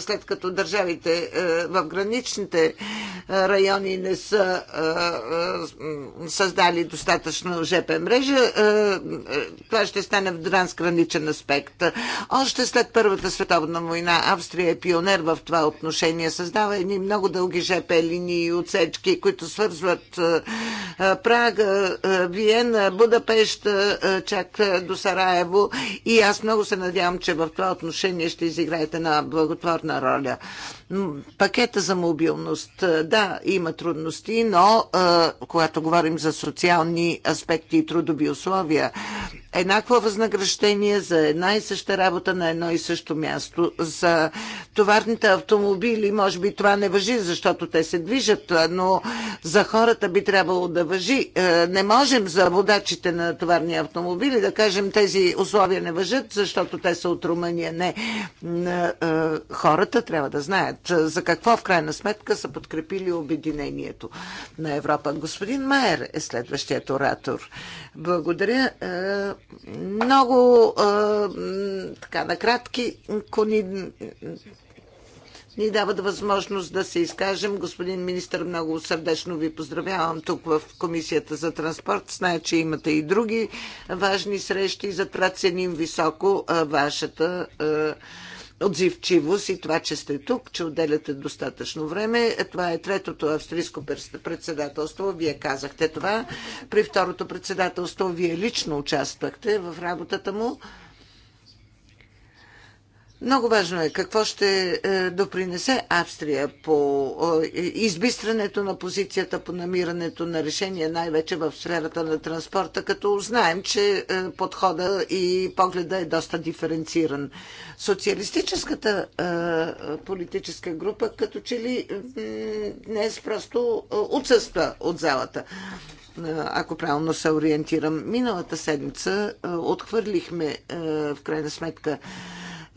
след като държавите в граничните райони не са създали достатъчно ЖП мрежа, това ще стане в трансграничен аспект. Още след Първата световна война Австрия е пионер в това отношение. Създава едни много дълги ЖП линии и отсечки, които свързват Прага, Виена, Будапешт среща чак до Сараево и аз много се надявам, че в това отношение ще изиграете една благотворна роля. Пакета за мобилност, е, да, има трудности, но е, когато говорим за социални аспекти и трудови условия, еднакво възнаграждение за една и съща работа на едно и също място. За товарните автомобили, може би това не въжи, защото те се движат, е, но за хората би трябвало да въжи. Не можем за водачите на товарни автомобили да кажем тези условия не въжат, защото те са от Румъния. Не. Хората трябва да знаят знаят за какво в крайна сметка са подкрепили обединението на Европа. Господин Майер е следващият оратор. Благодаря. Е, много е, така накратки ни, ни дават възможност да се изкажем. Господин министр, много сърдечно ви поздравявам тук в Комисията за транспорт. Зная, че имате и други важни срещи, затова ценим високо е, вашата отзивчивост и това, че сте тук, че отделяте достатъчно време. Това е третото австрийско председателство. Вие казахте това. При второто председателство вие лично участвахте в работата му. Много важно е какво ще е, допринесе Австрия по е, избистрането на позицията, по намирането на решение, най-вече в сферата на транспорта, като знаем, че е, подхода и погледа е доста диференциран. Социалистическата политическа група като че ли днес просто отсъства от залата ако правилно се ориентирам. Миналата седмица отхвърлихме в крайна сметка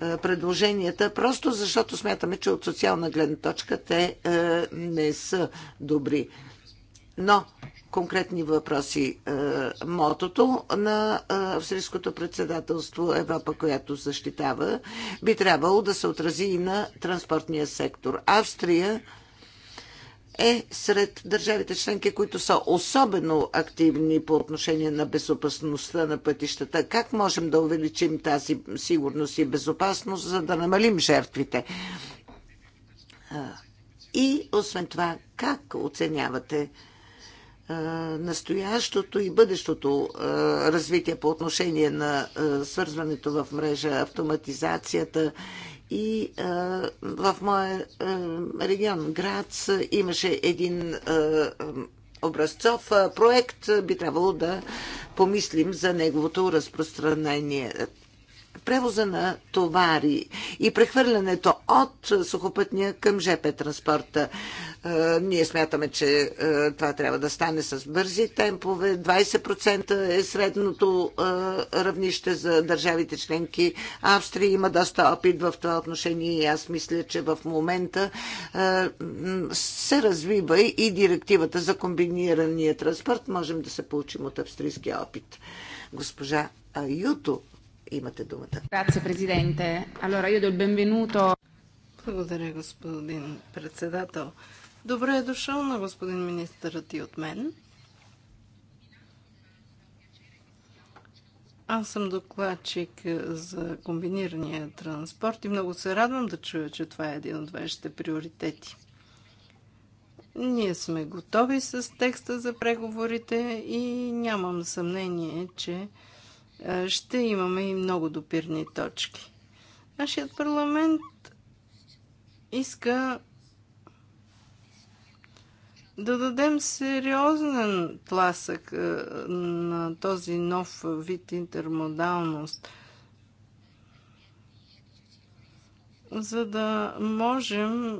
е, предложенията, просто защото смятаме, че от социална гледна точка те е, не са добри. Но конкретни въпроси. Е, мотото на австрийското председателство Европа, която защитава, би трябвало да се отрази и на транспортния сектор. Австрия е сред държавите членки, които са особено активни по отношение на безопасността на пътищата. Как можем да увеличим тази сигурност и безопасност, за да намалим жертвите? И освен това, как оценявате настоящото и бъдещото развитие по отношение на свързването в мрежа, автоматизацията и а, в моя а, регион Град имаше един а, образцов проект. Би трябвало да помислим за неговото разпространение превоза на товари и прехвърлянето от сухопътния към ЖП транспорта. Е, ние смятаме, че е, това трябва да стане с бързи темпове. 20% е средното е, равнище за държавите членки. Австрия има доста опит в това отношение и аз мисля, че в момента се развива и директивата за комбинирания транспорт. Можем да се получим от австрийския опит. Госпожа Аюто Имате думата. Грация, президенте. Allora, io Благодаря, господин председател. Добре е дошъл на господин министърът и от мен. Аз съм докладчик за комбинирания транспорт и много се радвам да чуя, че това е един от вашите приоритети. Ние сме готови с текста за преговорите и нямам съмнение, че ще имаме и много допирни точки. Нашият парламент иска да дадем сериозен тласък на този нов вид интермодалност, за да можем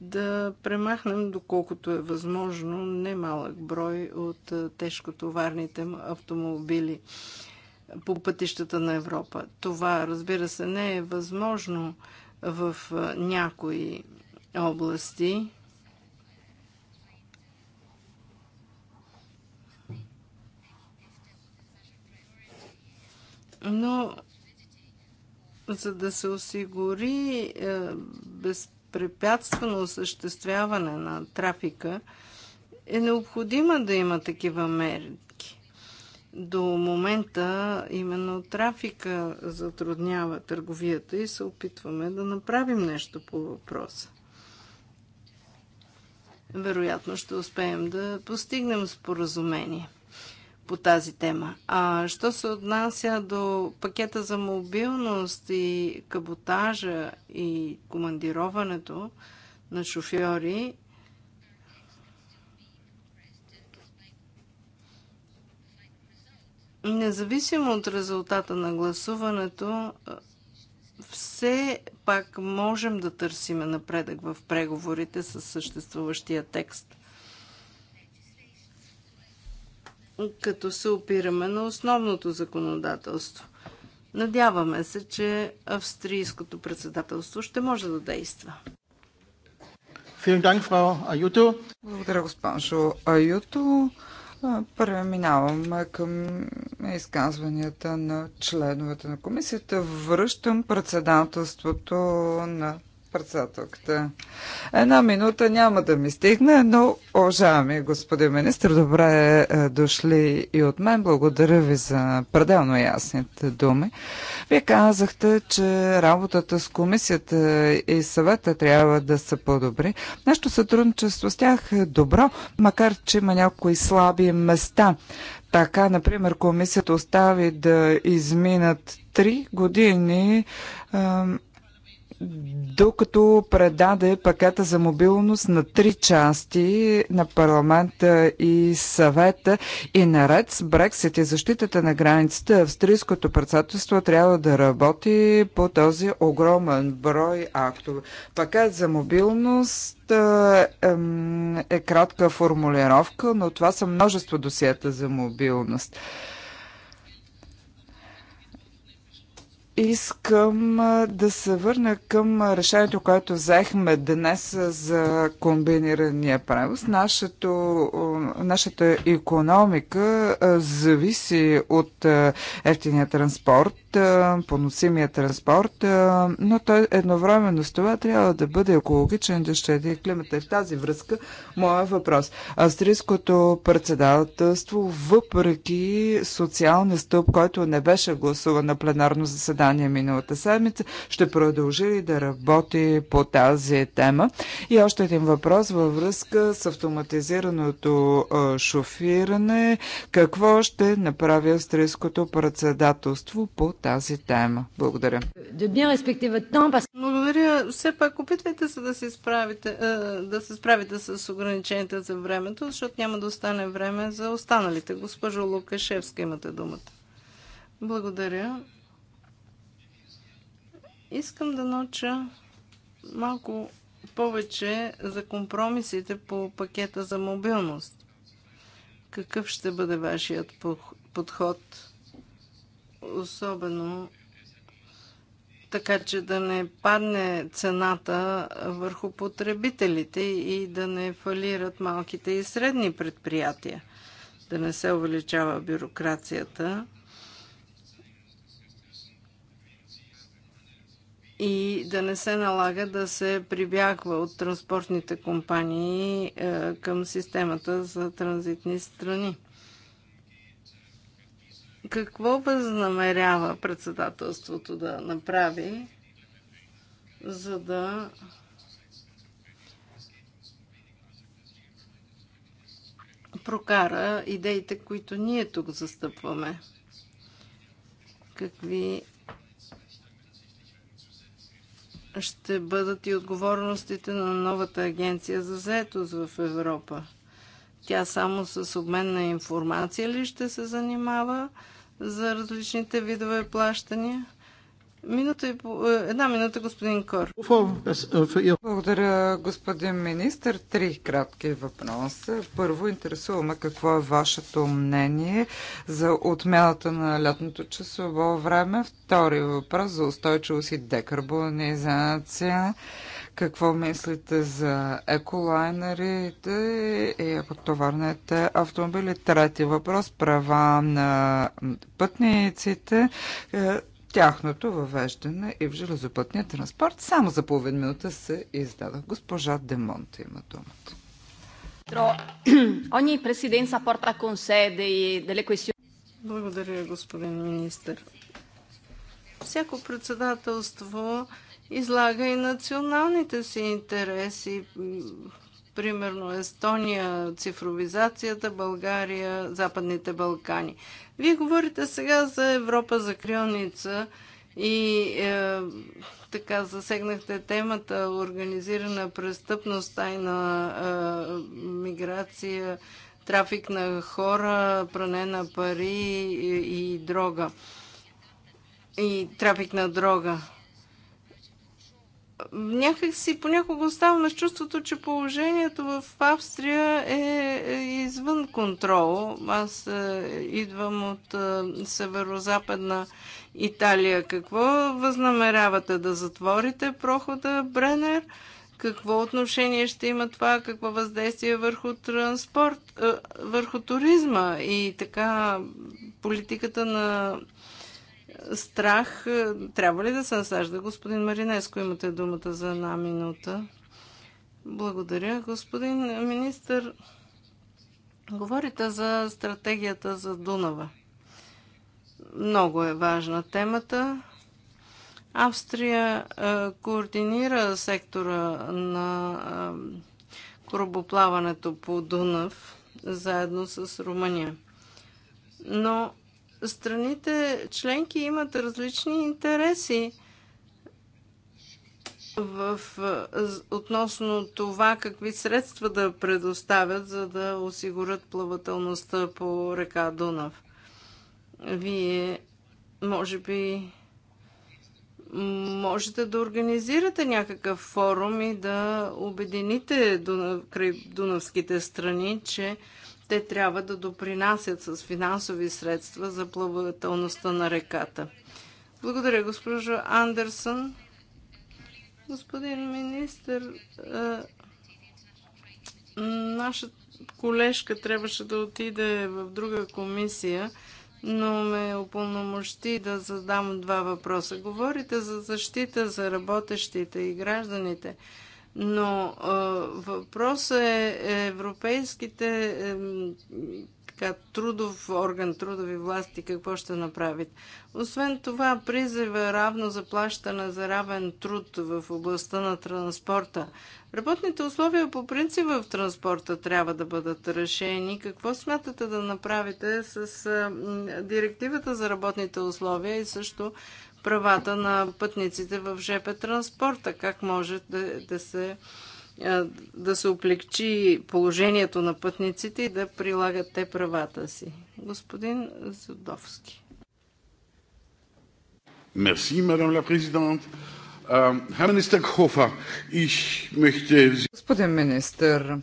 да премахнем, доколкото е възможно, немалък брой от тежкотоварните автомобили по пътищата на Европа. Това, разбира се, не е възможно в някои области. Но за да се осигури безпрепятствено осъществяване на трафика, е необходимо да има такива мерки до момента именно трафика затруднява търговията и се опитваме да направим нещо по въпроса. Вероятно ще успеем да постигнем споразумение по тази тема. А що се отнася до пакета за мобилност и каботажа и командироването на шофьори, Независимо от резултата на гласуването, все пак можем да търсим напредък в преговорите с съществуващия текст. Като се опираме на основното законодателство. Надяваме се, че австрийското председателство ще може да действа. Благодаря, госпожо Аюто. Преминавам към изказванията на членовете на комисията. Връщам председателството на Председателката. Една минута няма да ми стигне, но, уважаеми господин министр, добре е, дошли и от мен. Благодаря ви за пределно ясните думи. Вие казахте, че работата с комисията и съвета трябва да се подобри. Нещо сътрудничество с тях е добро, макар че има някои слаби места. Така, например, комисията остави да изминат три години докато предаде пакета за мобилност на три части на парламента и съвета и наред с Брексит и защитата на границата, австрийското председателство трябва да работи по този огромен брой актове. Пакет за мобилност е кратка формулировка, но това са множество досиета за мобилност. Искам да се върна към решението, което взехме днес за комбинирания превоз. Нашето, нашата економика зависи от ефтиния транспорт поносимия транспорт, но той едновременно с това трябва да бъде екологичен, да щеди климата. И в тази връзка моя въпрос. Австрийското председателство, въпреки социалния стълб, който не беше гласуван на пленарно заседание миналата седмица, ще продължи ли да работи по тази тема. И още един въпрос във връзка с автоматизираното шофиране. Какво ще направи австрийското председателство по тази тема. Благодаря. Благодаря. Все пак опитвайте се да се справите, да се справите с ограниченията за времето, защото няма да остане време за останалите. Госпожо Лукашевска, имате думата. Благодаря. Искам да науча малко повече за компромисите по пакета за мобилност. Какъв ще бъде вашият подход? особено така, че да не падне цената върху потребителите и да не фалират малките и средни предприятия, да не се увеличава бюрокрацията. и да не се налага да се прибягва от транспортните компании е, към системата за транзитни страни. Какво възнамерява председателството да направи, за да прокара идеите, които ние тук застъпваме? Какви ще бъдат и отговорностите на новата агенция за заетост в Европа? Тя само с обмен на информация ли ще се занимава? за различните видове плащания. Минута и по... Е, една минута, господин Кор. Благодаря, господин министр. Три кратки въпроса. Първо, интересуваме какво е вашето мнение за отмяната на лятното часово време. Втори въпрос за устойчивост и декарбонизация. Какво мислите за еколайнерите и товарните автомобили? Трети въпрос – права на пътниците е, тяхното въвеждане и в железопътния транспорт. Само за половин минута се издава. Госпожа Демонта има думата. Благодаря, господин министр. Всяко председателство излага и националните си интереси. Примерно Естония, цифровизацията, България, Западните Балкани. Вие говорите сега за Европа за крилница и е, така засегнахте темата организирана престъпност, тайна е, миграция, трафик на хора, пране на пари и, и дрога. И трафик на дрога някак си понякога оставам на чувството, че положението в Австрия е, е извън контрол. Аз е, идвам от е, северо-западна Италия. Какво възнамерявате да затворите прохода Бренер? Какво отношение ще има това? Какво въздействие върху транспорт, върху туризма и така политиката на страх е, трябва ли да се насажда? Господин Маринеско, имате думата за една минута. Благодаря. Господин министр, говорите за стратегията за Дунава. Много е важна темата. Австрия е, координира сектора на е, корабоплаването по Дунав заедно с Румъния. Но страните членки имат различни интереси в, относно това какви средства да предоставят, за да осигурят плавателността по река Дунав. Вие, може би, можете да организирате някакъв форум и да обедините Дунав, край Дунавските страни, че те трябва да допринасят с финансови средства за плавателността на реката. Благодаря, госпожо Андерсон. Господин министр, наша колежка трябваше да отиде в друга комисия, но ме опълномощи да задам два въпроса. Говорите за защита за работещите и гражданите – но а, въпросът е европейските е, така, трудов орган, трудови власти, какво ще направят. Освен това, призива е равно заплащане за равен труд в областта на транспорта. Работните условия по принцип в транспорта трябва да бъдат решени. Какво смятате да направите с директивата за работните условия и също правата на пътниците в ЖП транспорта. Как може да, да се да се облегчи положението на пътниците и да прилагат те правата си. Господин Зудовски. Мерси, мадам ла президент. Хам министър Kofa, ich möchte... Господин министър,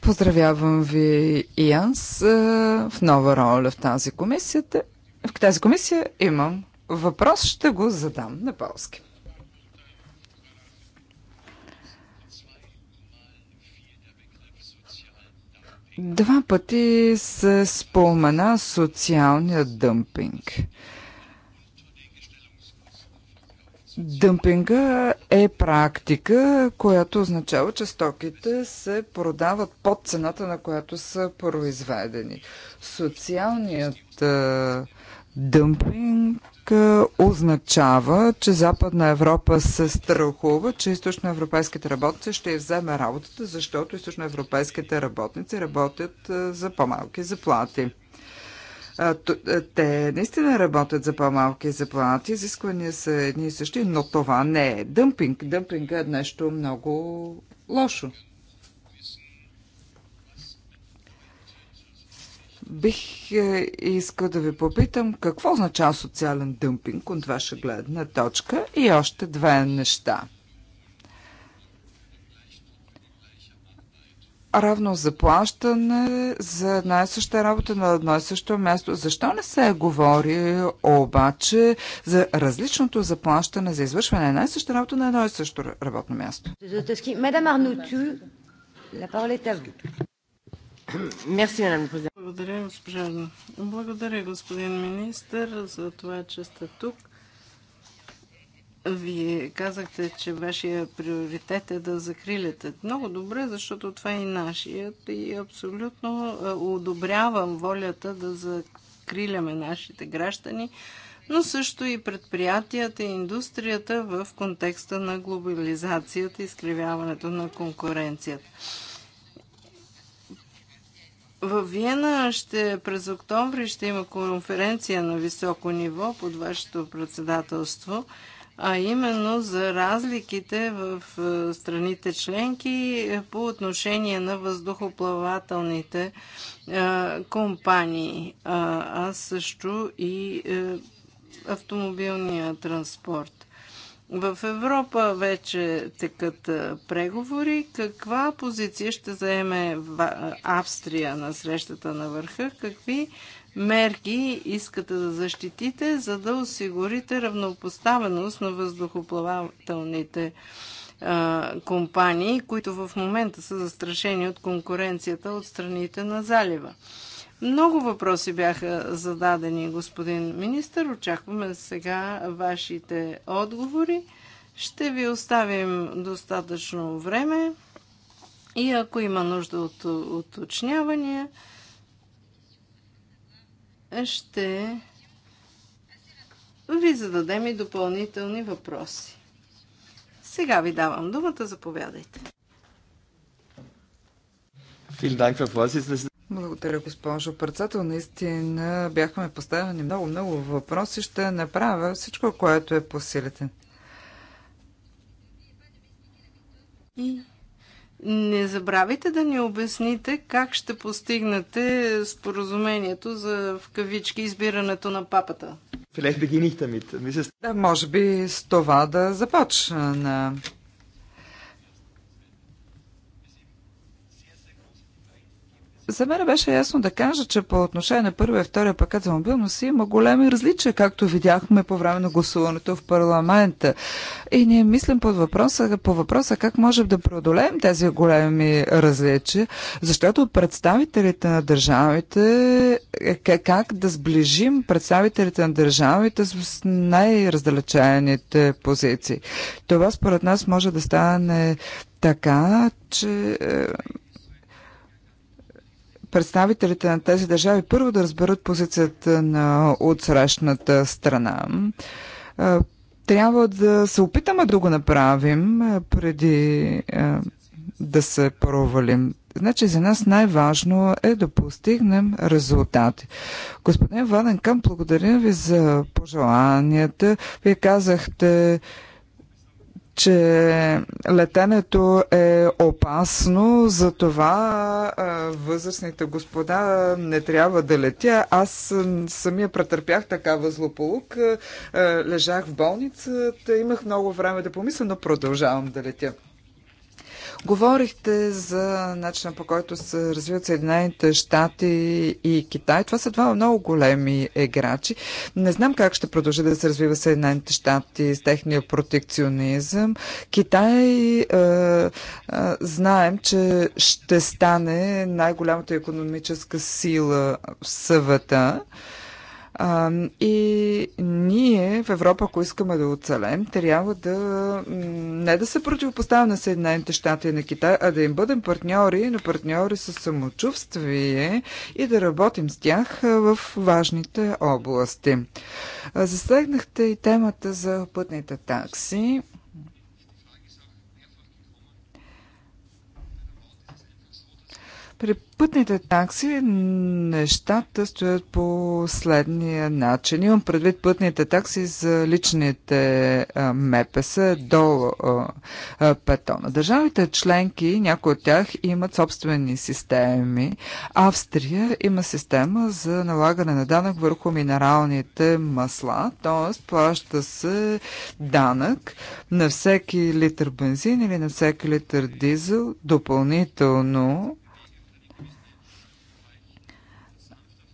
поздравявам ви и аз в нова роля в тази комисията в тази комисия имам въпрос, ще го задам на полски. Два пъти се спомена социалния дъмпинг. Дъмпинга е практика, която означава, че стоките се продават под цената, на която са произведени. Социалният е, Дъмпинг е, означава, че Западна Европа се страхува, че източноевропейските работници ще вземе работата, защото източноевропейските работници работят е, за по-малки заплати. Е, те наистина работят за по-малки заплати, изисквания са едни и същи, но това не е дъмпинг. Дъмпинг е нещо много лошо. Бих е, искал да ви попитам какво означава социален дъмпинг от ваша гледна точка и още две неща. равно заплащане за една и съща работа на едно и също място. Защо не се говори обаче за различното заплащане за извършване на една и съща работа на едно и също работно място? Благодаря, госпожа. Благодаря, господин министр, за това, че сте тук. Вие казахте, че вашия приоритет е да закриляте. Много добре, защото това е и нашият. И абсолютно е, одобрявам волята да закриляме нашите граждани, но също и предприятията и индустрията в контекста на глобализацията и изкривяването на конкуренцията. В Виена ще, през октомври ще има конференция на високо ниво под вашето председателство, а именно за разликите в е, страните членки по отношение на въздухоплавателните е, компании, а, също и е, автомобилния транспорт. В Европа вече текат преговори. Каква позиция ще заеме Австрия на срещата на върха? Какви мерки искате да защитите, за да осигурите равнопоставеност на въздухоплавателните компании, които в момента са застрашени от конкуренцията от страните на залива? Много въпроси бяха зададени, господин министр. Очакваме сега вашите отговори. Ще ви оставим достатъчно време и ако има нужда от уточнявания, ще ви зададем и допълнителни въпроси. Сега ви давам думата, заповядайте. Благодаря, госпожо председател. Наистина бяхме поставени много-много въпроси. Ще направя всичко, което е по силите. И не забравяйте да ни обясните как ще постигнете споразумението за в кавички избирането на папата. Да, може би с това да започна. За мен беше ясно да кажа, че по отношение на първия и втория пакет за мобилност има големи различия, както видяхме по време на гласуването в парламента. И ние мислим под въпроса, по въпроса как можем да преодолеем тези големи различия, защото представителите на държавите, е как да сближим представителите на държавите с най-раздалечените позиции. Това според нас може да стане така, че е, представителите на тези държави първо да разберат позицията на отсрещната страна. Трябва да се опитаме да го направим преди да се провалим. Значи за нас най-важно е да постигнем резултати. Господин Ваденкам, благодаря ви за пожеланията. Вие казахте, че летенето е опасно, затова възрастните господа не трябва да летя. Аз самия претърпях такава злополук. Лежах в болницата, имах много време да помисля, но продължавам да летя. Говорихте за начина по който се развиват Съединените щати и Китай. Това са два много големи играчи. Не знам как ще продължи да се развива Съединените щати с техния протекционизъм. Китай е, е, знаем, че ще стане най-голямата економическа сила в съвета. А, и ние в Европа, ако искаме да оцелем, трябва да не да се противопоставяме на Съединените щати и на Китай, а да им бъдем партньори, но партньори с самочувствие и да работим с тях в важните области. Засегнахте и темата за пътните такси. При пътните такси нещата стоят по следния начин. Имам предвид пътните такси за личните МПС до петона. Държавите членки, някои от тях имат собствени системи. Австрия има система за налагане на данък върху минералните масла, т.е. плаща се данък на всеки литър бензин или на всеки литър дизел допълнително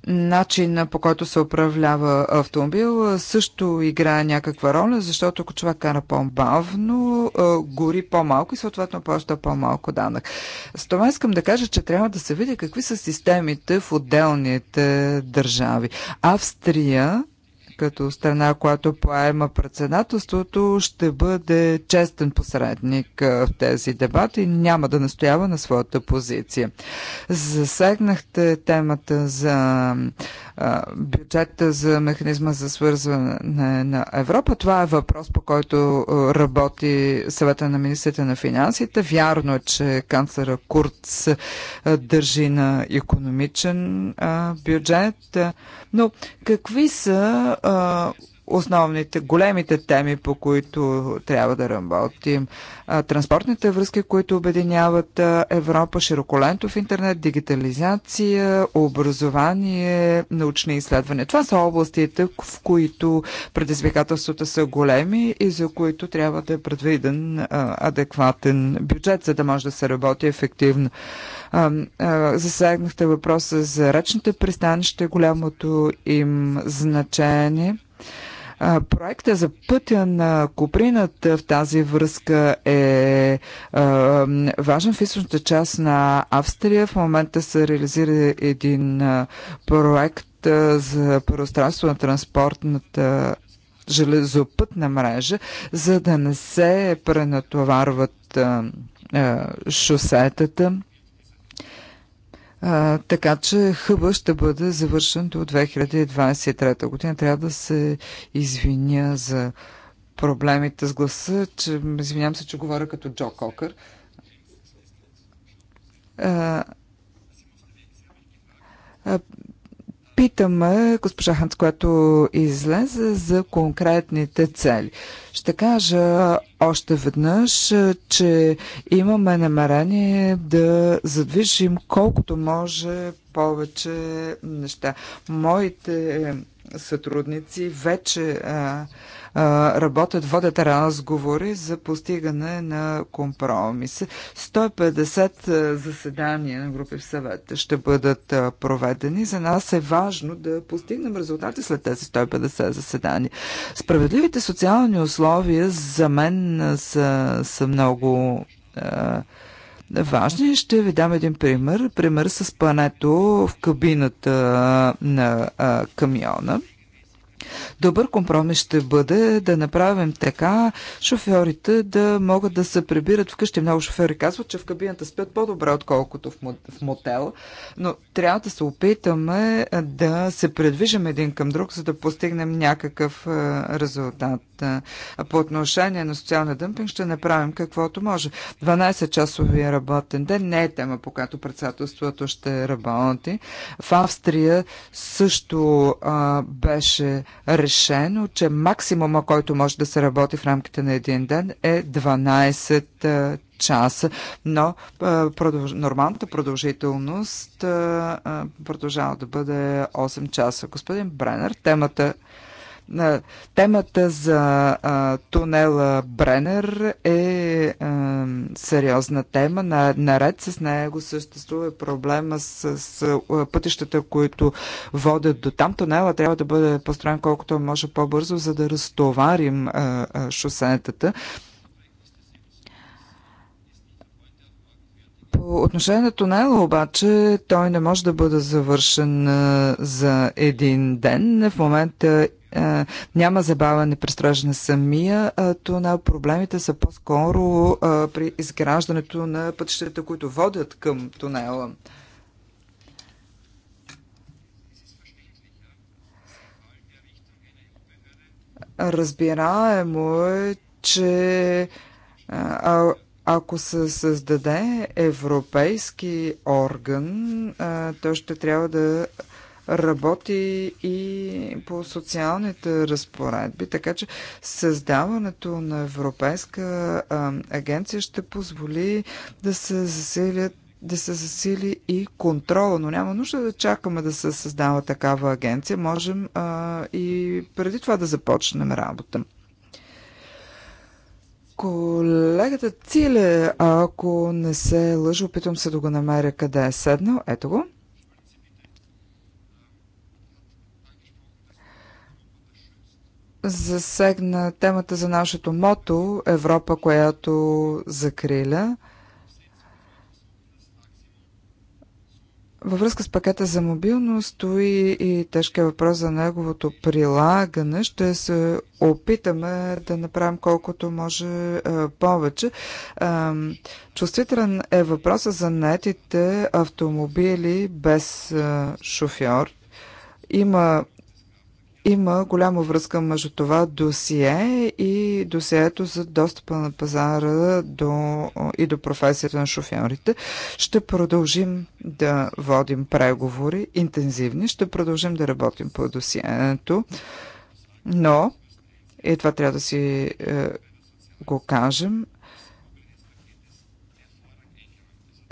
начин по който се управлява автомобил също играе някаква роля, защото ако човек кара по-бавно, гори по-малко и съответно плаща по-малко данък. С това искам да кажа, че трябва да се види какви са системите в отделните държави. Австрия като страна, която поема председателството, ще бъде честен посредник в тези дебати и няма да настоява на своята позиция. Засегнахте темата за бюджета за механизма за свързване на Европа. Това е въпрос, по който работи съвета на министрите на финансите. Вярно е, че канцлера Курц държи на економичен бюджет. Но какви са основните, големите теми, по които трябва да работим. Транспортните връзки, които обединяват Европа, широколентов интернет, дигитализация, образование, научни изследвания. Това са областите, в които предизвикателствата са големи и за които трябва да е предвиден адекватен бюджет, за да може да се работи ефективно. Засегнахте въпроса за речните пристанища, голямото им значение. Проекта за пътя на Куприната в тази връзка е важен в източната част на Австрия. В момента се реализира един проект за пространство на транспортната железопътна мрежа, за да не се пренатоварват шосетата. А, така че хъба ще бъде завършен до 2023 година. Трябва да се извиня за проблемите с гласа, че извинявам се, че говоря като Джо Кокър. А, а, питаме госпожа Ханц, която излезе за конкретните цели. Ще кажа още веднъж, че имаме намерение да задвижим колкото може повече неща. Моите сътрудници вече а, работят, водят разговори за постигане на компромис. 150 заседания на групи в съвета ще бъдат проведени. За нас е важно да постигнем резултати след тези 150 заседания. Справедливите социални условия за мен са, са много важни. Ще ви дам един пример. Пример с пането в кабината на камиона. Добър компромис ще бъде да направим така шофьорите да могат да се прибират вкъщи. Много шофьори казват, че в кабината спят по-добре, отколкото в мотел, но трябва да се опитаме да се предвижим един към друг, за да постигнем някакъв резултат. По отношение на социалния дъмпинг ще направим каквото може. 12-часовия работен ден не е тема, по която председателството ще работи. В Австрия също а, беше решено, че максимума, който може да се работи в рамките на един ден е 12 а, часа, но а, продълж... нормалната продължителност а, а, продължава да бъде 8 часа. Господин Бренер, темата на темата за а, тунела Бренер е а, сериозна тема. На, наред с него съществува проблема с, с а, пътищата, които водят до там. Тунела трябва да бъде построен колкото може по-бързо, за да разтоварим а, а, шосетата. По отношение на тунела обаче, той не може да бъде завършен за един ден. В момента няма забава при на самия тунел. Проблемите са по-скоро при изграждането на пътищата, които водят към тунела. Разбираемо е, че а, ако се създаде европейски орган, а, то ще трябва да работи и по социалните разпоредби, така че създаването на Европейска агенция ще позволи да се засилят да се засили и контрола, но няма нужда да чакаме да се създава такава агенция. Можем а, и преди това да започнем работа. Колегата Циле, ако не се лъжа, опитвам се да го намеря къде е седнал. Ето го. засегна темата за нашето мото Европа, която закриля. Във връзка с пакета за мобилност стои и тежкия въпрос за неговото прилагане. Ще се опитаме да направим колкото може повече. Чувствителен е въпросът за нетите автомобили без шофьор. Има има голяма връзка между това досие и досието за достъпа на пазара до, и до професията на шофьорите. Ще продължим да водим преговори интензивни, ще продължим да работим по досието, но, и това трябва да си е, го кажем,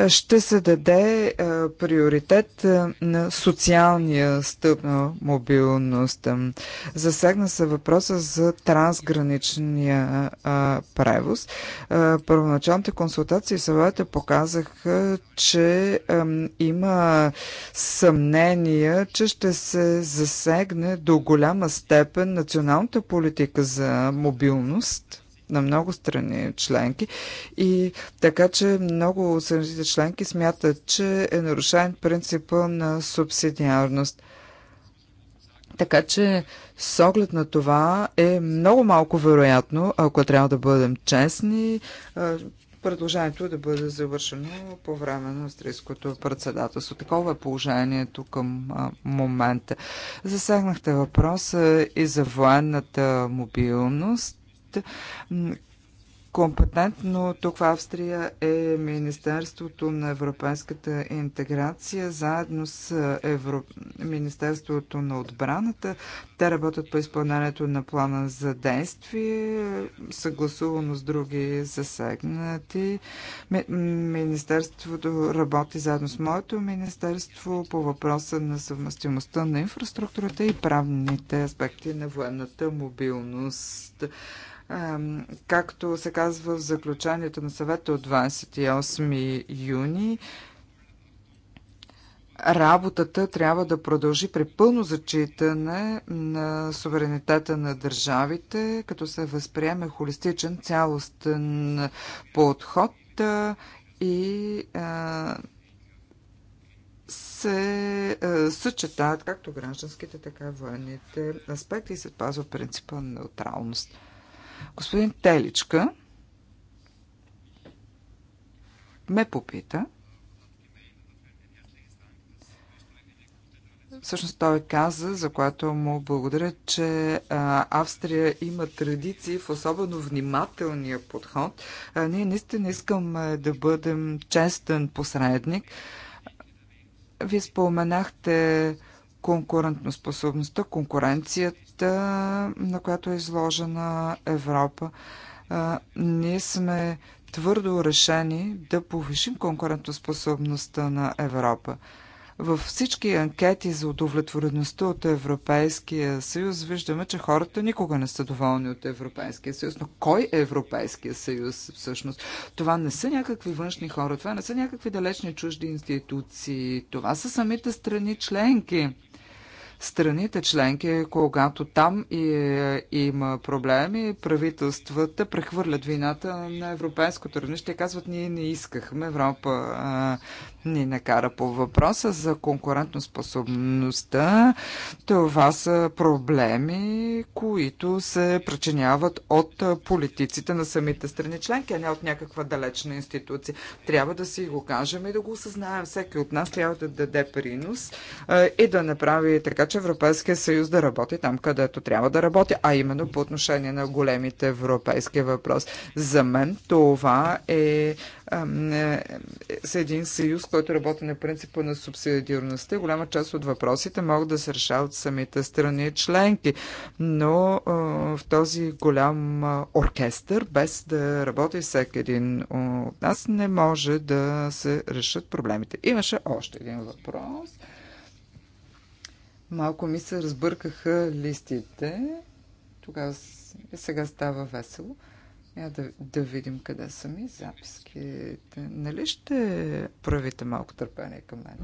ще се даде а, е, приоритет а, е, на социалния стъп на мобилност. Засегна се въпроса за трансграничния а, е, превоз. А, първоначалните консултации в съвета показаха, че а, има съмнения, че ще се засегне до голяма степен националната политика за мобилност на много страни членки и така, че много страните членки смятат, че е нарушен принципа на субсидиарност. Така че с оглед на това е много малко вероятно, ако трябва да бъдем честни, е, предложението е да бъде завършено по време на австрийското председателство. Такова е положението към момента. Засегнахте въпроса и за военната мобилност компетентно тук в Австрия е Министерството на европейската интеграция, заедно с Евро... Министерството на отбраната. Те работят по изпълнението на плана за действие, съгласувано с други засегнати. Ми... Министерството работи заедно с моето министерство по въпроса на съвместимостта на инфраструктурата и правните аспекти на военната мобилност. Както се казва в заключението на съвета от 28 юни, работата трябва да продължи при пълно зачитане на суверенитета на държавите, като се възприеме холистичен цялостен подход и се съчетаят както гражданските, така и военните аспекти и се пазва принципа на неутралност. Господин Теличка ме попита. Всъщност той каза, за което му благодаря, че Австрия има традиции в особено внимателния подход. ние наистина искаме да бъдем честен посредник. Вие споменахте конкурентноспособността, конкуренцията, на която е изложена Европа. Ние сме твърдо решени да повишим конкурентоспособността на Европа. Във всички анкети за удовлетвореността от Европейския съюз виждаме, че хората никога не са доволни от Европейския съюз. Но кой е Европейския съюз всъщност? Това не са някакви външни хора, това не са някакви далечни чужди институции, това са самите страни членки страните членки, когато там и, е, има проблеми, правителствата прехвърлят вината на европейското равнище и казват, ние не искахме Европа ни накара по въпроса за конкурентоспособността. Това са проблеми, които се причиняват от политиците на самите страни членки, а не от някаква далечна институция. Трябва да си го кажем и да го осъзнаем. Всеки от нас трябва да даде принос и да направи така, че Европейския съюз да работи там, където трябва да работи, а именно по отношение на големите европейски въпроси. За мен това е с е, е, един съюз, който работи на принципа на субсидиарността. Голяма част от въпросите могат да се решават самите страни членки, но в този голям оркестър, без да работи всеки един от нас, не може да се решат проблемите. Имаше още един въпрос. Малко ми се разбъркаха листите. Тогава сега става весело. Я да, да видим къде са ми записките. Нали ще правите малко търпение към мен?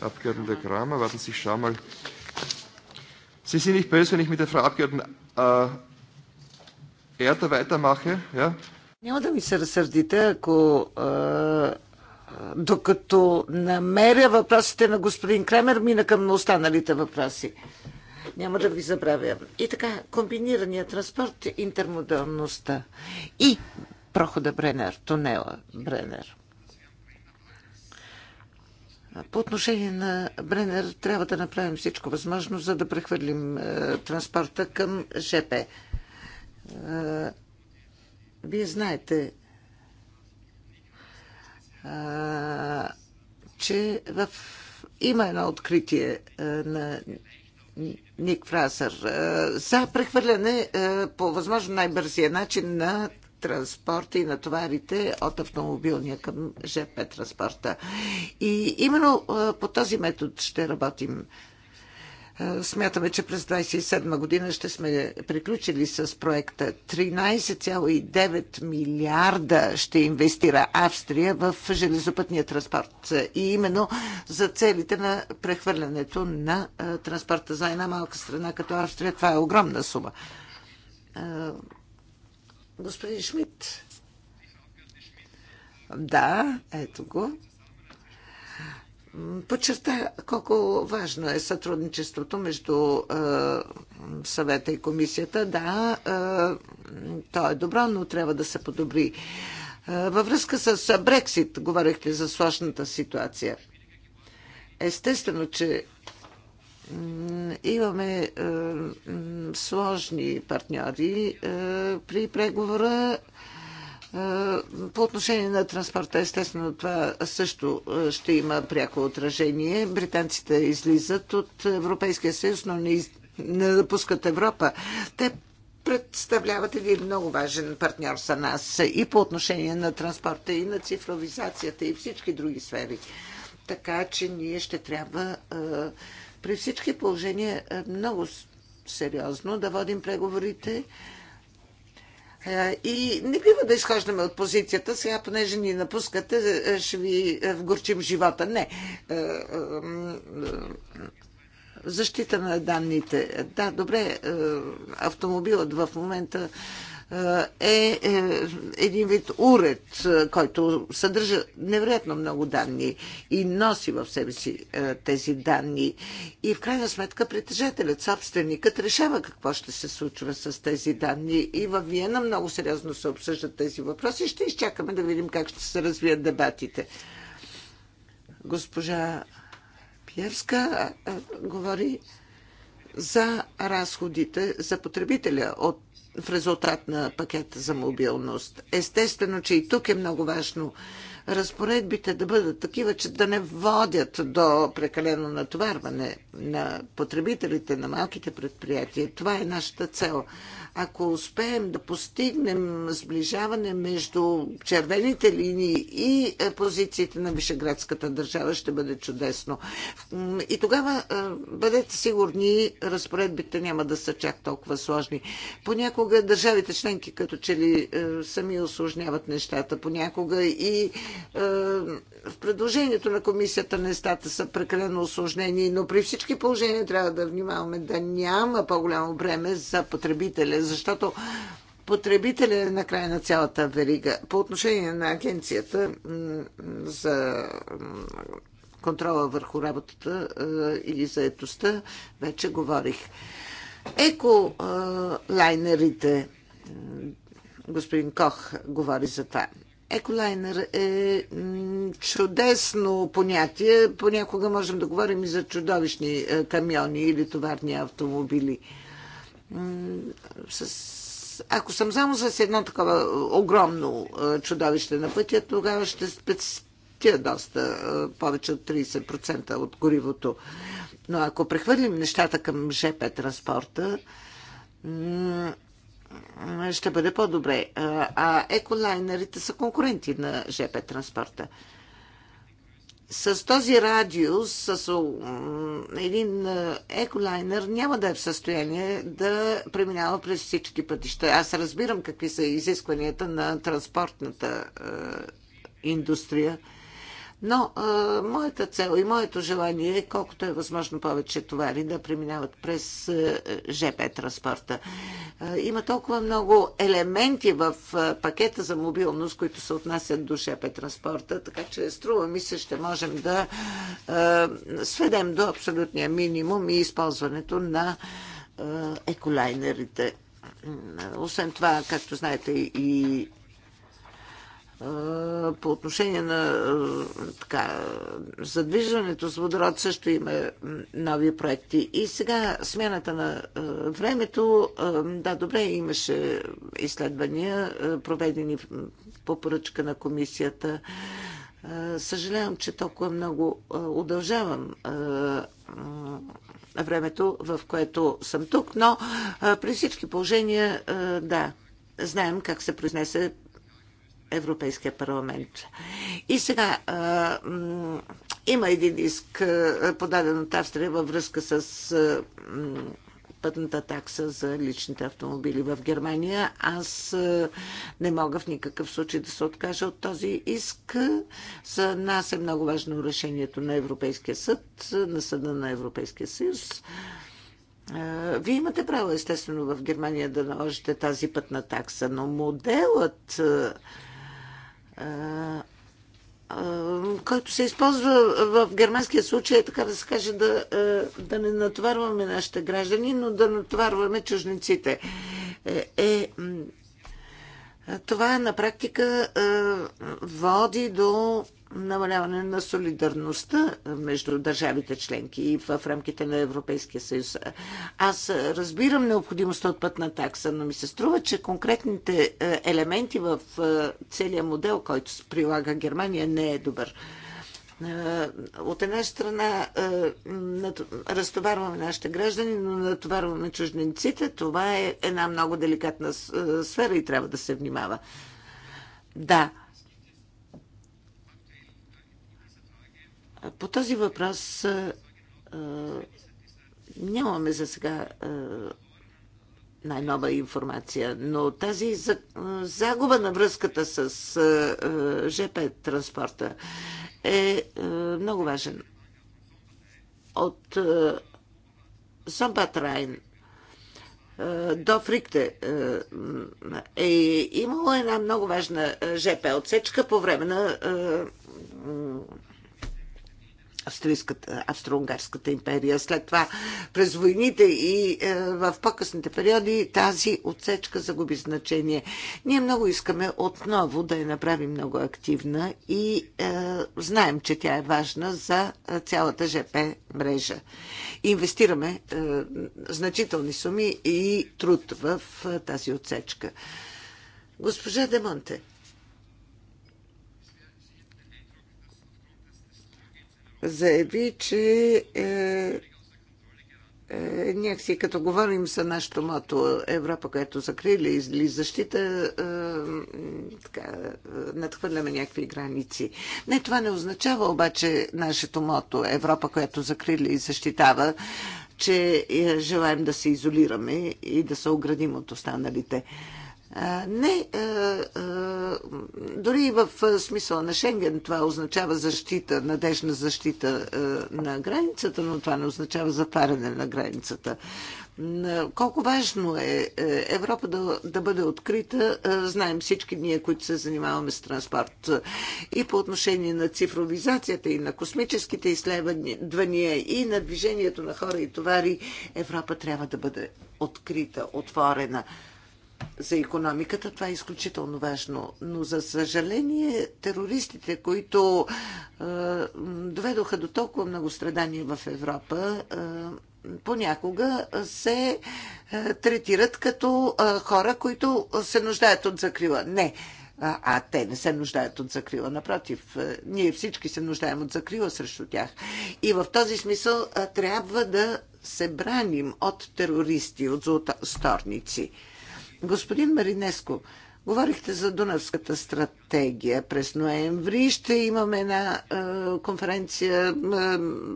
Abgeordneter Крама, warten си ich Си Си Sie sind nicht böse, wenn ich mit der Frau Abgeordneten äh, Няма да ми се разсърдите, ако а, докато намеря въпросите на господин Кремер, мина към на останалите въпроси. Няма да ви забравя. И така, комбинирания транспорт, интермодалността и прохода Бренер, тунела Бренер. По отношение на Бренер трябва да направим всичко възможно, за да прехвърлим е, транспорта към ЖП. Е, вие знаете, е, че в... има едно откритие е, на Ник Фрасър, е, за прехвърляне е, по възможно най-бързия начин на транспорта и на товарите от автомобилния към ЖП транспорта. И именно е, по този метод ще работим е, смятаме, че през 27 година ще сме приключили с проекта. 13,9 милиарда ще инвестира Австрия в железопътния транспорт. И именно за целите на прехвърлянето на е, транспорта за една малка страна като Австрия. Това е огромна сума. Е, господин Шмидт. Да, ето го подчерта колко важно е сътрудничеството между е, съвета и комисията. Да, е, то е добро, но трябва да се подобри. Е, във връзка с Брексит говорихте за сложната ситуация. Естествено, че имаме е, сложни партньори е, при преговора. Е, по отношение на транспорта, естествено, това също ще има пряко отражение. Британците излизат от Европейския съюз, но не, не напускат Европа. Те представляват един много важен партньор за нас и по отношение на транспорта, и на цифровизацията, и всички други сфери. Така че ние ще трябва при всички положения много сериозно да водим преговорите е, и не бива да изхождаме от позицията, сега понеже ни напускате, е, е, ще ви вгорчим живота. Не. Защита на данните. Да, добре, автомобилът в момента е, е един вид уред, е, който съдържа невероятно много данни и носи в себе си е, тези данни. И в крайна сметка притежателят, собственикът решава какво ще се случва с тези данни. И в Виена много сериозно се обсъждат тези въпроси. Ще изчакаме да видим как ще се развият дебатите. Госпожа Пиевска говори за разходите за потребителя от в резултат на пакета за мобилност. Естествено, че и тук е много важно разпоредбите да бъдат такива, че да не водят до прекалено натоварване на потребителите, на малките предприятия. Това е нашата цел. Ако успеем да постигнем сближаване между червените линии и е, позициите на Вишеградската държава, ще бъде чудесно. И тогава е, бъдете сигурни, разпоредбите няма да са чак толкова сложни. Понякога държавите членки като че ли е, сами осложняват нещата, понякога и е, в предложението на комисията нещата са прекалено осложнени, но при всички положения трябва да внимаваме да няма по-голямо бреме за потребителя, защото потребителя е на края на цялата верига. По отношение на агенцията за контрола върху работата е, за етостта, вече говорих. Еко е, лайнерите господин Кох говори за това. Еколайнер е чудесно понятие. Понякога можем да говорим и за чудовищни е, камиони или товарни автомобили. С... Ако съм само с едно такова огромно е, чудовище на пътя, тогава ще спестя доста е, повече от 30% от горивото. Но ако прехвърлим нещата към ЖП транспорта, ще бъде по-добре. А еколайнерите са конкуренти на ЖП транспорта. С този радиус, с един еколайнер няма да е в състояние да преминава през всички пътища. Аз разбирам какви са изискванията на транспортната индустрия но а, моята цел и моето желание е колкото е възможно повече товари да преминават през ЖП транспорта. А, има толкова много елементи в а, пакета за мобилност, които се отнасят до ЖП транспорта, така че струва ми се ще можем да а, сведем до абсолютния минимум и използването на а, еколайнерите. Освен това, както знаете, и по отношение на така, задвижването с водород също има нови проекти. И сега смяната на времето, да, добре, имаше изследвания, проведени по поръчка на комисията. Съжалявам, че толкова много удължавам времето, в което съм тук, но при всички положения, да, знаем как се произнесе Европейския парламент. И сега а, м, има един иск, подаден от Австрия във връзка с а, м, пътната такса за личните автомобили в Германия. Аз а, не мога в никакъв случай да се откажа от този иск. За нас е много важно решението на Европейския съд, на съда на Европейския съюз. Вие имате право, естествено, в Германия да наложите тази пътна такса, но моделът който се използва в германския случай, е, така да се каже, да, е, да не натоварваме нашите граждани, но да натоварваме чужниците. Е, е това на практика е, води до намаляване на солидарността между държавите членки и в рамките на Европейския съюз. Аз разбирам необходимостта от пътна такса, но ми се струва, че конкретните е, елементи в е, целия модел, който прилага Германия, не е добър. Е, от една страна е, разтоварваме нашите граждани, но натоварваме чужденците. Това е една много деликатна е, сфера и трябва да се внимава. Да. По този въпрос нямаме за сега най-нова информация, но тази загуба на връзката с ЖП транспорта е, е много важен. От е, Сомбатрайн е, до Фрикте е имало една много важна ЖП отсечка по време на австрийската, австро-унгарската империя. След това през войните и е, в по-късните периоди тази отсечка загуби значение. Ние много искаме отново да я направим много активна и е, знаем, че тя е важна за е, цялата ЖП мрежа. Инвестираме е, значителни суми и труд в е, тази отсечка. Госпожа Демонте. заяви, че е, е, някакси като говорим за нашото мото Европа, която закрили или защита, е, така, е, надхвърляме някакви граници. Не, това не означава обаче нашето мото Европа, която закрили и защитава, че е, желаем да се изолираме и да се оградим от останалите. Е, не, дори и в смисъла на Шенген това означава защита, надежна защита на границата, но това не означава затваряне на границата. Колко важно е, е Европа да, да бъде открита, знаем всички ние, които се занимаваме с транспорт. И по отношение на цифровизацията, и на космическите изследвания, и на движението на хора и товари, Европа трябва да бъде открита, отворена за економиката. Това е изключително важно. Но за съжаление, терористите, които е, доведоха до толкова много страдания в Европа, е, понякога се е, третират като е, хора, които се нуждаят от закрила. Не. А, а те не се нуждаят от закрила. Напротив, ние всички се нуждаем от закрила срещу тях. И в този смисъл трябва да се браним от терористи, от злосторници. Господин Маринеско, говорихте за Дунавската стратегия. През ноември ще имаме една е, конференция, е,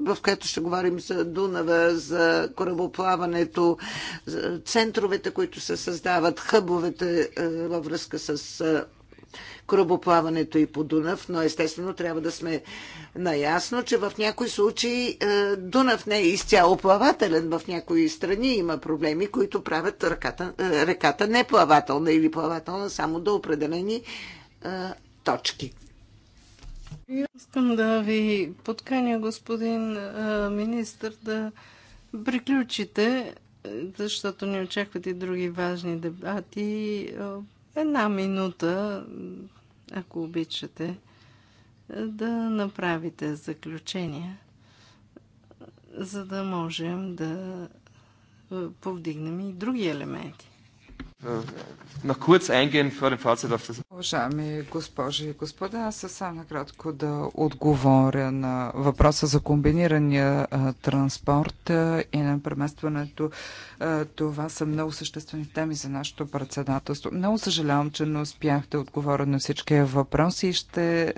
в която ще говорим за Дунава, за корабоплаването, за центровете, които се създават, хъбовете е, във връзка с е, корабоплаването и по Дунав, но естествено трябва да сме наясно, че в някои случаи е, Дунав не е изцяло плавателен. В някои страни има проблеми, които правят ръката, е, реката неплавателна или плавателна само до определени е, точки. Искам да ви подканя, господин министр, да приключите, защото ни очаквате други важни дебати. Една минута ако обичате, е, да направите заключения, за да можем да е, повдигнем и други елементи. Äh, noch kurz eingehen vor dem Fazit auf das. Уважаеми госпожи и господа, аз съвсем накратко да отговоря на въпроса за комбинирания а, транспорт а, и на преместването. А, това са много съществени теми за нашето председателство. Много съжалявам, че не успях да отговоря на всички въпроси и ще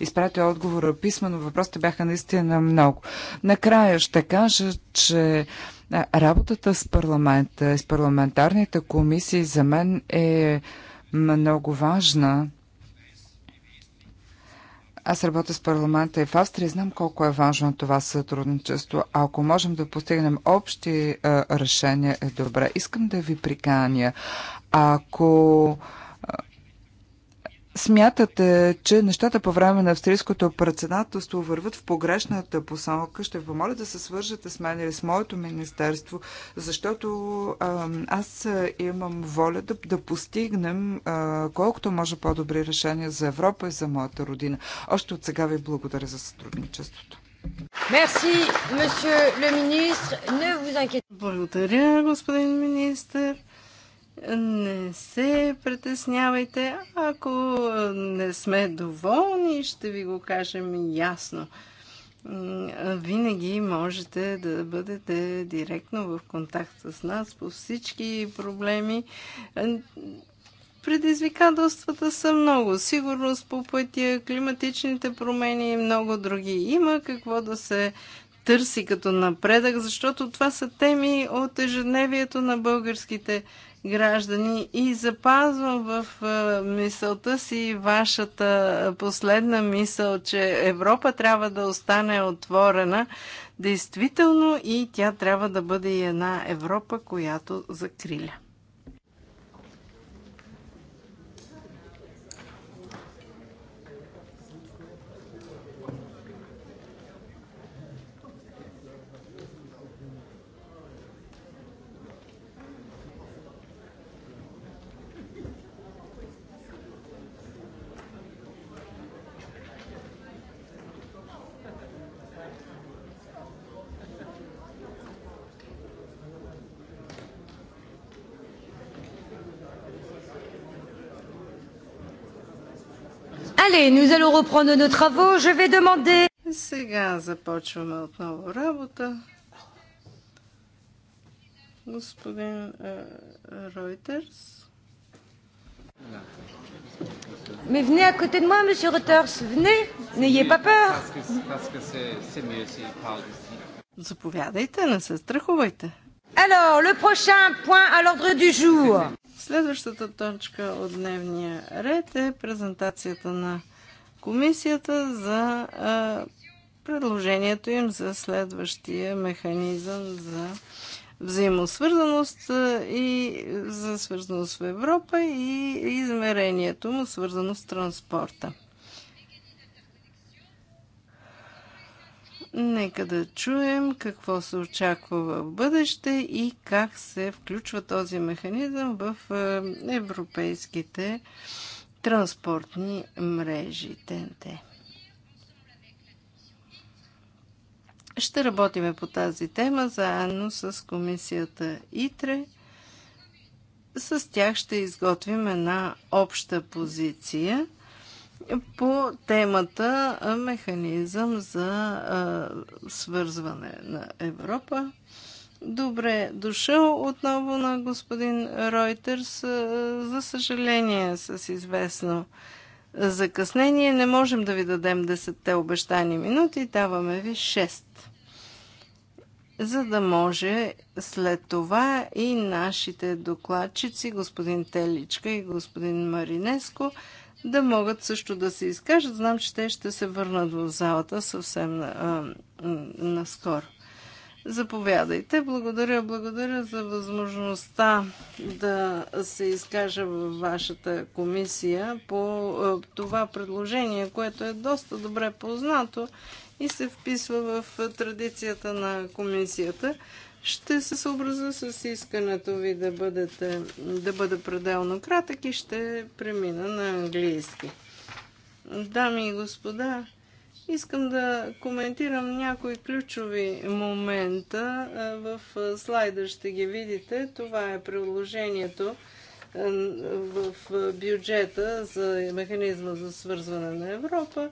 изпратя отговора писменно. Въпросите бяха наистина много. Накрая ще кажа, че е, работата с парламента и с парламентарните комисии за мен е много важна. Аз работя с парламента и в Австрия. Знам колко е важно това сътрудничество. А ако можем да постигнем общи а, е, решения, е добре. Искам да ви приканя. Ако смятате, че нещата по време на австрийското председателство върват в погрешната посока, ще ви помоля да се свържете с мен или с моето министерство, защото аз имам воля да, да постигнем колкото може по-добри решения за Европа и за моята родина. Още от сега ви благодаря за сътрудничеството. Merci, monsieur le ministre. Ne vous inquiétez. Благодаря, господин министър. Не се притеснявайте. Ако не сме доволни, ще ви го кажем ясно. Винаги можете да бъдете директно в контакт с нас по всички проблеми. Предизвикателствата са много. Сигурност по пътя, климатичните промени и много други. Има какво да се търси като напредък, защото това са теми от ежедневието на българските граждани и запазвам в мисълта си вашата последна мисъл, че Европа трябва да остане отворена действително и тя трябва да бъде и една Европа, която закриля. Allez, nous allons reprendre nos travaux. Je vais demander. Сега започваме отново работа. Господин Ройтерс. Mais venez à côté de moi, monsieur Reuters. Venez, n'ayez pas peur. Alors, le prochain point à l'ordre du jour. Следващата точка от дневния ред е презентацията на комисията за а, предложението им за следващия механизъм за взаимосвързаност и за свързаност в Европа и измерението му свързано с транспорта. Нека да чуем какво се очаква в бъдеще и как се включва този механизъм в е, европейските транспортни мрежи ТНТ. Ще работиме по тази тема заедно с комисията ИТРЕ. С тях ще изготвим една обща позиция – по темата механизъм за а, свързване на Европа. Добре, дошъл отново на господин Ройтерс. За съжаление, с известно закъснение не можем да ви дадем 10-те обещани минути, даваме ви 6 за да може след това и нашите докладчици, господин Теличка и господин Маринеско, да могат също да се изкажат. Знам, че те ще се върнат в залата съвсем наскоро. Заповядайте. Благодаря, благодаря за възможността да се изкажа във вашата комисия по това предложение, което е доста добре познато и се вписва в традицията на комисията. Ще се съобразя с искането ви да, бъдете, да бъда пределно кратък и ще премина на английски. Дами и господа, искам да коментирам някои ключови момента. Е, в е, слайда ще ги видите. Това е приложението е, в бюджета за механизма за свързване на Европа.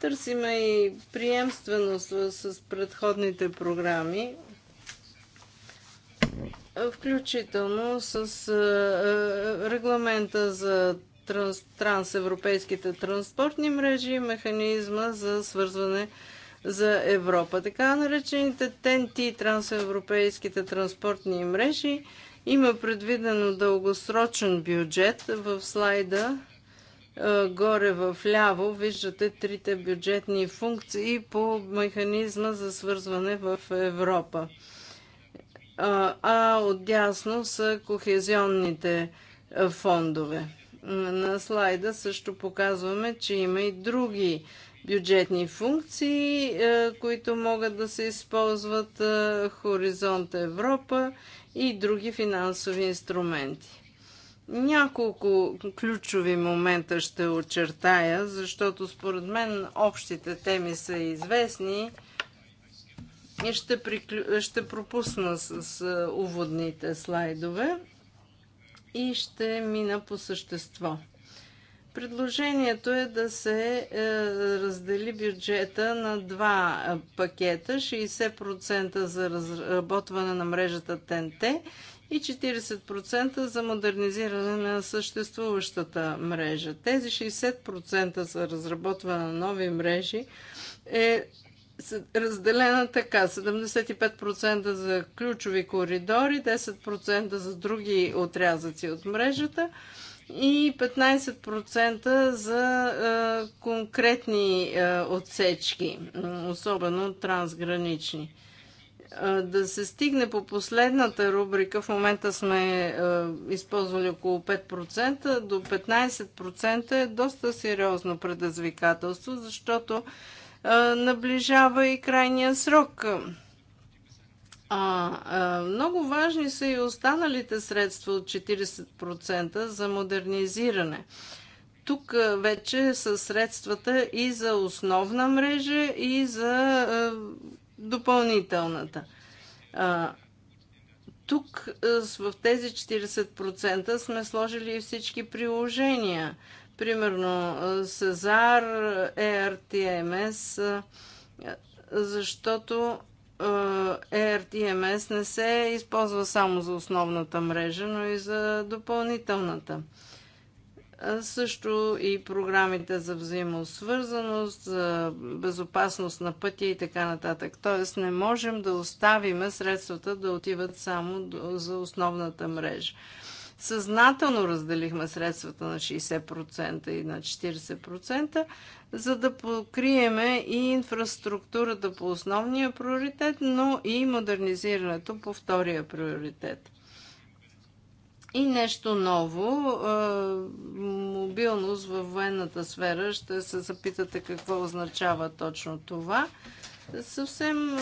Търсиме и приемственост с предходните програми включително с регламента за транс, трансевропейските транспортни мрежи и механизма за свързване за Европа. Така наречените ТНТ, трансевропейските транспортни мрежи, има предвидено дългосрочен бюджет. В слайда горе в ляво виждате трите бюджетни функции по механизма за свързване в Европа а отдясно са кохезионните фондове. На слайда също показваме, че има и други бюджетни функции, които могат да се използват Хоризонт Европа и други финансови инструменти. Няколко ключови момента ще очертая, защото според мен общите теми са известни и ще, приклю... ще пропусна с уводните слайдове и ще мина по същество. Предложението е да се е, раздели бюджета на два пакета 60% за разработване на мрежата ТНТ и 40% за модернизиране на съществуващата мрежа. Тези 60% за разработване на нови мрежи е разделена така. 75% за ключови коридори, 10% за други отрязъци от мрежата и 15% за е, конкретни е, отсечки, особено трансгранични. Е, да се стигне по последната рубрика, в момента сме е, използвали около 5%, до 15% е доста сериозно предизвикателство, защото наближава и крайния срок. А, а, много важни са и останалите средства от 40% за модернизиране. Тук вече са средствата и за основна мрежа, и за а, допълнителната. А, тук в тези 40% сме сложили всички приложения Примерно Сезар, ЕРТМС, защото ERTMS е не се използва само за основната мрежа, но и за допълнителната. Също и програмите за взаимосвързаност, за безопасност на пътя и така нататък. Тоест не можем да оставим средствата да отиват само за основната мрежа съзнателно разделихме средствата на 60% и на 40%, за да покриеме и инфраструктурата по основния приоритет, но и модернизирането по втория приоритет. И нещо ново, мобилност във военната сфера, ще се запитате какво означава точно това – Съвсем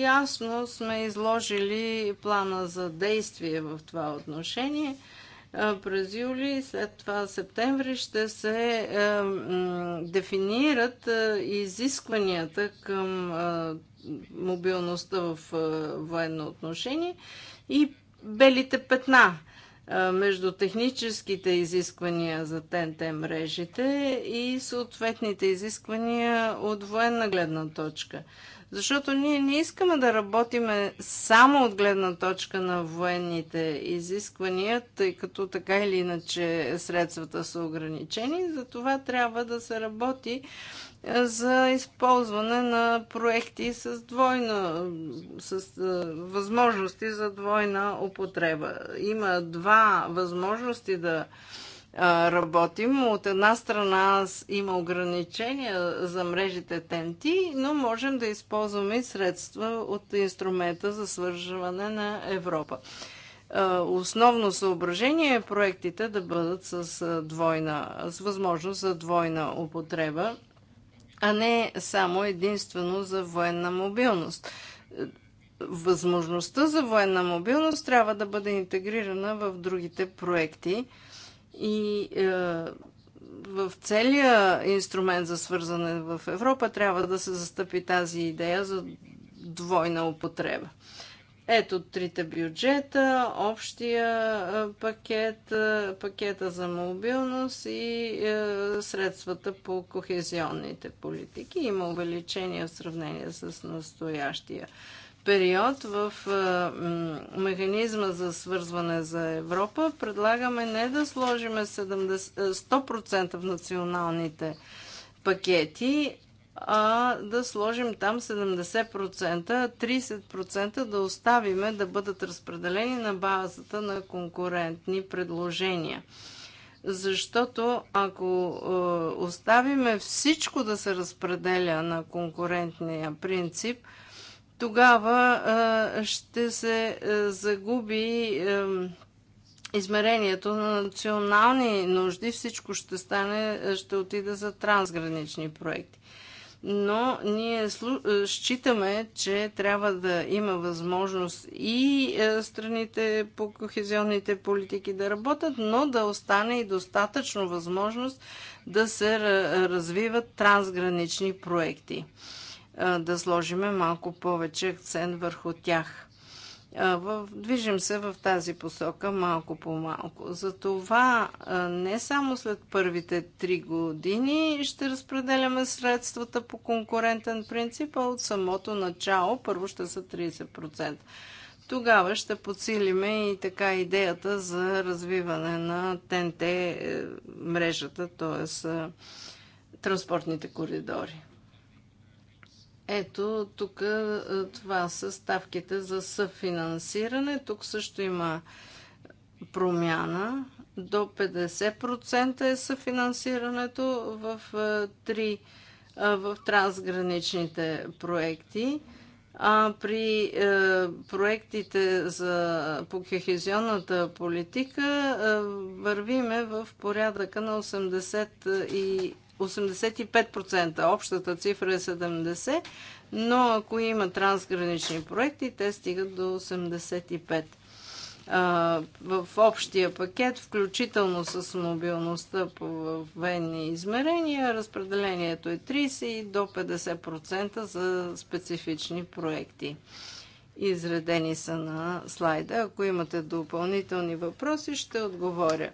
ясно сме изложили плана за действие в това отношение. През юли, след това септември ще се дефинират изискванията към мобилността в военно отношение и белите петна между техническите изисквания за ТНТ мрежите и съответните изисквания от военна гледна точка. Защото ние не искаме да работиме само от гледна точка на военните изисквания, тъй като така или иначе средствата са ограничени. Затова трябва да се работи за използване на проекти с двойна, с е, възможности за двойна употреба. Има два възможности да е, работим. От една страна има ограничения за мрежите TNT, но можем да използваме и средства от инструмента за свържване на Европа. Е, основно съображение е проектите да бъдат с двойна, с възможност за двойна употреба а не само единствено за военна мобилност. Възможността за военна мобилност трябва да бъде интегрирана в другите проекти и е, в целия инструмент за свързане в Европа трябва да се застъпи тази идея за двойна употреба. Ето трите бюджета, общия пакет, пакета за мобилност и е, средствата по кохезионните политики. Има увеличение в сравнение с настоящия период в е, механизма за свързване за Европа. Предлагаме не да сложиме 100% е, в националните пакети, а да сложим там 70%, 30% да оставиме да бъдат разпределени на базата на конкурентни предложения. Защото ако е, оставиме всичко да се разпределя на конкурентния принцип, тогава е, ще се е, загуби измерението на национални нужди, всичко ще стане, ще отида за трансгранични проекти но ние е, считаме, че трябва да има възможност и е, страните по кохезионните политики да работят, но да остане и достатъчно възможност да се развиват трансгранични проекти. Е, да сложиме малко повече акцент върху тях в, движим се в тази посока малко по малко. Затова не само след първите три години ще разпределяме средствата по конкурентен принцип, а от самото начало първо ще са 30%. Тогава ще подсилиме и така идеята за развиване на ТНТ е, мрежата, т.е. Е, транспортните коридори. Ето, тук е, това са ставките за съфинансиране. Тук също има промяна. До 50% е съфинансирането в, е, три, е, в трансграничните проекти. А при е, проектите за, по кехизионната политика е, вървиме в порядъка на 80 и 85%. Общата цифра е 70%, но ако има трансгранични проекти, те стигат до 85% в общия пакет, включително с мобилността по военни измерения, разпределението е 30 и до 50% за специфични проекти. Изредени са на слайда. Ако имате допълнителни въпроси, ще отговоря.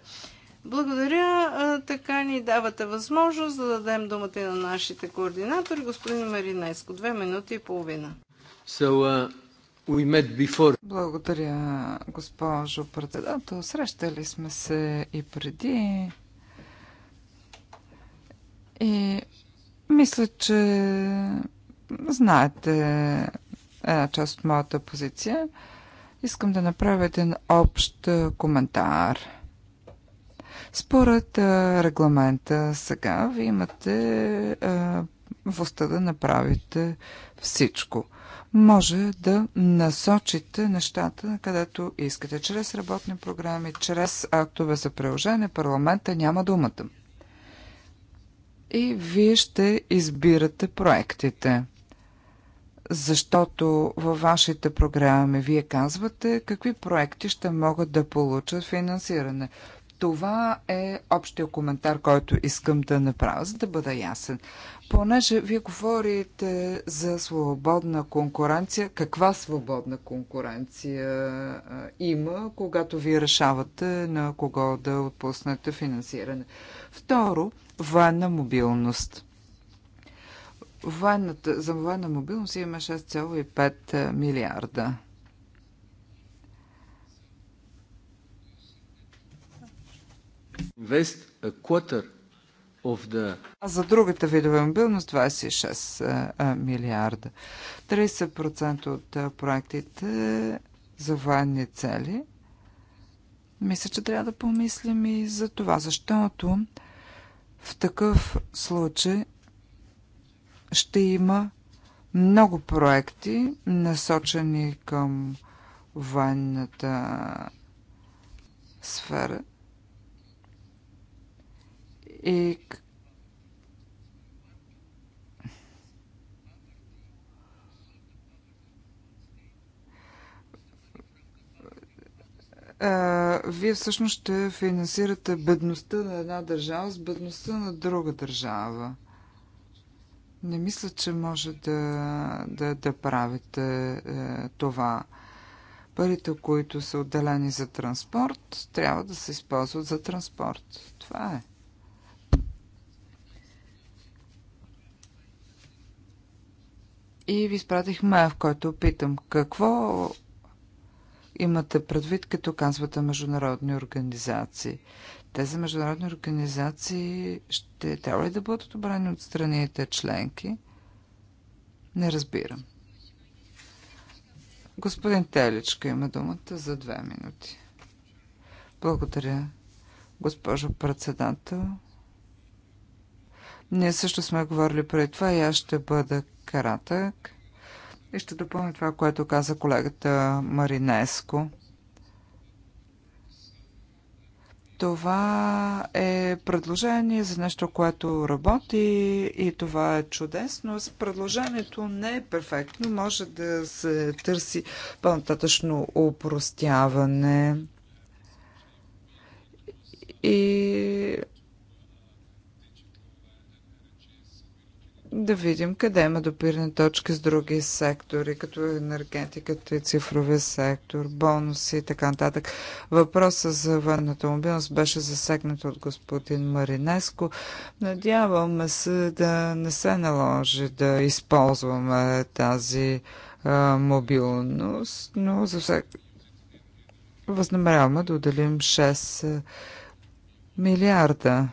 Благодаря. Така ни давате възможност да дадем думата на нашите координатори, господин Маринеско. Две минути и половина. So, uh, we met before. Благодаря, госпожо председател. Срещали сме се и преди. И мисля, че знаете една част от моята позиция. Искам да направя един общ коментар – според регламента сега ви имате властта да направите всичко. Може да насочите нещата, където искате. Чрез работни програми, чрез актове за приложение, парламента няма думата. И вие ще избирате проектите защото във вашите програми вие казвате какви проекти ще могат да получат финансиране. Това е общия коментар, който искам да направя, за да бъда ясен. Понеже вие говорите за свободна конкуренция, каква свободна конкуренция има, когато вие решавате на кого да отпуснете финансиране? Второ, военна мобилност. Военната, за военна мобилност имаме 6,5 милиарда. А за другата видове мобилност 26 милиарда. 30% от проектите за военни цели. Мисля, че трябва да помислим и за това, защото в такъв случай ще има много проекти, насочени към военната сфера – Uh, вие всъщност ще финансирате бедността на една държава с бедността на друга държава. Не мисля, че може да, да, да правите е, това. Парите, които са отделени за транспорт, трябва да се използват за транспорт. Това е. и ви изпратих мая, в който питам какво имате предвид, като казвате международни организации. Тези международни организации ще трябва ли да бъдат обрани от страните членки? Не разбирам. Господин Теличка има думата за две минути. Благодаря, госпожо председател. Ние също сме говорили преди това и аз ще бъда Каратък. И ще допълня това, което каза колегата Маринеско. Това е предложение за нещо, което работи и това е чудесно. Предложението не е перфектно, може да се търси по-нататъчно упростяване. И да видим къде има допирни точки с други сектори, като енергетиката и цифровия сектор, бонуси и така нататък. Въпросът за военната мобилност беше засегнат от господин Маринеско. Надяваме се да не се наложи да използваме тази а, мобилност, но за всяк... възнамеряваме да отделим 6 милиарда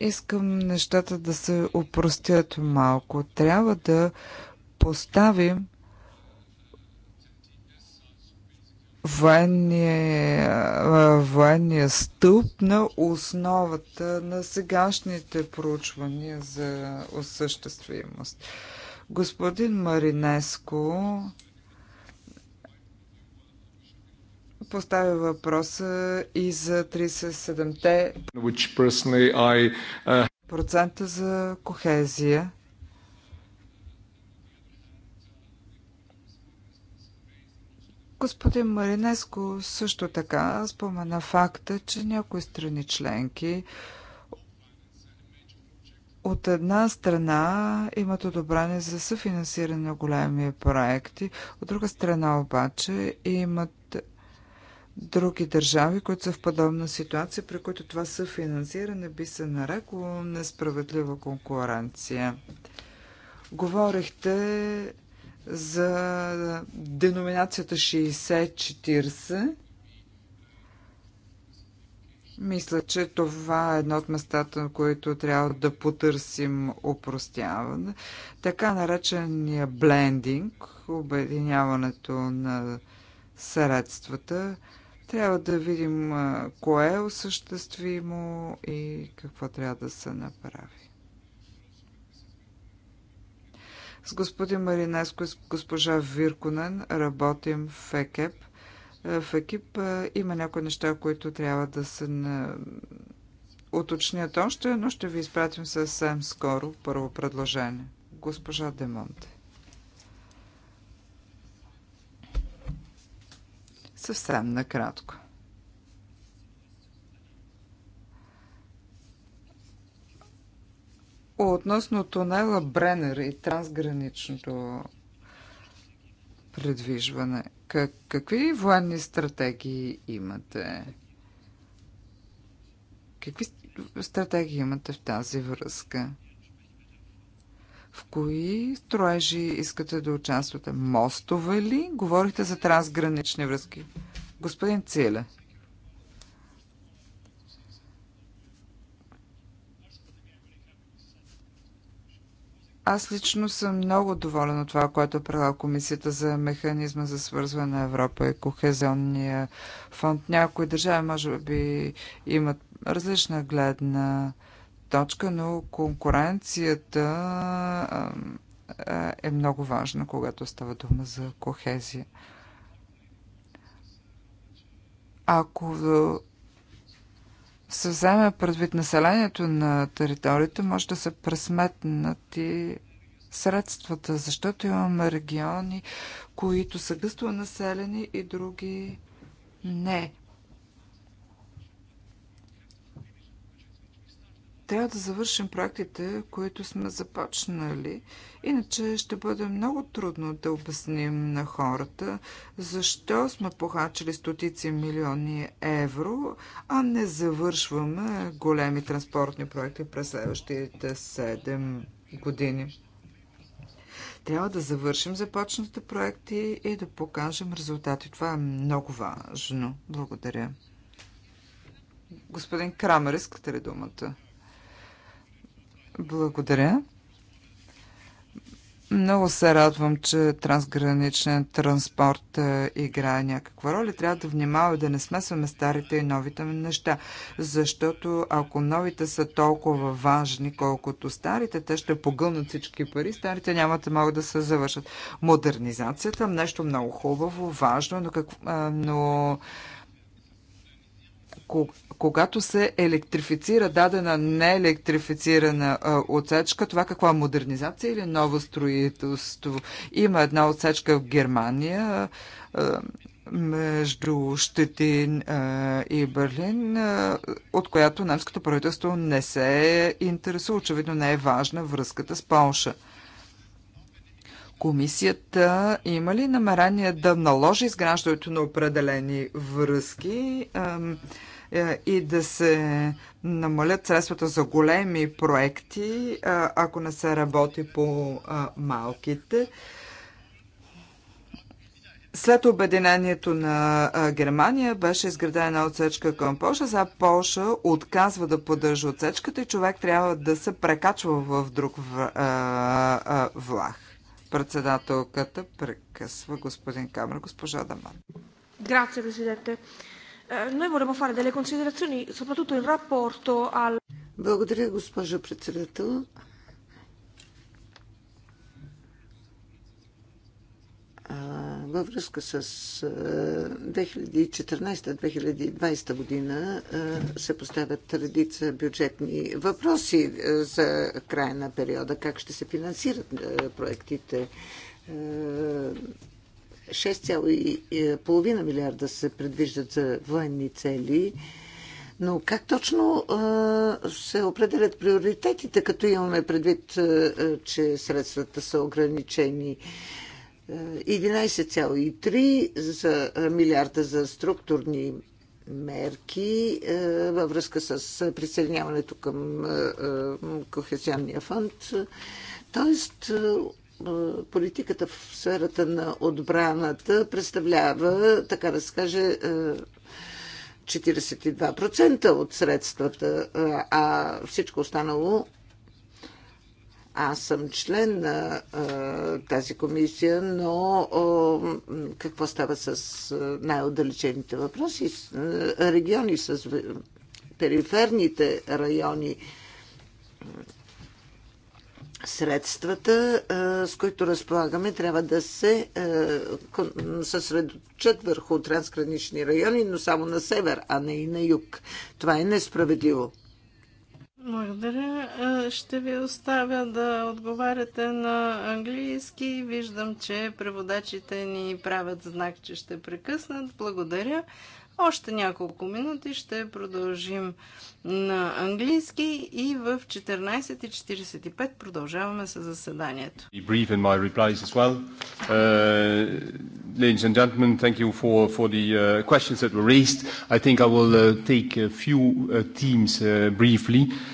искам нещата да се опростят малко. Трябва да поставим военния, военния стълб на основата на сегашните проучвания за осъществимост. Господин Маринеско поставя въпроса и за 37-те uh, процента за кохезия. Господин Маринеско също така спомена факта, че някои страни членки от една страна имат одобрение за съфинансиране на големи проекти, от друга страна обаче имат други държави, които са в подобна ситуация, при които това съфинансиране би се нарекло несправедлива конкуренция. Говорихте за деноминацията 60-40. Мисля, че това е едно от местата, на които трябва да потърсим упростяване. Така наречения блендинг, обединяването на средствата, трябва да видим кое е осъществимо и какво трябва да се направи. С господин Маринеско и с госпожа Вирконен работим в ЕКЕП. В екип има някои неща, които трябва да се уточнят още, но ще ви изпратим съвсем скоро първо предложение. Госпожа Демонте. съвсем накратко. Относно тунела Бренер и трансграничното предвижване, как, какви военни стратегии имате? Какви стратегии имате в тази връзка? В кои строежи искате да участвате? Мостове ли? Говорихте за трансгранични връзки. Господин Циле. Аз лично съм много доволен от това, което е правила Комисията за механизма за свързване на Европа и Кохезионния фонд. Някои държави, може би, имат различна гледна точка, но конкуренцията е много важна, когато става дума за кохезия. Ако се вземе предвид населението на територията, може да се пресметнат и средствата, защото имаме региони, които са гъсто населени и други не. трябва да завършим проектите, които сме започнали. Иначе ще бъде много трудно да обясним на хората защо сме похачили стотици милиони евро, а не завършваме големи транспортни проекти през следващите 7 години. Трябва да завършим започнатите проекти и да покажем резултати. Това е много важно. Благодаря. Господин Крамер, искате ли думата? Благодаря. Много се радвам, че трансграничен транспорт е, играе някаква роля. Трябва да внимаваме да не смесваме старите и новите неща, защото ако новите са толкова важни, колкото старите, те ще погълнат всички пари, старите няма да могат да се завършат. Модернизацията е нещо много хубаво, важно, но, какво, но когато се електрифицира дадена неелектрифицирана отсечка, това каква модернизация или ново строителство? Има една отсечка в Германия между Щетин и Берлин, от която немското правителство не се интересува. Очевидно не е важна връзката с Полша. Комисията има ли намерение да наложи изграждането на определени връзки? Ам, е, и да се намалят средствата за големи проекти, е, ако не се работи по е, малките. След обединението на Германия беше изградена отсечка към Польша. Сега Польша отказва да поддържа отсечката и човек трябва да се прекачва в друг влах. Председателката прекъсва господин Камер, госпожа Даман. Грация, президенте. Eh, noi vorremmo fare delle considerazioni soprattutto in rapporto al... Благодаря, госпожо председател. във връзка с 2014-2020 година се поставят редица бюджетни въпроси за края на периода. Как ще се финансират проектите? 6,5 е, милиарда се предвиждат за военни цели. Но как точно е, се определят приоритетите, като имаме предвид, е, че средствата са ограничени? 11,3 милиарда за структурни мерки във връзка с присъединяването към Кохезионния фонд. Тоест, е, политиката в сферата на отбраната представлява, така да се каже, 42% е, от средствата, е, а всичко останало аз съм член на тази комисия, но какво става с най-отдалечените въпроси? региони с периферните райони средствата, с които разполагаме, трябва да се съсредоточат върху трансгранични райони, но само на север, а не и на юг. Това е несправедливо. Благодаря. Ще ви оставя да отговаряте на английски. Виждам, че преводачите ни правят знак, че ще прекъснат. Благодаря. Още няколко минути ще продължим на английски и в 14.45 продължаваме с заседанието. brief in my replies as well. Uh, ladies and gentlemen, thank you for, for the uh, questions that were raised. I think I will uh, take a few uh, themes uh, briefly. Uh,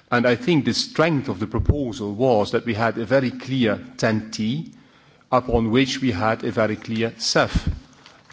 And I think the strength of the proposal was that we had a very clear 10T, upon which we had a very clear CEF.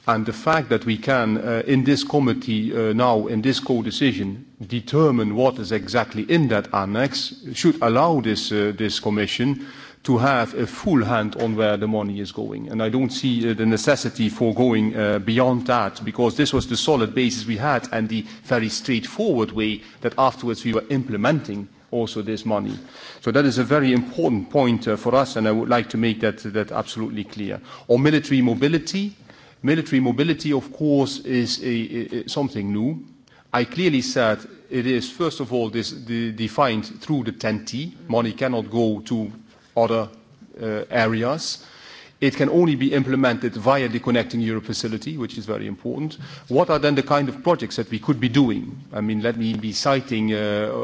And the fact that we can, uh, in this committee uh, now, in this co-decision, determine what is exactly in that annex should allow this, uh, this commission to have a full hand on where the money is going. And I don't see uh, the necessity for going uh, beyond that because this was the solid basis we had and the very straightforward way that afterwards we were implementing also this money. So that is a very important point uh, for us and I would like to make that, that absolutely clear. On military mobility, military mobility of course is a, a, something new. I clearly said it is first of all this, the, defined through the 10T. Money cannot go to other areas. It can only be implemented via the Connecting Europe facility, which is very important. What are then the kind of projects that we could be doing? I mean, let me be citing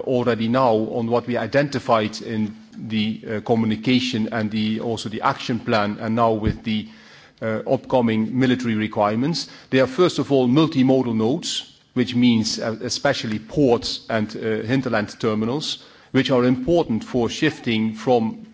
already now on what we identified in the communication and the, also the action plan, and now with the upcoming military requirements. They are, first of all, multimodal nodes, which means especially ports and hinterland terminals, which are important for shifting from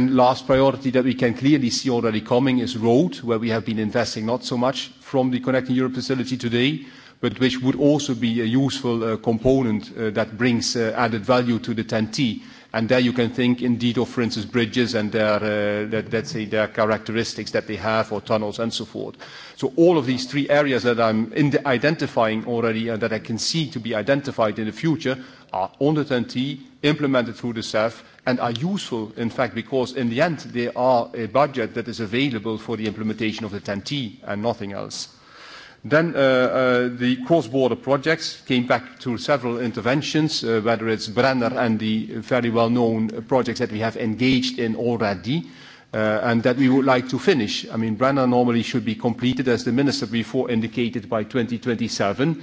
last priority that we can clearly see already coming is road, where we have been investing not so much from the Connecting Europe facility today, but which would also be a useful component that brings added value to the TEN-T. And there you can think indeed of, for instance, bridges and their, let's say, their characteristics that they have, or tunnels and so forth. So all of these three areas that I'm identifying already and that I can see to be identified in the future are on the TEN-T, implemented through the CEF, and are useful, in fact, because in the end they are a budget that is available for the implementation of the TEN-T and nothing else. Then uh, uh, the cross-border projects came back to several interventions, uh, whether it's Brenner and the very well-known projects that we have engaged in already, uh, and that we would like to finish. I mean, Brenner normally should be completed, as the Minister before indicated, by 2027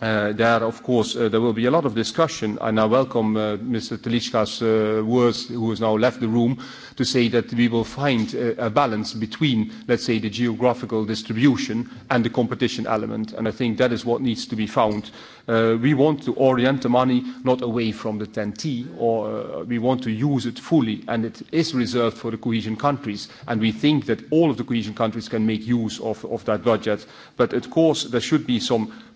there, of course, there will be a lot of discussion, and I welcome Mr. Telitschka's words, who has now left the room, to say that we will find a balance between, let's say, the geographical distribution and the competition element, and I think that is what needs to be found. We want to orient the money not away from the TEN-T, or we want to use it fully, and it is reserved for the cohesion countries, and we think that all of the cohesion countries can make use of that budget. But of course, there should be some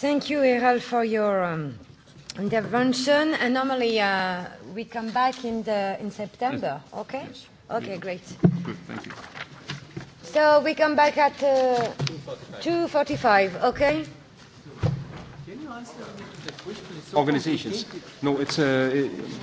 Thank you, Errol, for your um, intervention. And normally uh, we come back in, the, in September, yes. okay? Yes. Okay, yes. great. Good, thank you. So we come back at uh, 2.45, okay? Can you answer the question? Organizations. No, it's... Uh, it,